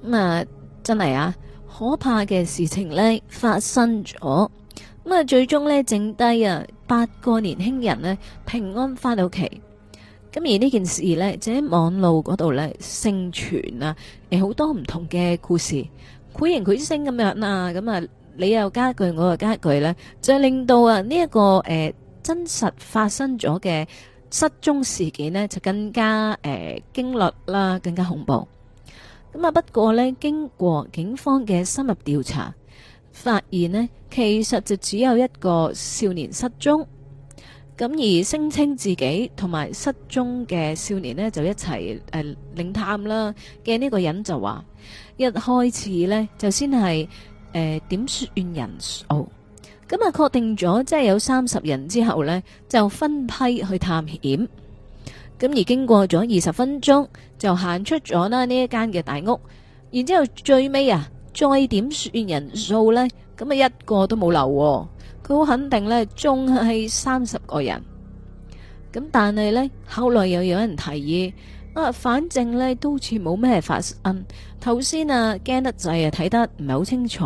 嗯嗯、啊，真係啊！可怕嘅事情呢，發生咗，咁啊最終呢，剩低啊八個年輕人呢，平安翻到屋企。咁而呢件事呢，就喺網路嗰度呢，盛傳啊，誒好多唔同嘅故事，繪形繪聲咁樣啊，咁啊你又加一句，我又加一句呢，就令到啊呢一個誒、呃、真實發生咗嘅失蹤事件呢，就更加誒驚慄啦，更加恐怖。咁不過呢，經過警方嘅深入調查，發現呢，其實就只有一個少年失蹤，咁而聲稱自己同埋失蹤嘅少年呢就一齊誒、呃、靈探啦嘅呢個人就話，一開始呢就先係誒、呃、點算人數，咁啊確定咗即係有三十人之後呢，就分批去探險。咁而經過咗二十分鐘，就行出咗啦呢一間嘅大屋，然之後最尾啊，再點算人數呢？咁啊一個都冇留喎，佢好肯定呢，仲係三十個人。咁但係呢，後來又有人提議，啊，反正呢都似冇咩發生。頭先啊驚得滯啊，睇得唔係好清楚，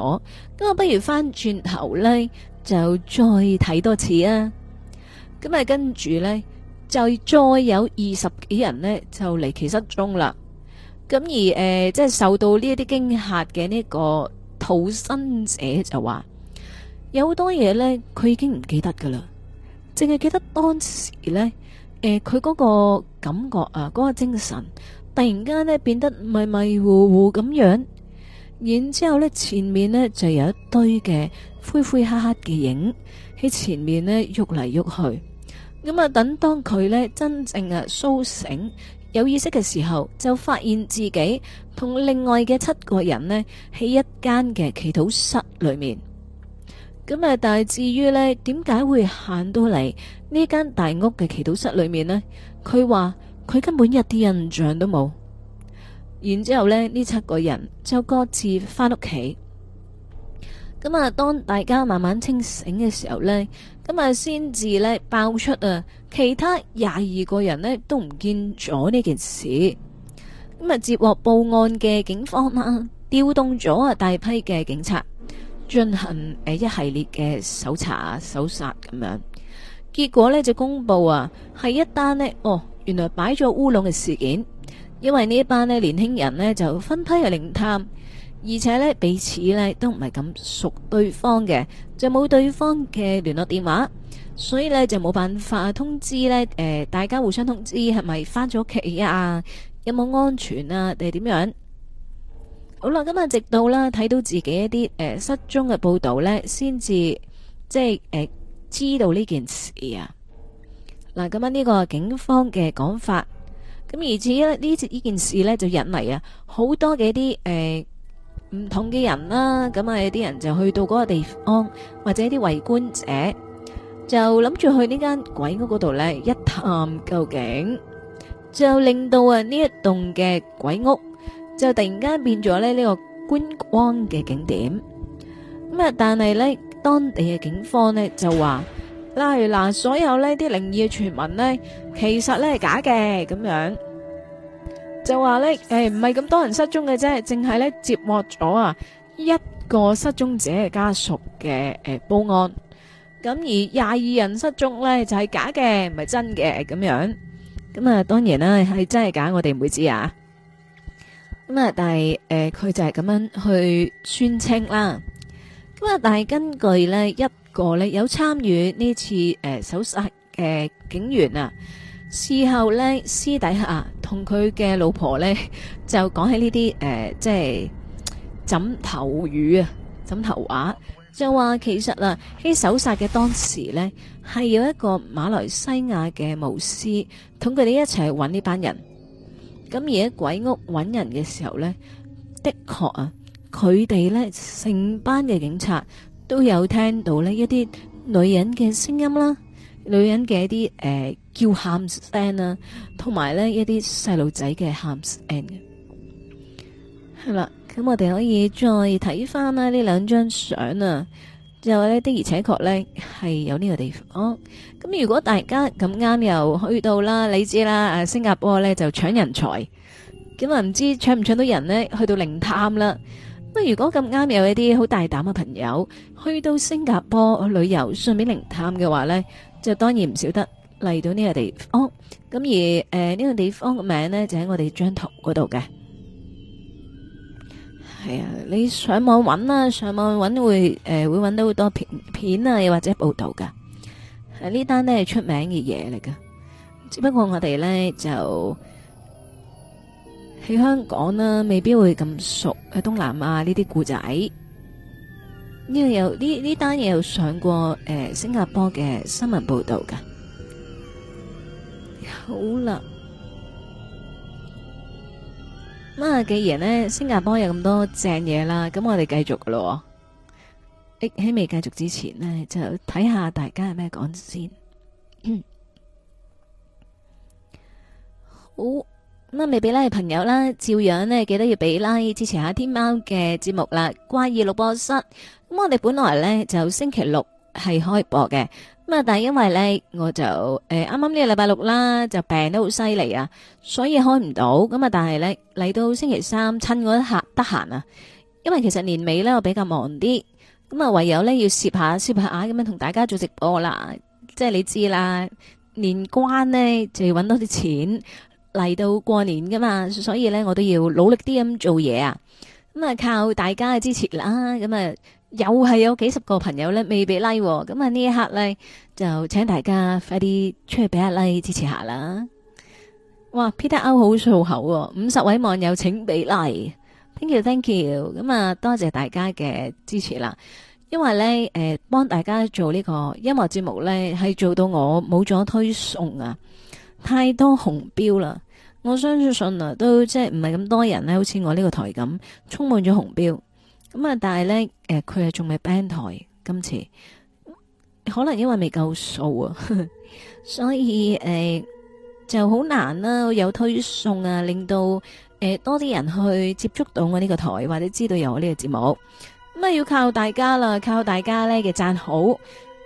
咁啊不如翻轉頭呢，就再睇多次啊。咁啊跟住呢。就再有二十幾人呢，就離奇失蹤啦。咁而誒、呃，即係受到呢一啲驚嚇嘅呢個逃生者就話，有好多嘢呢，佢已經唔記得噶啦，淨係記得當時呢，誒、呃，佢嗰個感覺啊，嗰、嗰個精神突然間呢，變得迷迷糊糊咁樣，然之後呢，前面呢，就有一堆嘅灰灰黑黑嘅影喺前面呢，喐嚟喐去。咁啊，等當佢呢真正啊甦醒有意識嘅時候，就發現自己同另外嘅七個人呢喺一間嘅祈禱室裏面。咁啊，但係至於呢點解會行到嚟呢間大屋嘅祈禱室裏面呢？佢話佢根本一啲印象都冇。然之後呢，呢七個人就各自翻屋企。咁啊，當大家慢慢清醒嘅時候呢，咁啊，先至咧爆出啊，其他廿二個人咧都唔見咗呢件事。咁啊，接獲報案嘅警方啦，調動咗啊大批嘅警察進行誒一系列嘅搜查啊、搜殺咁樣。結果呢，就公布啊，係一單呢，哦，原來擺咗烏龍嘅事件，因為呢一班咧年輕人呢，就分批去靈探。而且呢，彼此呢都唔係咁熟對方嘅，就冇對方嘅聯絡電話，所以呢就冇辦法通知呢誒大家互相通知係咪翻咗屋企啊？有冇安全啊？定係點樣？好啦，咁啊直到啦睇到自己一啲誒失蹤嘅報道呢，先至即係誒知道呢件事啊。嗱，咁啊呢個警方嘅講法，咁而且呢呢件事呢就引嚟啊好多嘅一啲誒。唔同嘅人啦，咁啊有啲人就去到嗰個地方，或者啲圍觀者就諗住去呢間鬼屋嗰度呢一探究竟，就令到啊呢一棟嘅鬼屋就突然間變咗呢呢個觀光嘅景點。咁啊，但係呢當地嘅警方呢就話，例如嗱，所有呢啲靈異嘅傳聞呢，其實呢係假嘅咁樣。就話咧，誒，唔係咁多人失蹤嘅啫，淨係咧接獲咗啊一個失蹤者嘅家屬嘅誒報案，咁而廿二人失蹤咧就係假嘅，唔係真嘅咁樣，咁啊當然啦係真係假，我哋唔會知啊，咁啊但係誒佢就係咁樣去宣稱啦，咁啊但係根據呢一個咧有參與呢次誒手殺嘅警員啊。事後呢，私底下同佢嘅老婆呢，就講起呢啲誒，即係枕頭語啊，枕頭話就話其實啦，啊，喺手殺嘅當時呢，係有一個馬來西亞嘅巫師同佢哋一齊揾呢班人。咁而喺鬼屋揾人嘅時候呢，的確啊，佢哋呢，成班嘅警察都有聽到呢一啲女人嘅聲音啦，女人嘅一啲誒。呃叫喊聲啊，同埋呢一啲細路仔嘅喊聲嘅係啦。咁我哋可以再睇翻啦呢兩張相啊，就呢的而且確呢係有呢個地方。咁、哦、如果大家咁啱又去到啦，你知啦，啊新加坡呢就搶人才，咁啊唔知搶唔搶到人呢？去到靈探啦，咁如果咁啱有一啲好大膽嘅朋友去到新加坡旅遊，順便靈探嘅話呢，就當然唔少得。嚟到呢個，、oh, 呃這個地方，咁而誒呢個地方嘅名呢，就喺我哋張圖嗰度嘅。係啊，你上網揾啦，上網揾會誒、呃、會揾到好多片片啊，又或者報道噶。呢、啊、單呢係出名嘅嘢嚟噶，只不過我哋呢，就喺香港啦，未必會咁熟。喺東南亞呢啲故仔，呢、這個、單有呢呢單嘢有上過誒、呃、新加坡嘅新聞報道噶。好啦，咁啊，既然呢，新加坡有咁多正嘢啦，咁我哋繼續噶咯。喺、欸、未繼續之前呢，就睇下大家係咩講先、嗯。好，咁啊，未俾拉嘅朋友啦，照樣呢，記得要俾拉、like，支持下天貓嘅節目啦。怪異錄播室，咁我哋本來呢，就星期六係開播嘅。咁啊，但係因為咧，我就誒啱啱呢個禮拜六啦，就病得好犀利啊，所以開唔到。咁啊，但係咧嚟到星期三趁嗰一刻得閒啊，因為其實年尾咧我比較忙啲，咁啊唯有咧要攝下、攝下咁樣同大家做直播啦。即係你知啦，年關呢，就要搵多啲錢嚟到過年噶嘛，所以咧我都要努力啲咁做嘢啊。咁、嗯、啊靠大家嘅支持啦，咁、嗯、啊～又係有幾十個朋友咧未俾 like，咁啊呢一刻咧就請大家快啲出去俾一 like 支持下啦！哇，Peter 歐好粗口喎，五十位網友請俾 like，thank you thank you，咁啊多謝大家嘅支持啦！因為咧誒幫大家做呢個音樂節目咧係做到我冇咗推送啊，太多紅標啦！我相信啊都即係唔係咁多人咧，好似我呢個台咁充滿咗紅標。咁啊、嗯！但係咧，佢係仲未 ban 台，今次可能因為未夠數啊呵呵，所以誒、呃、就好難啦、啊。有推送啊，令到誒、呃、多啲人去接觸到我呢個台，或者知道有我呢個節目。咁、嗯、啊，要靠大家啦，靠大家咧嘅讚好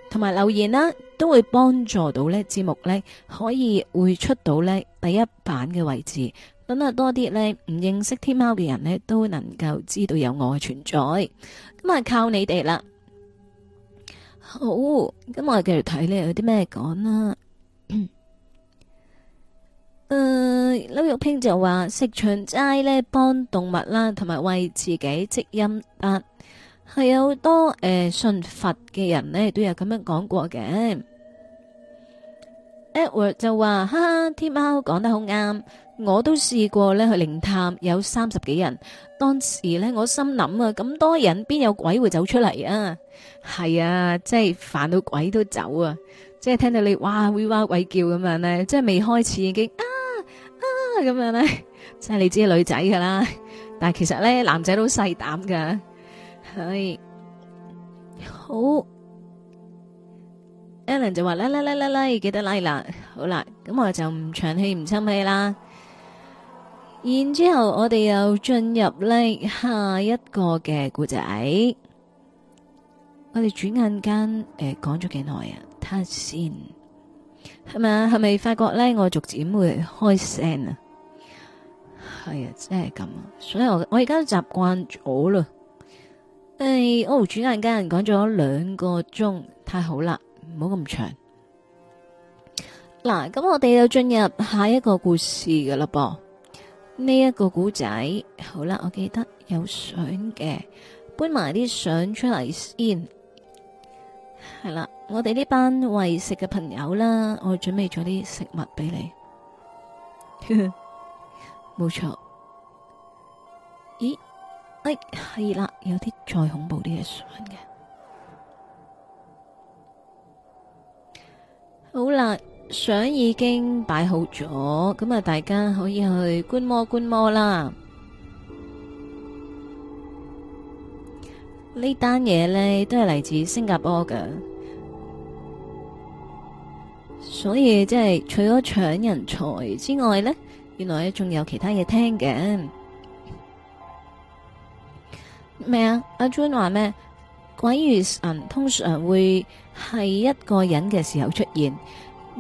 同埋留言啦、啊，都會幫助到呢節目咧可以會出到咧第一版嘅位置。等啊多啲呢，唔認識天貓嘅人呢，都能夠知道有我嘅存在。咁啊，靠你哋啦！好，咁我哋繼續睇呢。有啲咩講啦？誒，劉、 呃、玉卿就話食長齋呢，幫動物啦，同埋為自己積陰德，係有多誒、呃、信佛嘅人呢，都有咁樣講過嘅。Edward 就話：哈哈，天貓講得好啱。我都試過咧去靈探，有三十幾人。當時咧，我心諗啊，咁多人邊有鬼會走出嚟啊？係啊，即係煩到鬼都走啊！即係聽到你哇嗚哇鬼叫咁樣咧，即係未開始已經啊啊咁樣咧，即係你知女仔噶啦。但係其實咧，男仔都好細膽噶，係好。Alan 就話嚟嚟嚟，嚟記得嚟啦，啦。好啦，咁我就唔長氣唔親氣啦。然之後我哋又進入呢下一個嘅故仔。我哋轉眼間誒、呃、講咗幾耐啊？睇下先係咪，係咪發覺呢？我逐漸會開聲啊？係啊，真係咁啊！所以我我而家都習慣咗啦。誒、呃、哦，轉眼間講咗兩個鐘，太好啦，唔好咁長。嗱，咁我哋又進入下一個故事㗎啦噃。呢一個古仔好啦，我記得有相嘅，搬埋啲相出嚟先。係啦，我哋呢班為食嘅朋友啦，我準備咗啲食物俾你。冇錯。咦？哎，係啦，有啲再恐怖啲嘅相嘅。好啦。相已經擺好咗，咁啊，大家可以去觀摩觀摩啦。呢單嘢呢都係嚟自新加坡㗎，所以即係除咗搶人才之外呢，原來咧仲有其他嘢聽嘅咩啊？阿 Jun 話咩？鬼與神通常會係一個人嘅時候出現。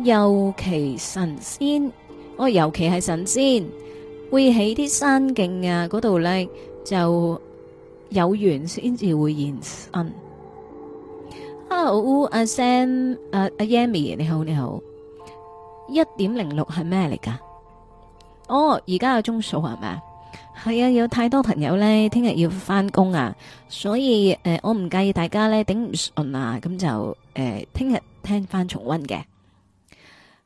尤其神仙，哦，尤其係神仙，會喺啲山徑啊嗰度，咧就有緣先至會現身。Hello，阿 Sam，阿、阿 Yami，你好你好，一點零六係咩嚟㗎？哦，而家有鐘數係咪啊？係啊，有太多朋友咧，聽日要翻工啊，所以誒，我唔介意大家咧頂唔順啊，咁就誒，聽日聽翻重温嘅。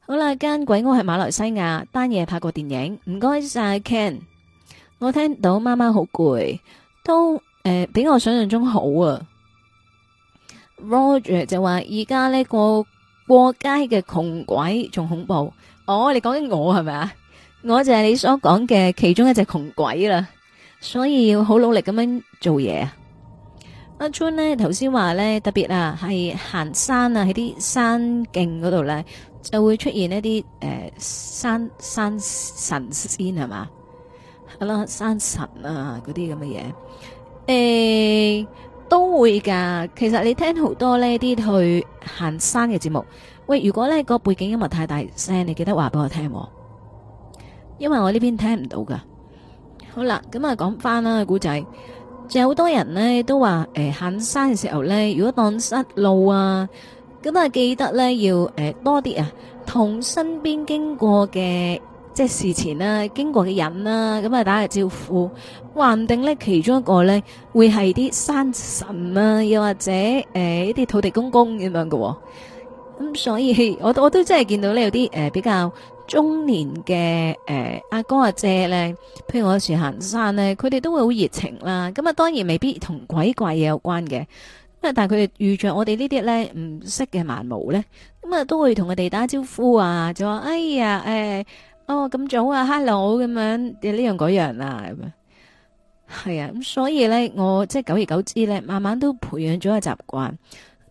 好啦，間鬼屋喺馬來西亞，單嘢拍過電影。唔該晒，Ken。我聽到媽媽好攰，都誒比我想象中好啊。Roger 就話而家咧個過街嘅窮鬼仲恐怖。我你講緊我係咪啊？我就係你所講嘅其中一隻窮鬼啦，所以要好努力咁樣做嘢啊。阿春咧頭先話咧特別啊係行山啊喺啲山徑嗰度咧。就會出現一啲誒、呃、山山神仙係嘛，咁啦山神啊嗰啲咁嘅嘢，誒都會噶。其實你聽好多呢啲去行山嘅節目，喂，如果呢個背景音樂太大聲，你記得話俾我聽、哦，因為我呢邊聽唔到噶。好啦，咁啊講翻啦古仔，仲有好多人呢都話誒、呃、行山嘅時候呢，如果蕩失路啊。咁、呃、啊，記得咧要誒多啲啊，同身邊經過嘅即係事前啦、啊，經過嘅人啦、啊，咁啊打下招呼，話唔定咧其中一個咧會係啲山神啊，又或者誒一啲土地公公咁樣嘅、哦。咁所以，我我都真係見到咧有啲誒、呃、比較中年嘅誒阿哥阿姐咧，譬如我有時行山咧，佢哋都會好熱情啦。咁、嗯、啊，當然未必同鬼怪嘢有關嘅。咁但係佢哋遇着我哋呢啲咧唔識嘅盲毛咧，咁啊都會同佢哋打招呼啊，就話哎呀誒、哎，哦咁早啊，hello 咁樣呢樣嗰樣啦，係啊，咁、啊、所以咧我即係久而久之咧，慢慢都培養咗個習慣。咁、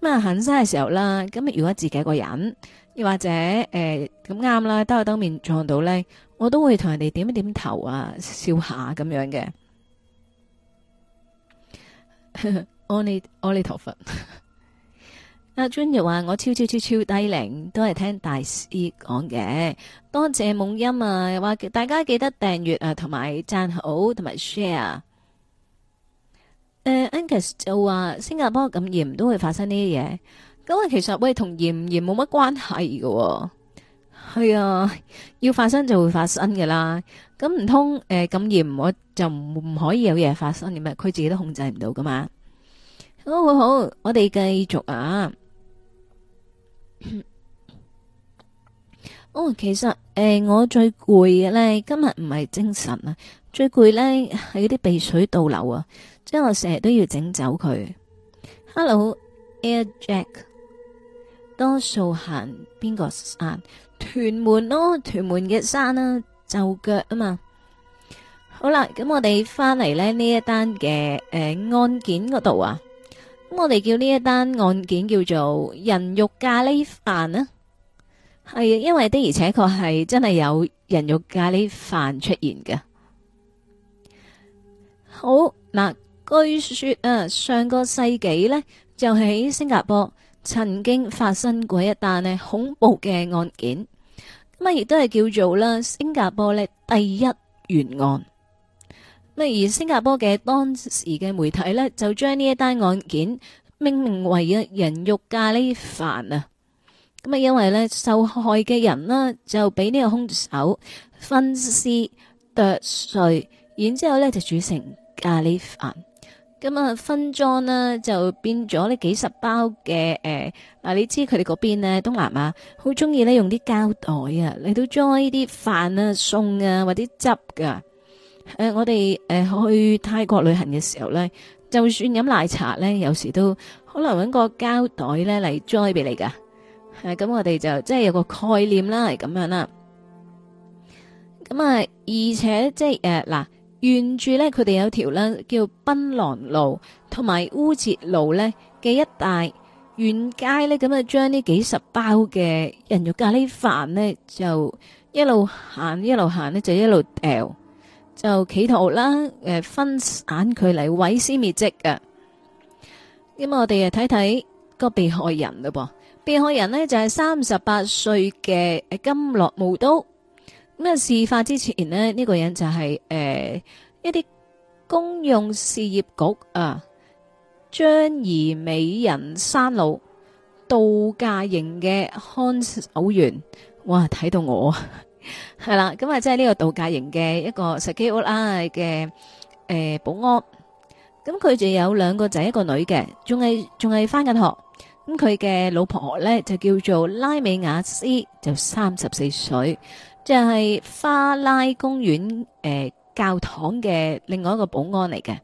嗯、啊行山嘅時候啦，咁如果自己一個人，又或者誒咁啱啦，兜下兜面撞到咧，我都會同人哋點一點頭啊，笑下咁樣嘅。 阿阿彌陀佛。阿 Jun 又話我超超超超低靈，都係聽大師講嘅。多謝夢音啊，話大家記得訂閱啊，同埋贊好，同埋 share。誒、uh，Angus 就話新加坡咁嚴，都會發生呢啲嘢，咁啊，其實喂同嚴唔嚴冇乜關係噶，哦，係啊，要發生就會發生噶啦。咁唔通誒咁嚴我就唔唔可以有嘢發生嘅咩？佢自己都控制唔到噶嘛。好，好好，我哋繼續啊。 哦，其實誒、呃，我最攰嘅咧，今日唔係精神啊，最攰咧係啲鼻水倒流啊，即係我成日都要整走佢。Hello，Air Jack，多數行邊個山？屯門咯，屯門嘅山啦，啊，就腳啊嘛。好啦，咁我哋翻嚟咧呢呢一單嘅誒案件嗰度啊。咁我哋叫呢一單案件叫做人肉咖喱飯啦，係因為的而且確係真係有人肉咖喱飯出現㗎。好，嗱，據說啊，上個世紀呢，就喺新加坡曾經發生過一單呢恐怖嘅案件，咁啊亦都係叫做啦新加坡咧第一懸案。咁而新加坡嘅當時嘅媒體呢，就將呢一單案件命名為人肉咖喱飯啊！咁啊，因為呢受害嘅人呢，就俾呢個兇手分屍剁碎，然之後呢就煮成咖喱飯。咁啊分裝呢，就變咗呢幾十包嘅誒嗱，你知佢哋嗰邊呢，東南亞好中意呢用啲膠袋啊嚟到裝呢啲飯啊餸啊或者汁噶。誒、呃，我哋誒、呃、去泰國旅行嘅時候咧，就算飲奶茶咧，有時都可能搵個膠袋咧嚟裝俾你噶。誒、呃、咁、嗯、我哋就即係有個概念啦，係咁樣啦。咁、嗯、啊，而且即係誒嗱，沿住咧，佢哋有條咧叫檳榔路同埋烏節路咧嘅一帶沿街咧，咁啊，將呢幾十包嘅人肉咖喱飯咧，就一路行一路行咧，就一路掉。就企圖啦，誒、呃，分散佢嚟毀屍滅跡嘅。咁、嗯、我哋睇睇個被害人嘞噃，被害人呢就係三十八歲嘅金樂霧都。咁、嗯、啊，事發之前呢，呢、這個人就係、是、誒、呃、一啲公用事業局啊張儀美人山路度假營嘅看守員。哇，睇到我。係啦，咁啊，即係呢個度假營嘅一個石基屋啦嘅誒保安，咁佢就有兩個仔一個女嘅，仲係仲係返緊學，咁佢嘅老婆咧就叫做拉美雅斯，就三十四歲，就係、是、花拉公園誒、哎、教堂嘅另外一個保安嚟嘅。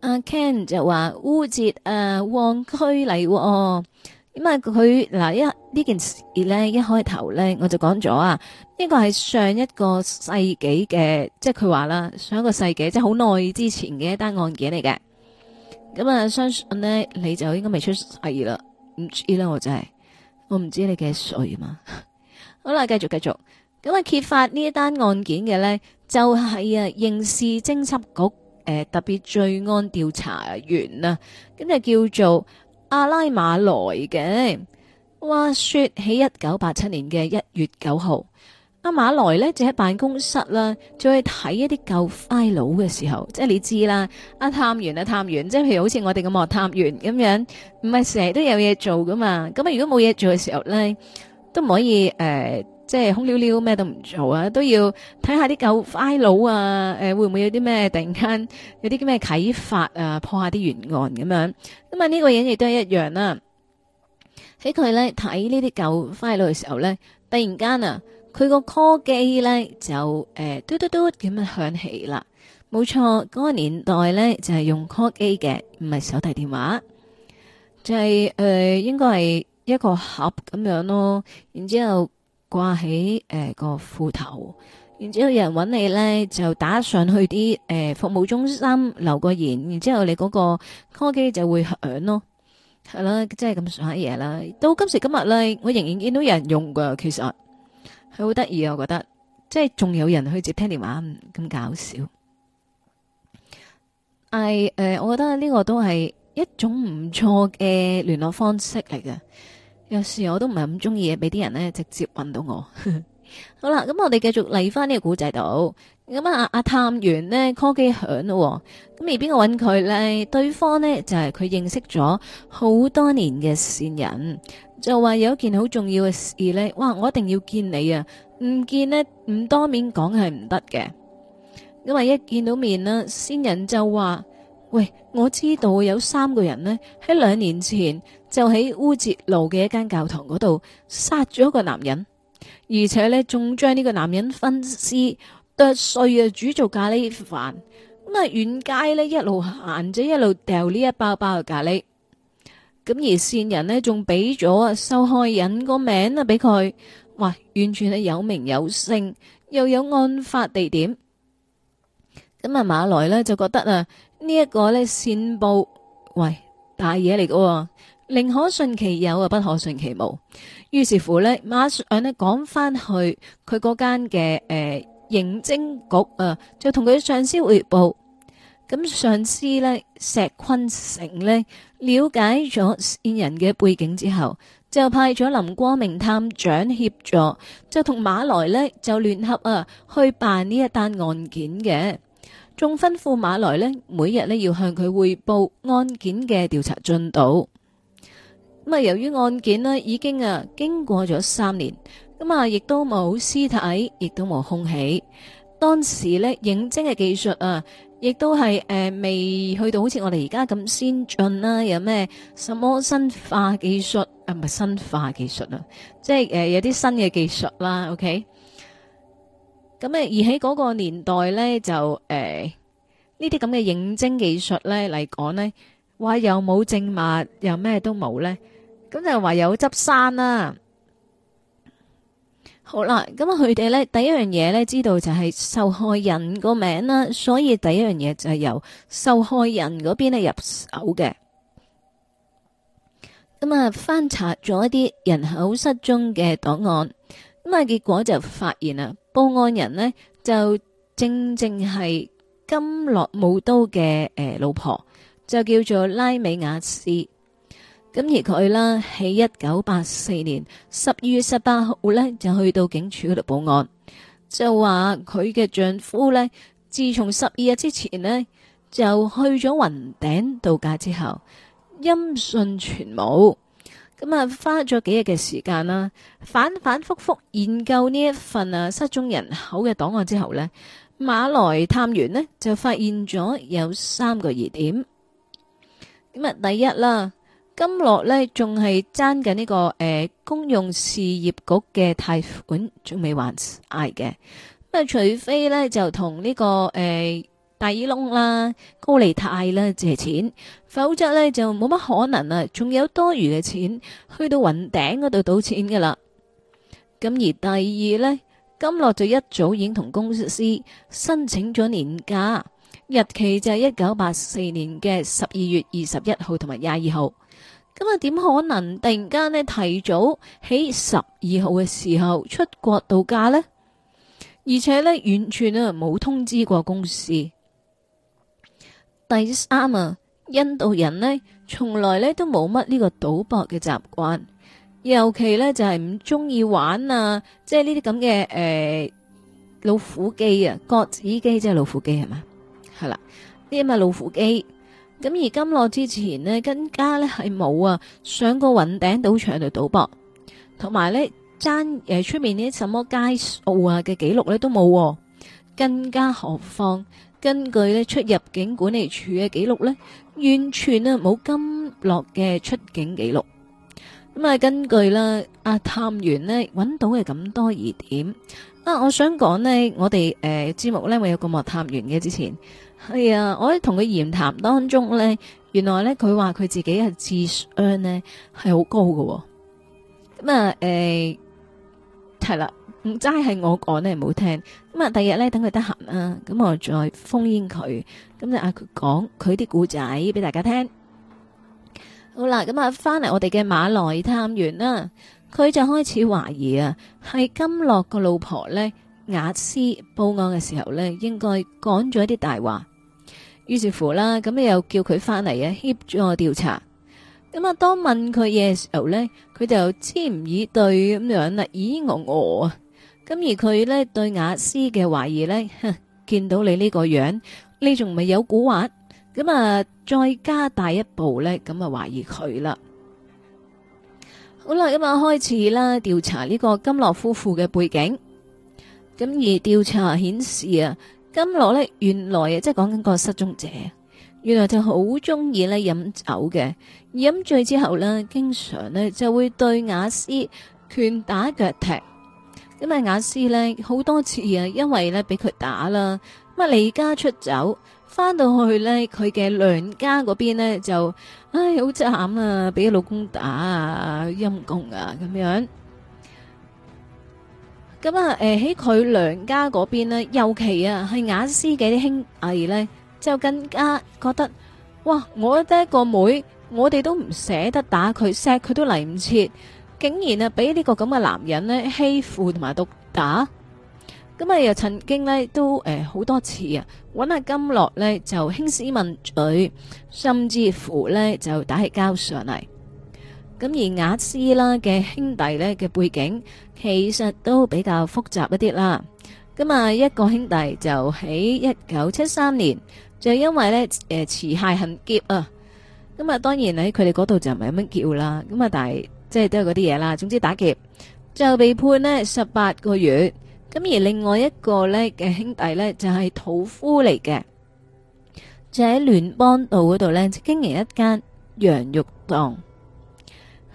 阿 Ken 就話烏節誒旺區嚟喎。咁啊，佢嗱一呢件事咧，一開頭咧，我就講咗啊，呢、這個係上一個世紀嘅，即係佢話啦，上一個世紀即係好耐之前嘅一單案件嚟嘅。咁啊，相信咧你就應該未出世啦，唔知啦，我真係，我唔知你幾歲㗎嘛。 好啦，繼續繼續，咁啊，揭發呢一單案件嘅咧，就係、是、啊，刑事偵緝局誒、呃、特別罪案調查員啊，咁就叫做。阿拉馬來嘅話說起的，說喺一九八七年嘅一月九號，阿馬來咧就喺辦公室啦，再去睇一啲舊 file 嘅時候，即係你知啦，阿、啊、探員啊探員，即係譬如好似我哋咁啊探員咁樣，唔係成日都有嘢做㗎嘛，咁啊如果冇嘢做嘅時候咧，都唔可以誒。呃即係空溜溜，咩都唔做啊！都要睇下啲舊 file 啊，誒、呃，會唔會有啲咩突然間有啲咩啟發啊？破下啲懸案咁樣。咁啊，呢個影亦都係一樣啦。喺佢咧睇呢啲舊 file 嘅時候咧，突然間啊，佢個 call 機咧就誒嘟嘟嘟咁樣響起啦。冇錯，嗰、那個年代咧就係、是、用 call 機嘅，唔係手提電話，就係、是、誒、呃、應該係一個盒咁樣咯，然之後。掛起誒、呃、個褲頭，然之後有人揾你咧，就打上去啲誒、呃、服務中心留個言，然之後你嗰個 call 機就會響咯，係啦，即係咁上下嘢啦。到今時今日咧，我仍然見到有人用噶，其實係好得意，啊。我覺得，即係仲有人去接聽電話咁搞笑。係、哎、誒、呃，我覺得呢個都係一種唔錯嘅聯絡方式嚟嘅。有時我都唔係咁中意嘅，俾啲人呢直接搵到我。 好啦，咁我哋繼續嚟翻呢個古仔度。咁啊，阿探員呢，call 機響咯，咁而邊個搵佢呢？對方呢，就係、是、佢認識咗好多年嘅線人，就話有一件好重要嘅事呢。「哇，我一定要見你啊！唔見呢，唔當面講係唔得嘅，因為一見到面啦，線人就話。喂，我知道有三個人呢喺兩年前就喺烏節路嘅一間教堂嗰度殺咗一個男人，而且呢仲將呢個男人分屍剁碎啊，煮做咖喱飯。咁啊，沿街呢一路行咗一路掉呢一包包嘅咖喱。咁而線人呢仲俾咗啊受害人個名啊俾佢，哇，完全係有名有姓，又有案發地點。咁啊，馬來呢就覺得啊。這呢一個咧線報，喂大嘢嚟噶，寧可信其有啊，不可信其無。於是乎咧，馬上咧趕翻去佢嗰間嘅誒刑偵局啊，就同佢上司匯報。咁上司咧石坤成咧了解咗線人嘅背景之後，就派咗林光明探長協助，就同馬來咧就聯合啊去辦呢一單案件嘅。仲吩咐馬來呢，每日呢要向佢匯報案件嘅調查進度。咁啊，由於案件呢已經啊經過咗三年，咁啊亦都冇屍體，亦都冇空氣。當時呢認證嘅技術啊，亦都係誒未去到好似我哋而家咁先進啦。有咩什麼新化技術啊？唔係新化技術啊，即係誒有啲新嘅技術啦。OK。咁啊，而喺嗰個年代呢，就誒、呃、呢啲咁嘅刑偵技術呢嚟講呢，話又冇證物，又咩都冇呢，咁就話有執生啦、啊。好啦，咁佢哋呢，第一樣嘢呢，知道就係受害人個名啦，所以第一樣嘢就係由受害人嗰邊入手嘅。咁、嗯、啊，翻查咗一啲人口失蹤嘅檔案，咁啊，結果就發現啦。報案人呢，就正正係金樂武都嘅，誒老婆，就叫做拉美雅斯。咁而佢啦喺一九八四年十二月十八號呢，就去到警署度報案，就話佢嘅丈夫呢，自從十二日之前呢，就去咗雲頂度假之後，音訊全無。咁啊，花咗幾日嘅時間啦，反反復復研究呢一份啊失蹤人口嘅檔案之後呢，馬來探員呢就發現咗有三個疑點。咁啊，第一啦，金樂呢仲係爭緊呢個誒、呃、公用事業局嘅貸款仲未還捱嘅咁啊，除非呢就同呢、這個誒。呃大耳窿啦、啊，高利貸啦、啊，借錢，否則呢就冇乜可能啊。仲有多餘嘅錢去到雲頂嗰度賭錢噶啦。咁而第二呢，金樂就一早已經同公司申請咗年假，日期就係一九八四年嘅十二月二十一號同埋廿二號。咁啊，點可能突然間呢提早喺十二號嘅時候出國度假呢？而且呢，完全啊冇通知過公司。第三啊，印度人呢，從來呢都冇乜呢個賭博嘅習慣，尤其呢就係唔中意玩啊，即係呢啲咁嘅誒老虎機啊，角子機即係老虎機係嘛，係啦呢啲咪老虎機。咁而今落之前呢，更加呢係冇啊上過雲頂賭場度賭博，同埋呢爭誒出面啲什麼街數啊嘅記錄呢都冇喎，更加何況。根據呢出入境管理處嘅記錄呢完全呢冇金樂嘅出境記錄。咁啊，根據啦，阿探員呢揾到嘅咁多疑點，啊，我想講、呃、呢，我哋誒節目呢會有個莫探員嘅之前係啊，我喺同佢言談當中呢，原來呢，佢話佢自己係智商呢係好高嘅、哦。咁、嗯、啊，誒、呃，係啦。唔齋係我講呢唔好聽，咁啊，第二日呢，等佢得閒啊，咁我再封煙佢，咁就嗌佢講佢啲故仔俾大家聽。好啦，咁啊翻嚟我哋嘅馬來探員啦，佢就開始懷疑啊，係金樂個老婆呢，雅思報案嘅時候呢，應該講咗一啲大話。於是乎啦，咁又叫佢翻嚟啊協助我調查。咁啊，當問佢嘢嘅時候呢，佢就支吾以對咁樣啦。咦，我我。啊！咁而佢呢，對雅思嘅懷疑，哼，見到你呢個樣，你仲未有古惑？咁啊，再加大一步呢，咁啊懷疑佢啦。好啦，咁啊，開始啦，調查呢個金樂夫婦嘅背景。咁而調查顯示啊，金樂呢，原來即係講緊個失蹤者，原來就好中意呢飲酒嘅，飲醉之後呢，經常呢就會對雅思拳打腳踢。咁啊！雅詩咧好多次啊，因為咧俾佢打啦，咁啊離家出走，翻到去咧佢嘅娘家嗰邊咧就唉好慘啊，俾老公打啊，陰公啊咁樣。咁啊，誒喺佢娘家嗰邊咧，尤其啊係雅詩嘅啲兄弟咧，就更加覺得，哇！我得一個妹，我哋都唔捨得打佢，錫佢都嚟唔切。竟然啊，俾呢個咁嘅男人呢欺負同埋毒打，咁啊又曾經呢都誒好多次啊，揾阿金樂呢就興師問罪，甚至乎呢就打起交上嚟。咁而亞斯啦嘅兄弟呢嘅背景其實都比較複雜一啲啦。咁啊一個兄弟就喺一九七三年，就因為呢誒持械行劫啊。咁啊當然喺佢哋嗰度就唔係咁樣叫啦。咁啊但係。即係都係嗰啲嘢啦，總之打劫就被判呢十八個月，咁而另外一個呢嘅兄弟呢就係屠夫嚟嘅，就喺聯邦道嗰度呢經營一間羊肉檔。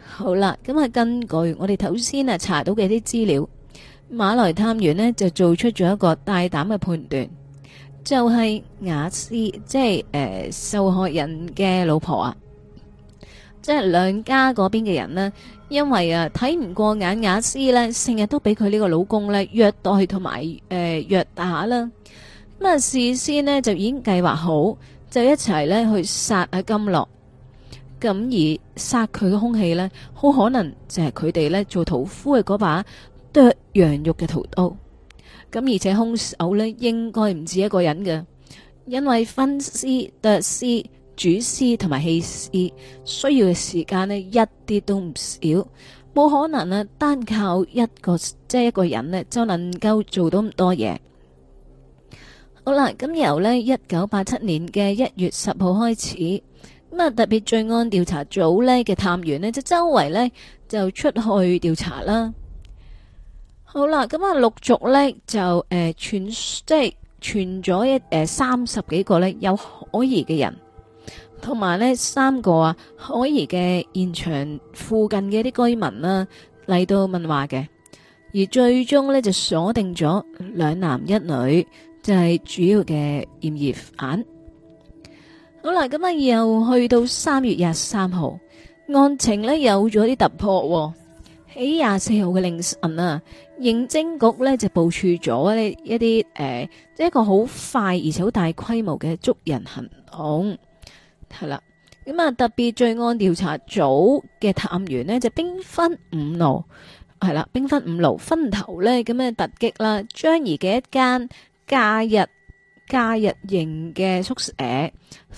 好啦，咁啊根據我哋頭先啊查到嘅啲資料，馬來探員呢就做出咗一個大膽嘅判斷，就係雅思即係誒受害人嘅老婆啊。即係兩家嗰邊嘅人呢，因為啊睇唔過眼雅斯呢成日都俾佢呢個老公呢虐待同埋誒虐打啦。咁啊事先呢就已經計劃好，就一齊呢去殺阿、啊、金樂。咁、嗯、而殺佢嘅兇器呢，好可能就係佢哋呢做屠夫嘅嗰把剁羊肉嘅屠刀。咁、嗯、而且兇手呢應該唔止一個人嘅，因為分屍剁屍。主司同埋戲司需要嘅時間呢，一啲都唔少，冇可能啊單靠一個即係一個人呢就能夠做到咁多嘢。好啦，咁由呢一九八七年嘅一月十號開始，咁啊特別罪案調查組呢嘅探員呢就周圍呢就出去調查啦。好啦，咁啊陸續呢就誒傳、呃、即係傳咗一誒三十幾個呢有可疑嘅人。同埋呢三個啊，海怡嘅現場附近嘅一啲居民啦、啊、嚟到問話嘅，而最終呢就鎖定咗兩男一女，就係、是、主要嘅嫌疑犯。好啦，咁啊，又去到三月廿三號，案情呢有咗啲突破喎、啊。喺廿四號嘅凌晨啊，認證局呢就部署咗呢一啲誒，即、呃、係、就是、一個好快而且好大規模嘅捉人行動。係啦，咁啊，特別罪案調查組嘅探員咧就兵分五路，係啦兵分五路，分頭咧咁啊突擊啦張儀嘅一間假日假日型嘅宿舍，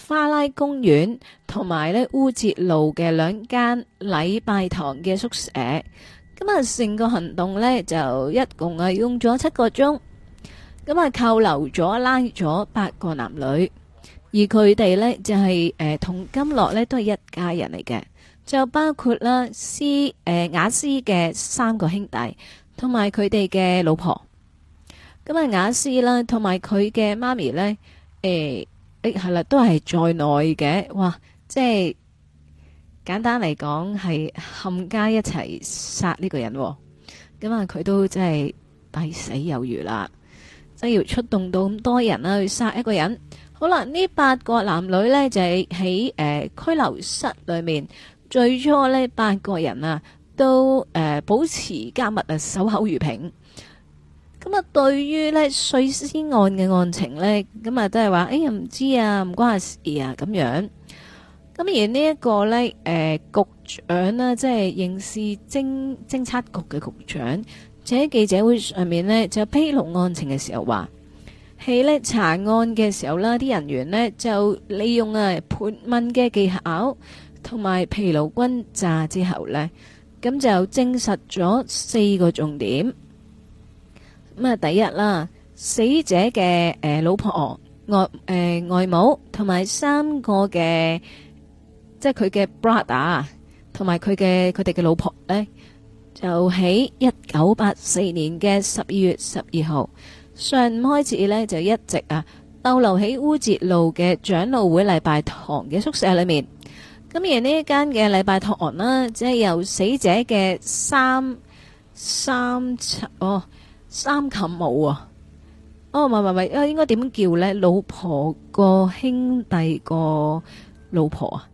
花拉公園同埋咧烏節路嘅兩間禮拜堂嘅宿舍，咁啊成個行動咧就一共係用咗七個鐘，咁啊扣留咗拉咗八個男女。而佢哋咧就係誒同金樂咧都係一家人嚟嘅，就包括啦斯誒、呃、雅思嘅三個兄弟，同埋佢哋嘅老婆。咁、嗯、啊雅思啦，同埋佢嘅媽咪咧，誒誒係啦，都係在內嘅。哇，即係簡單嚟講係冚家一齊殺呢個人，啊。咁啊佢都真係抵死有餘啦，即係要出動到咁多人啦、啊、去殺一個人。好啦，呢八個男女呢就係喺誒拘留室裏面。最初呢八個人啊都誒、呃、保持加密啊，守口如瓶。咁啊，對於呢碎屍案嘅案情呢，咁啊都係話，哎呀唔知啊，唔關事啊咁樣。咁而呢一個呢，誒、呃、局長呢，即係刑事偵偵察局嘅局長，喺記者會上面呢，就披露案情嘅時候話。喺咧查案嘅時候啦，啲人員呢就利用啊盤問嘅技巧同埋疲勞轟炸之後呢，咁就證實咗四個重點。咁啊，第一啦，死者嘅誒老婆外誒外母同埋三個嘅即係佢嘅 brother，同埋佢嘅佢哋嘅老婆呢，就喺一九八四年嘅十二月十二號。上午開始咧就一直啊逗留喺烏節路嘅長老會禮拜堂嘅宿舍裏面。咁而呢一間嘅禮拜堂啦，即係由死者嘅三三哦三舅母啊，哦唔係唔係啊，應該點叫咧？老婆個兄弟個老婆啊，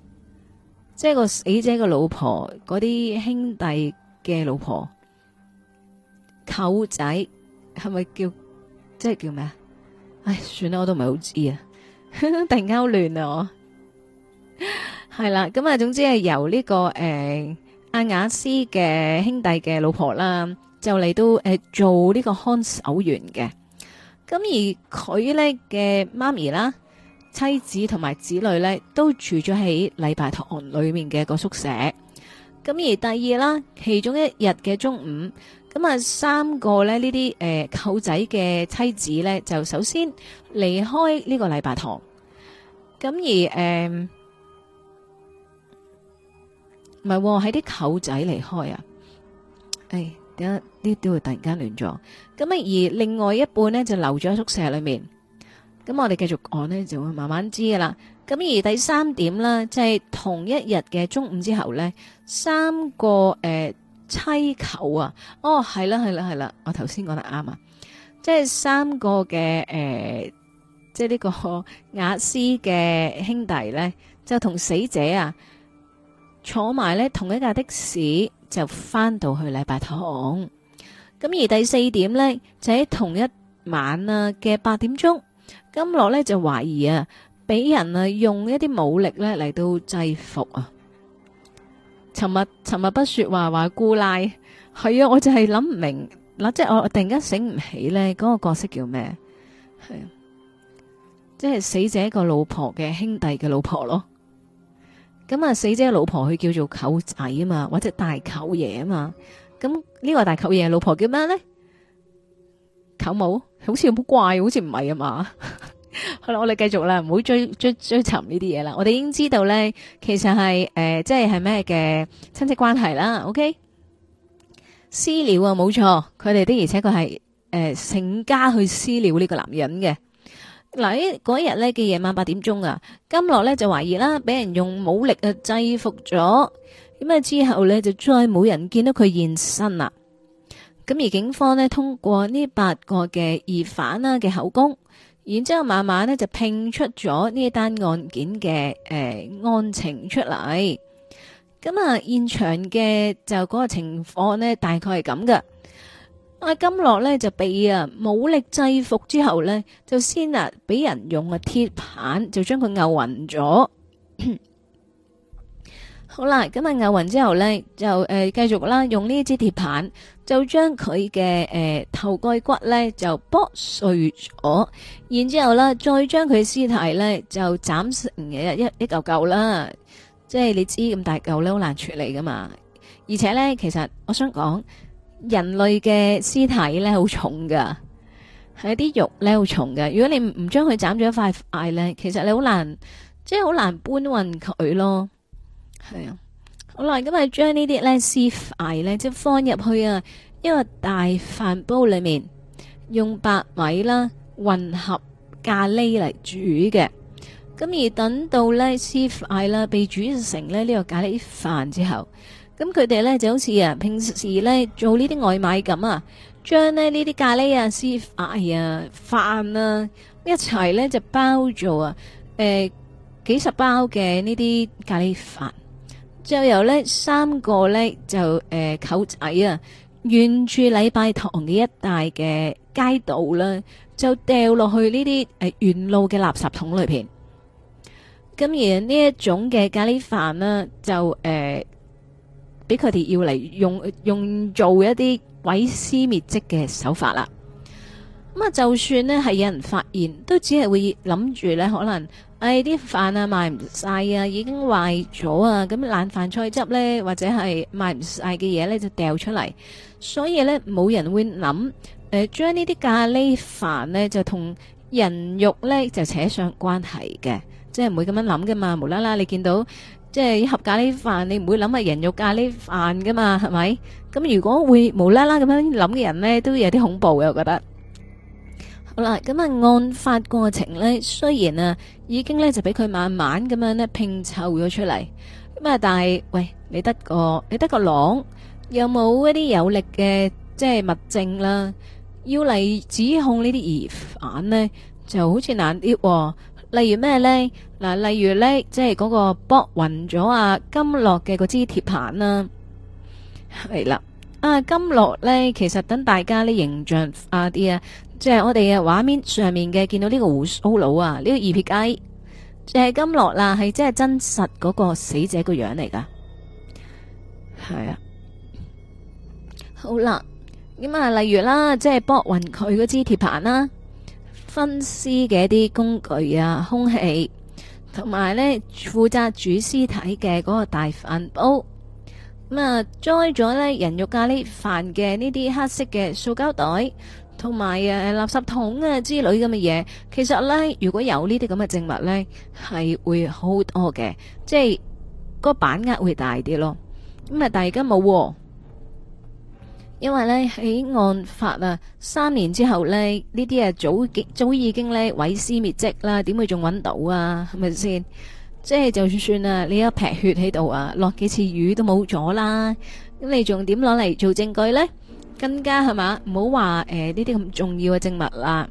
即係個死者個老婆嗰啲兄弟嘅老婆舅仔，係咪叫？即係叫咩啊？唉、哎，算啦，我都唔係好知啊， 突然間好亂啊！我係啦，咁啊，總之係由呢、這個誒、呃、阿雅斯嘅兄弟嘅老婆啦，就嚟到誒、呃、做呢個看守員嘅。咁而佢呢嘅媽咪啦、妻子同埋子女呢，都住咗喺禮拜堂裏面嘅一個宿舍。咁而第二啦，其中一日嘅中午。咁啊，三個咧呢啲誒舅仔嘅妻子咧，就首先離開呢個禮拜堂。咁而誒，唔係喎，喺啲舅仔離開啊！誒，點解呢啲會突然間亂咗。咁啊，而另外一半咧就留咗喺宿舍裏面。咁我哋繼續講咧，就會慢慢知噶啦。咁而第三點啦，就係同一日嘅中午之後咧，三個誒。妻舅啊，哦，係啦係啦係啦，我頭先講得啱啊，即係三個嘅、誒、呃，即係呢個亞斯嘅兄弟呢，就同死者啊坐埋呢同一架的士，就翻到去禮拜堂。咁而第四點呢，就喺同一晚啊嘅八點鐘，金樂呢就懷疑啊，俾人啊用一啲武力呢嚟到制服啊。尋日尋日不說話話姑奶，係啊，我就係諗唔明，嗱，即係我突然間醒唔起咧，嗰個角色叫咩？係啊，即係死者個老婆嘅兄弟嘅老婆咯。咁啊，死者老婆佢叫做舅仔啊嘛，或者大舅爺啊嘛。咁呢個大舅爺老婆叫咩咧？舅母，好似好怪，好似唔係啊嘛。 好啦，我哋繼續啦，唔好追追追尋呢啲嘢啦。我哋已經知道咧，其實係誒、呃，即係係咩嘅親戚關係啦。OK，私了啊，冇錯，佢哋的而且佢係誒成家去私了呢個男人嘅。嗱，喺嗰日呢嘅夜晚八點鐘啊，金樂呢就懷疑啦，俾人用武力啊制服咗，咁啊之後呢，就再冇人見到佢現身啦。咁而警方呢，通過呢八個嘅疑犯啦嘅口供。然之後慢慢咧就拼出咗呢單案件嘅誒、呃、案情出嚟，咁啊現場嘅就嗰個情況呢，大概係咁噶，阿金樂呢，就被啊武力制服之後呢，就先啊俾人用個鐵棒，就將佢毆暈咗。好啦，咁啊咬勻之後咧，就誒、呃、繼續啦，用呢支鐵棒就將佢嘅誒頭蓋骨咧就剝碎咗，然之後啦，再將佢屍體咧就斬成一一一嚿嚿啦。即係你知咁大嚿咧好難處理噶嘛。而且咧，其實我想講，人類嘅屍體咧好重噶，係啲肉咧好重噶。如果你唔唔將佢斬咗一塊塊咧，其實你好難，即係好難搬運佢咯。係 啊，好啦，咁啊將呢啲咧屍塊咧即係放入去啊一個大飯煲裏面，用白米啦混合咖喱嚟煮嘅。咁而等到咧屍塊啦被煮成咧呢、這個咖喱飯之後，咁佢哋咧就好似啊平時咧做呢啲外賣咁啊，將咧呢啲咖喱啊屍塊啊飯啊一齊咧就包住啊，誒、呃、幾十包嘅呢啲咖喱飯。就由呢三個呢，就誒舅、呃、仔啊，沿住禮拜堂嘅一帶嘅街道啦，就掉落去呢啲誒沿路嘅垃圾桶裏邊。咁而呢一種嘅咖喱飯咧，就誒俾佢哋要嚟用用做一啲毀屍滅跡嘅手法啦。咁啊，就算呢係有人發現，都只係會諗住呢可能。誒，啲飯、哎、啊，賣唔晒啊已經壞咗啊，咁冷飯菜汁呢，或者係賣唔晒嘅嘢呢，就掉出嚟，所以呢，冇人會諗誒，將呢啲咖喱飯呢，就同人肉呢，就扯上關係嘅，即係唔會咁樣諗噶嘛，無啦啦你見到即係一盒咖喱飯，你唔會諗係人肉咖喱飯噶嘛，係咪？咁如果會無啦啦咁樣諗嘅人呢，都有啲恐怖嘅，我覺得。好啦，咁啊，案發過程咧，雖然啊，已經咧就俾佢慢慢咁樣咧拼湊咗出嚟，咁啊，但係喂，你得個你得個狼有冇一啲有力嘅即係物證啦？要嚟指控呢啲疑犯咧，就好似難啲喎。例如咩咧？嗱，例如咧，即係嗰個剝暈咗阿金樂嘅嗰支鐵棒啦，啊，係啦。啊，金樂咧，其實等大家呢形象啲啊。即係我哋嘅畫面上面嘅見到呢個鬍鬚佬啊，呢、這個二撇雞，即、就、係、是、金樂啦，係即係真實嗰個死者個樣嚟㗎，係啊。好啦，咁、嗯、啊，例如啦，即係剝勻佢嗰支鐵棒啦，分屍嘅一啲工具啊，空氣，同埋呢負責煮屍體嘅嗰個大飯煲，咁、嗯、啊，載咗呢人肉咖喱飯嘅呢啲黑色嘅塑膠袋。同埋啊，垃圾桶啊之類咁嘅嘢。其實咧，如果有呢啲咁嘅證物咧，係會好多嘅，即係個把握會大啲咯。咁啊，但係而家冇，因為咧喺案發啊三年之後咧，呢啲啊早幾早已經咧毀屍滅跡啦。點會仲揾到啊？係咪先？即係就算算啊，你一撇血喺度啊，落幾次雨都冇咗啦。咁你仲點攞嚟做證據咧？更加係嘛？唔好話誒呢啲咁重要嘅證物啦。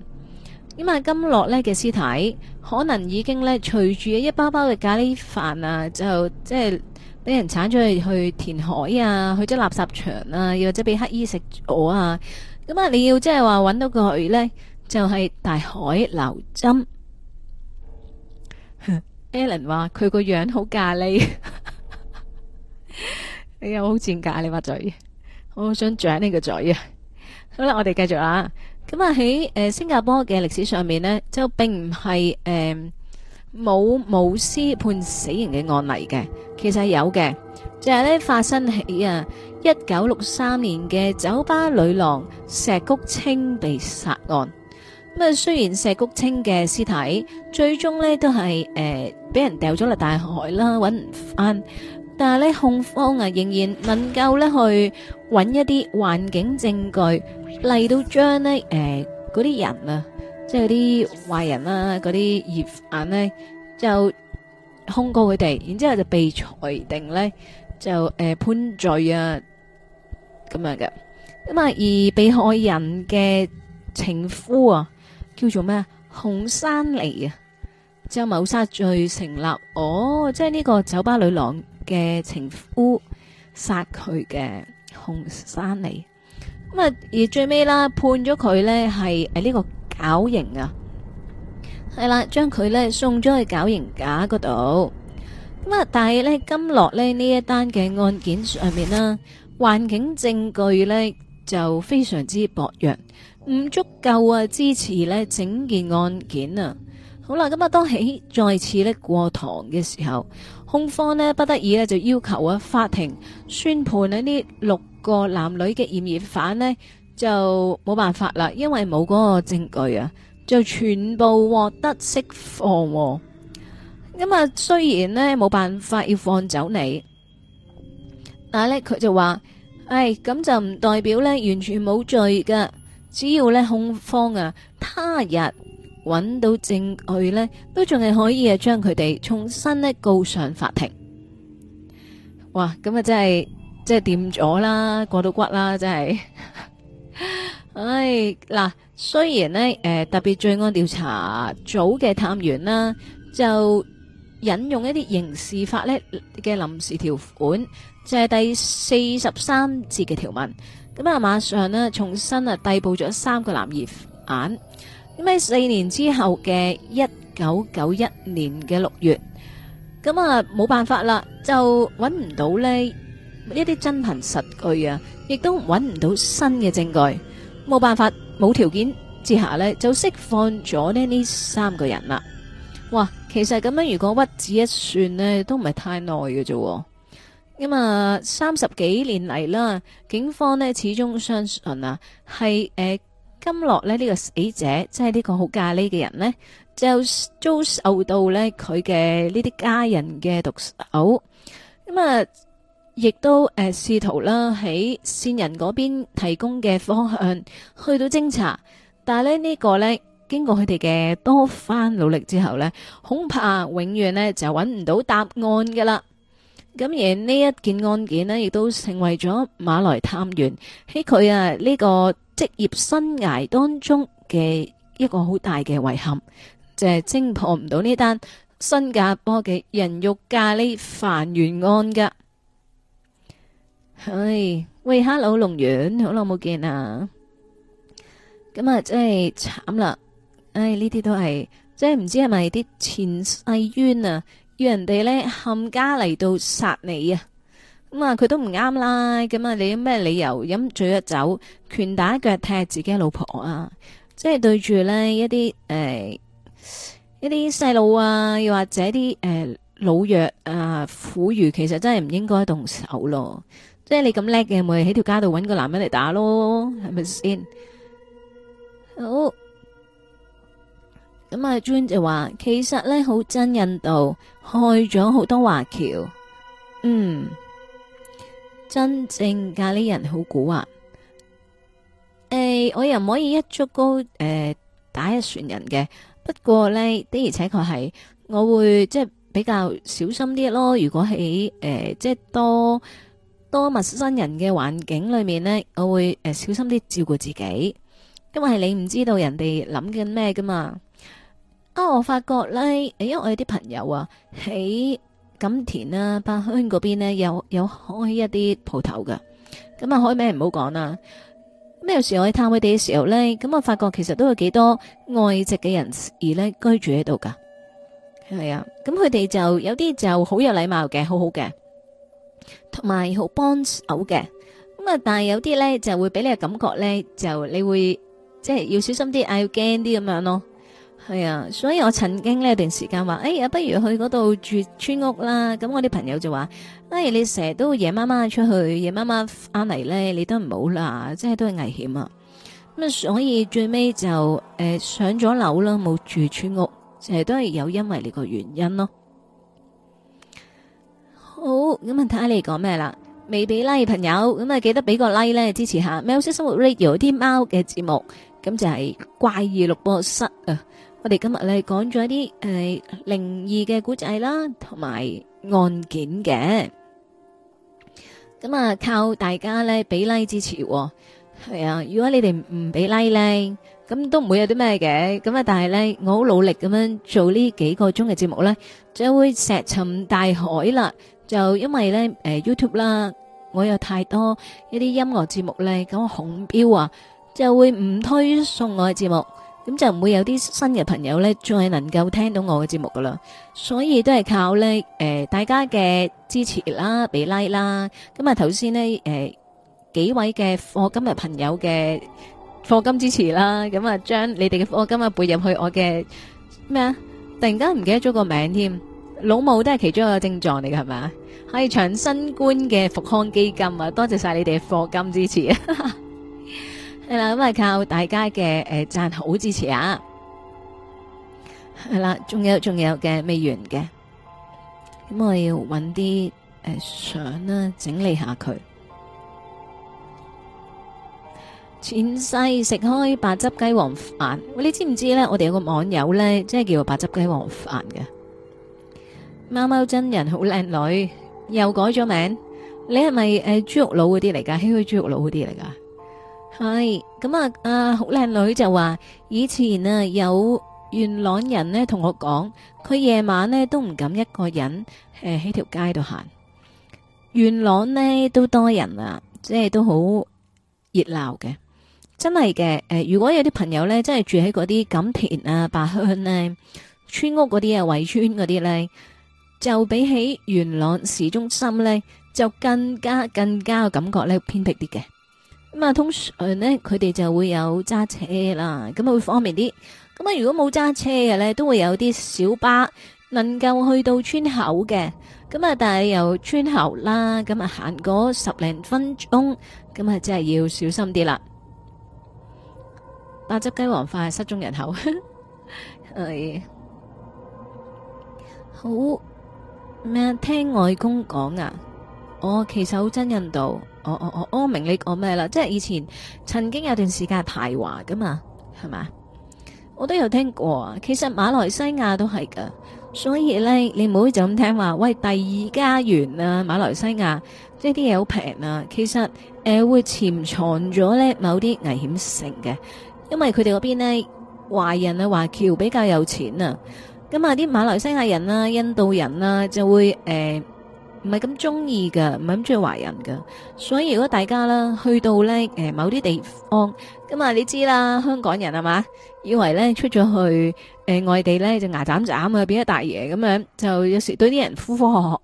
咁啊，金樂咧嘅屍體可能已經咧隨住一包包嘅咖喱飯啊，就即係俾人鏟咗去去填海啊，去咗垃圾場啊，又或者俾乞兒食咗啊。咁啊，你要即係話揾到佢咧，就係、是、大海流針。 Alan 話：佢個樣好咖喱， 你又好賤咖喱把嘴。我想掌呢個嘴啊！ 好啦，我哋繼續啦。咁啊，喺、呃、誒新加坡嘅歷史上面呢，就並唔係誒冇冇屍判死刑嘅案例嘅，其實有嘅。就係、是、呢發生起啊一九六三年嘅酒吧女郎石谷清被殺案。咁、嗯、啊，雖然石谷清嘅屍體最終呢都係誒俾人掉咗落大海啦，搵唔翻。但係咧，控方啊，仍然能夠咧去揾一啲環境證據嚟到將咧誒嗰啲人啊，即係啲壞人啦，嗰啲疑犯咧就控告佢哋，然之後就被裁定咧就誒判罪啊咁樣嘅咁啊。而被害人嘅情夫啊，叫做咩啊？洪山尼啊，就謀殺罪成立哦，即係呢個酒吧女郎。嘅情夫殺佢嘅洪山嚟，咁啊，而最尾啦，判咗佢呢係誒呢個絞刑啊，係啦，將佢呢送咗去絞刑架嗰度，咁啊但係呢，今落咧呢一單嘅案件上面啦，環境證據呢就非常之薄弱，唔足夠啊支持呢整件案件啊。好啦咁啊當起再次呢過堂嘅時候。控方咧不得已咧就要求啊法庭宣判呢呢六個男女嘅嫌疑犯咧就冇辦法啦，因為冇嗰個證據啊，就全部獲得釋放。咁啊雖然咧冇辦法要放走你，但係咧佢就話，唉、哎、咁就唔代表咧完全冇罪噶，只要咧控方啊他日。揾到證據呢，都仲係可以啊，將佢哋重新呢告上法庭。哇，咁啊真係，即係掂咗啦，過到骨啦，真係。唉、 哎，嗱，雖然呢誒、呃，特別罪案調查組嘅探員啦，就引用一啲刑事法呢嘅臨時條款，即、就、係、是、第四十三節嘅條文，咁啊，馬上呢，重新啊逮捕咗三個男兒眼。咩四年之後嘅一九九一年嘅六月，咁啊冇辦法啦，就揾唔到呢一啲真憑實據啊，亦都揾唔到新嘅證據，冇辦法，冇條件之下呢就釋放咗呢呢三個人啦。哇，其實咁樣如果屈指一算呢，都唔係太耐㗎啫。咁啊，三十幾年嚟啦，警方呢始終相信啊，係誒。金樂咧呢、呢個死者，即係呢個好咖喱嘅人呢就遭受到呢佢嘅呢啲家人嘅毒手，咁啊亦都誒試圖啦喺線人嗰邊提供嘅方向去到偵查，但係咧呢、呢個呢，經過佢哋嘅多番努力之後呢，恐怕永遠呢就揾唔到答案㗎喇。咁而呢一件案件呢，亦都成爲咗馬來探員喺佢啊呢個。職業生涯當中嘅一個好大嘅遺憾，就係偵破唔到呢單新加坡嘅人肉咖喱飯冤案噶唉，喂，hello，龍丸，好耐冇見啊！咁啊，真係慘啦！唉，呢啲都係，即係唔知係咪啲前世冤啊，要人哋呢，冚家嚟到殺你啊！咁啊，佢都唔啱啦。咁啊，你有咩理由飲醉咗酒，拳打一腳踢自己老婆啊？即係對住咧一啲誒、呃、一啲細路啊，又或者啲誒、呃、老弱啊婦孺，其實真係唔應該動手咯。即係你咁叻嘅，咪喺條街度搵個男人嚟打咯，係咪先？好，咁啊 June 就話其實咧好憎印度害咗好多華僑。嗯。真正咖喱人好古惑，誒、欸，我又唔可以一竹篙誒、呃、打一船人嘅。不過呢，的而且確係我會即係比較小心啲咯。如果喺誒、呃、即係多多陌生人嘅環境裏面呢，我會誒、呃、小心啲照顧自己，因為係你唔知道人哋諗緊咩噶嘛。啊，我發覺因為、哎、我有啲朋友啊喺錦田啊，八鄉嗰邊呢，有有開一啲鋪頭噶，咁啊可以咩？唔好講啦。咁有時候我去探佢哋嘅時候呢，咁我發覺其實都有幾多外籍嘅人而呢，居住喺度噶，係啊？咁佢哋就有啲就有禮好有禮貌嘅，好好嘅，同埋好幫手嘅。咁啊，但係有啲呢，就會俾你嘅感覺呢，就你會即係、就是、要小心啲，要驚啲咁樣咯。係啊，所以我曾經呢一段時間話，哎呀，不如去嗰度住村屋啦。咁我啲朋友就話，哎，你成日都夜媽媽出去，夜媽媽翻嚟，咧，你都唔好啦，即係都係危險啊。咁啊，所以最尾就誒、呃、上咗樓啦，冇住村屋，成日都係有因為呢個原因咯。好，咁啊睇下你講咩啦，未俾 like 朋友，咁啊記得俾個 like 咧支持下。喵式生活 radio 啲貓嘅節目，咁就係怪異錄播室啊。我哋今日咧講咗一啲誒靈異嘅古仔啦，同埋案件嘅。咁啊，靠大家咧俾 like 支持。係啊，如果你哋唔俾 like 咧，咁都唔會有啲咩嘅。咁啊，但係咧，我好努力咁樣做呢幾個鐘嘅節目咧，就會石沉大海啦。就因為咧，誒 YouTube 啦，我有太多一啲音樂節目咧，咁個紅標啊，就會唔推送我嘅節目。咁就唔會有啲新嘅朋友咧，再能夠聽到我嘅節目噶啦，所以都係靠咧，誒大家嘅支持啦，俾 like 啦，咁啊頭先咧，誒幾位嘅課金嘅朋友嘅課金支持啦，咁啊將你哋嘅課金啊背入去我嘅咩啊？突然間唔記得咗個名添，老母都係其中一個症狀嚟噶係咪？係長新冠嘅復康基金啊！多謝晒你哋課金支持啊！係啦，咁係靠大家嘅誒讚好支持啊！係啦，仲有仲有嘅未完嘅，咁我要搵啲誒相啦，整理下佢。前世食開白汁雞皇飯，喂你知唔知咧？我哋有個網友咧，即係叫做白汁雞皇飯嘅貓貓真人，好靚女，又改咗名。你係咪誒豬肉佬嗰啲嚟噶？唏噓豬肉佬嗰啲嚟噶？係咁啊！啊，好靚女就話以前啊，有元朗人咧同我講，佢夜晚咧都唔敢一個人誒喺條街度行。元朗咧都多人啊，即係都好熱鬧嘅。真係嘅誒，如果有啲朋友咧，真係住喺嗰啲錦田啊、八鄉咧、村屋嗰啲啊、圍村嗰啲咧，就比起元朗市中心咧，就更加更加嘅感覺咧偏僻啲嘅。咁啊，通常呢，佢哋就會有揸車啦，咁啊會方便啲。咁啊，如果冇揸車嘅呢都會有啲小巴能夠去到村口嘅。咁啊，但係由村口啦，咁啊行嗰十零分鐘，咁啊真係要小心啲啦。八汁雞皇塊失蹤人口，係 好咩？聽外公講啊，我其實好憎印度。我，我，我明你講咩啦。即係以前曾經有段時間係排華噶嘛，係咪？我都有聽過，其實馬來西亞都係噶，所以咧你唔好就咁聽話，喂，第二家園啊，馬來西亞，即係啲嘢好平啊，其實誒、呃、會潛藏咗咧某啲危險性嘅，因為佢哋嗰邊咧華人啊華僑比較有錢啊，咁啊啲馬來西亞人啊、印度人啊，就會誒。呃唔係咁中意噶唔係咁中意華人噶。所以如果大家啦去到咧，誒，某啲地方，咁啊，你知啦，香港人係嘛，以為咧出咗去誒外地咧就牙斬斬啊，變咗大爺咁樣，就有時對啲人呼呼喝喝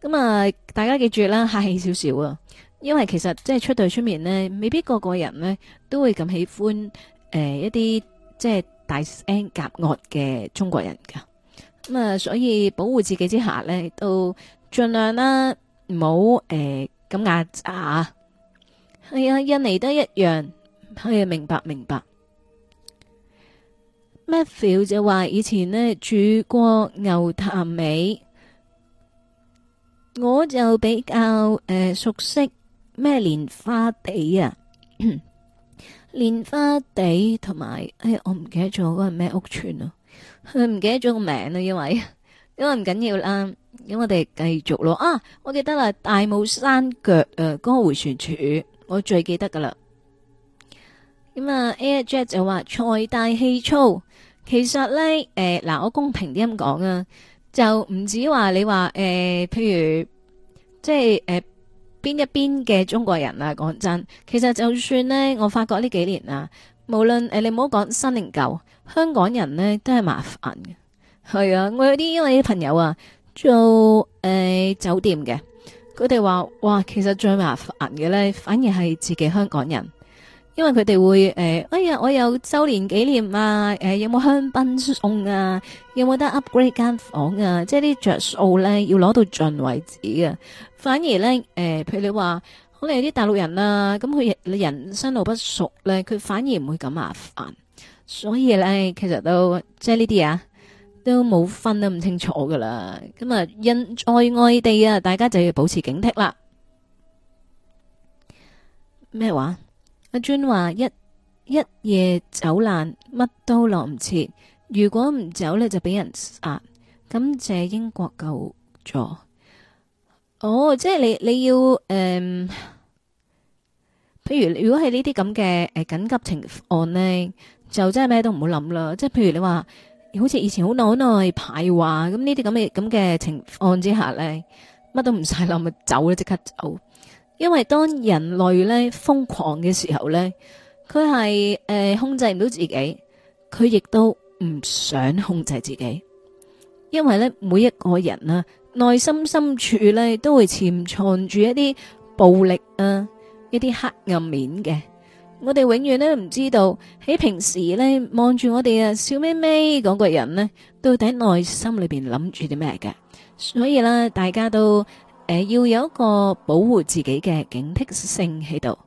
咁啊，大家記住啦，客氣少少啊。因為其實即係出到出面呢，未必個個人呢都會咁喜歡誒一啲即係大聲夾惡嘅中國人噶。咁啊，所以保護自己之下咧都。盡量啦、啊，唔好誒咁壓榨、啊。係啊，印尼都一樣。係啊，明白明白。Matthew 就話以前呢住過牛潭尾，我就比較誒、呃、熟悉咩蓮花地啊， 蓮花地同埋誒，我唔記得咗嗰係咩屋村啊，佢、哎、唔記得咗個名啊，因為因為唔緊要啦。咁我哋繼續咯啊！我記得啦，大帽山腳誒嗰、呃那個回旋處，我最記得噶啦。咁、嗯、啊，Air Jack 就話財大氣粗，其實咧誒嗱，我公平啲咁講啊，就唔止話你話誒、呃，譬如即係誒邊一邊嘅中國人啊。講真，其實就算咧，我發覺呢幾年啊，無論誒、呃，你唔好講新定舊，香港人咧都係麻煩嘅。係啊，我有啲因為啲朋友啊。做誒、呃、酒店嘅，佢哋話：哇，其實最麻煩嘅咧反而係自己香港人，因為佢哋會誒、呃，哎呀，我有周年紀念啊，誒、呃，有冇香檳送啊？有冇得 upgrade 間房啊？即係啲着數咧，要攞到盡為止啊！反而咧，誒、呃，譬如你話可能有啲大陸人啊，咁佢人生路不熟咧，佢反而唔會咁麻煩。所以咧，其實都即係呢啲啊。都冇分得唔清楚噶啦，咁啊，人在外地啊，大家就要保持警惕啦。咩話？阿尊話一一夜走爛，乜都落唔切。如果唔走呢，就俾人殺。咁謝英國救助。哦，即係你你要誒、嗯，譬如如果係呢啲咁嘅誒緊急情況呢，就真係咩都唔好諗啦。即係譬如你話。好似以前好耐好耐排話咁，呢啲咁嘅咁嘅情況之下呢，乜都唔使諗咪走咯，即刻走。因為當人類呢瘋狂嘅時候呢，佢係誒控制唔到自己，佢亦都唔想控制自己。因為呢，每一個人啊，內心深處呢，都會潛藏住一啲暴力啊，一啲黑暗面嘅。我哋永遠都唔知道喺平時咧望住我哋啊笑眯眯嗰個人咧，到底內心裏邊諗住啲咩嘅？所以咧，大家都誒、呃、要有一個保護自己嘅警惕性喺度。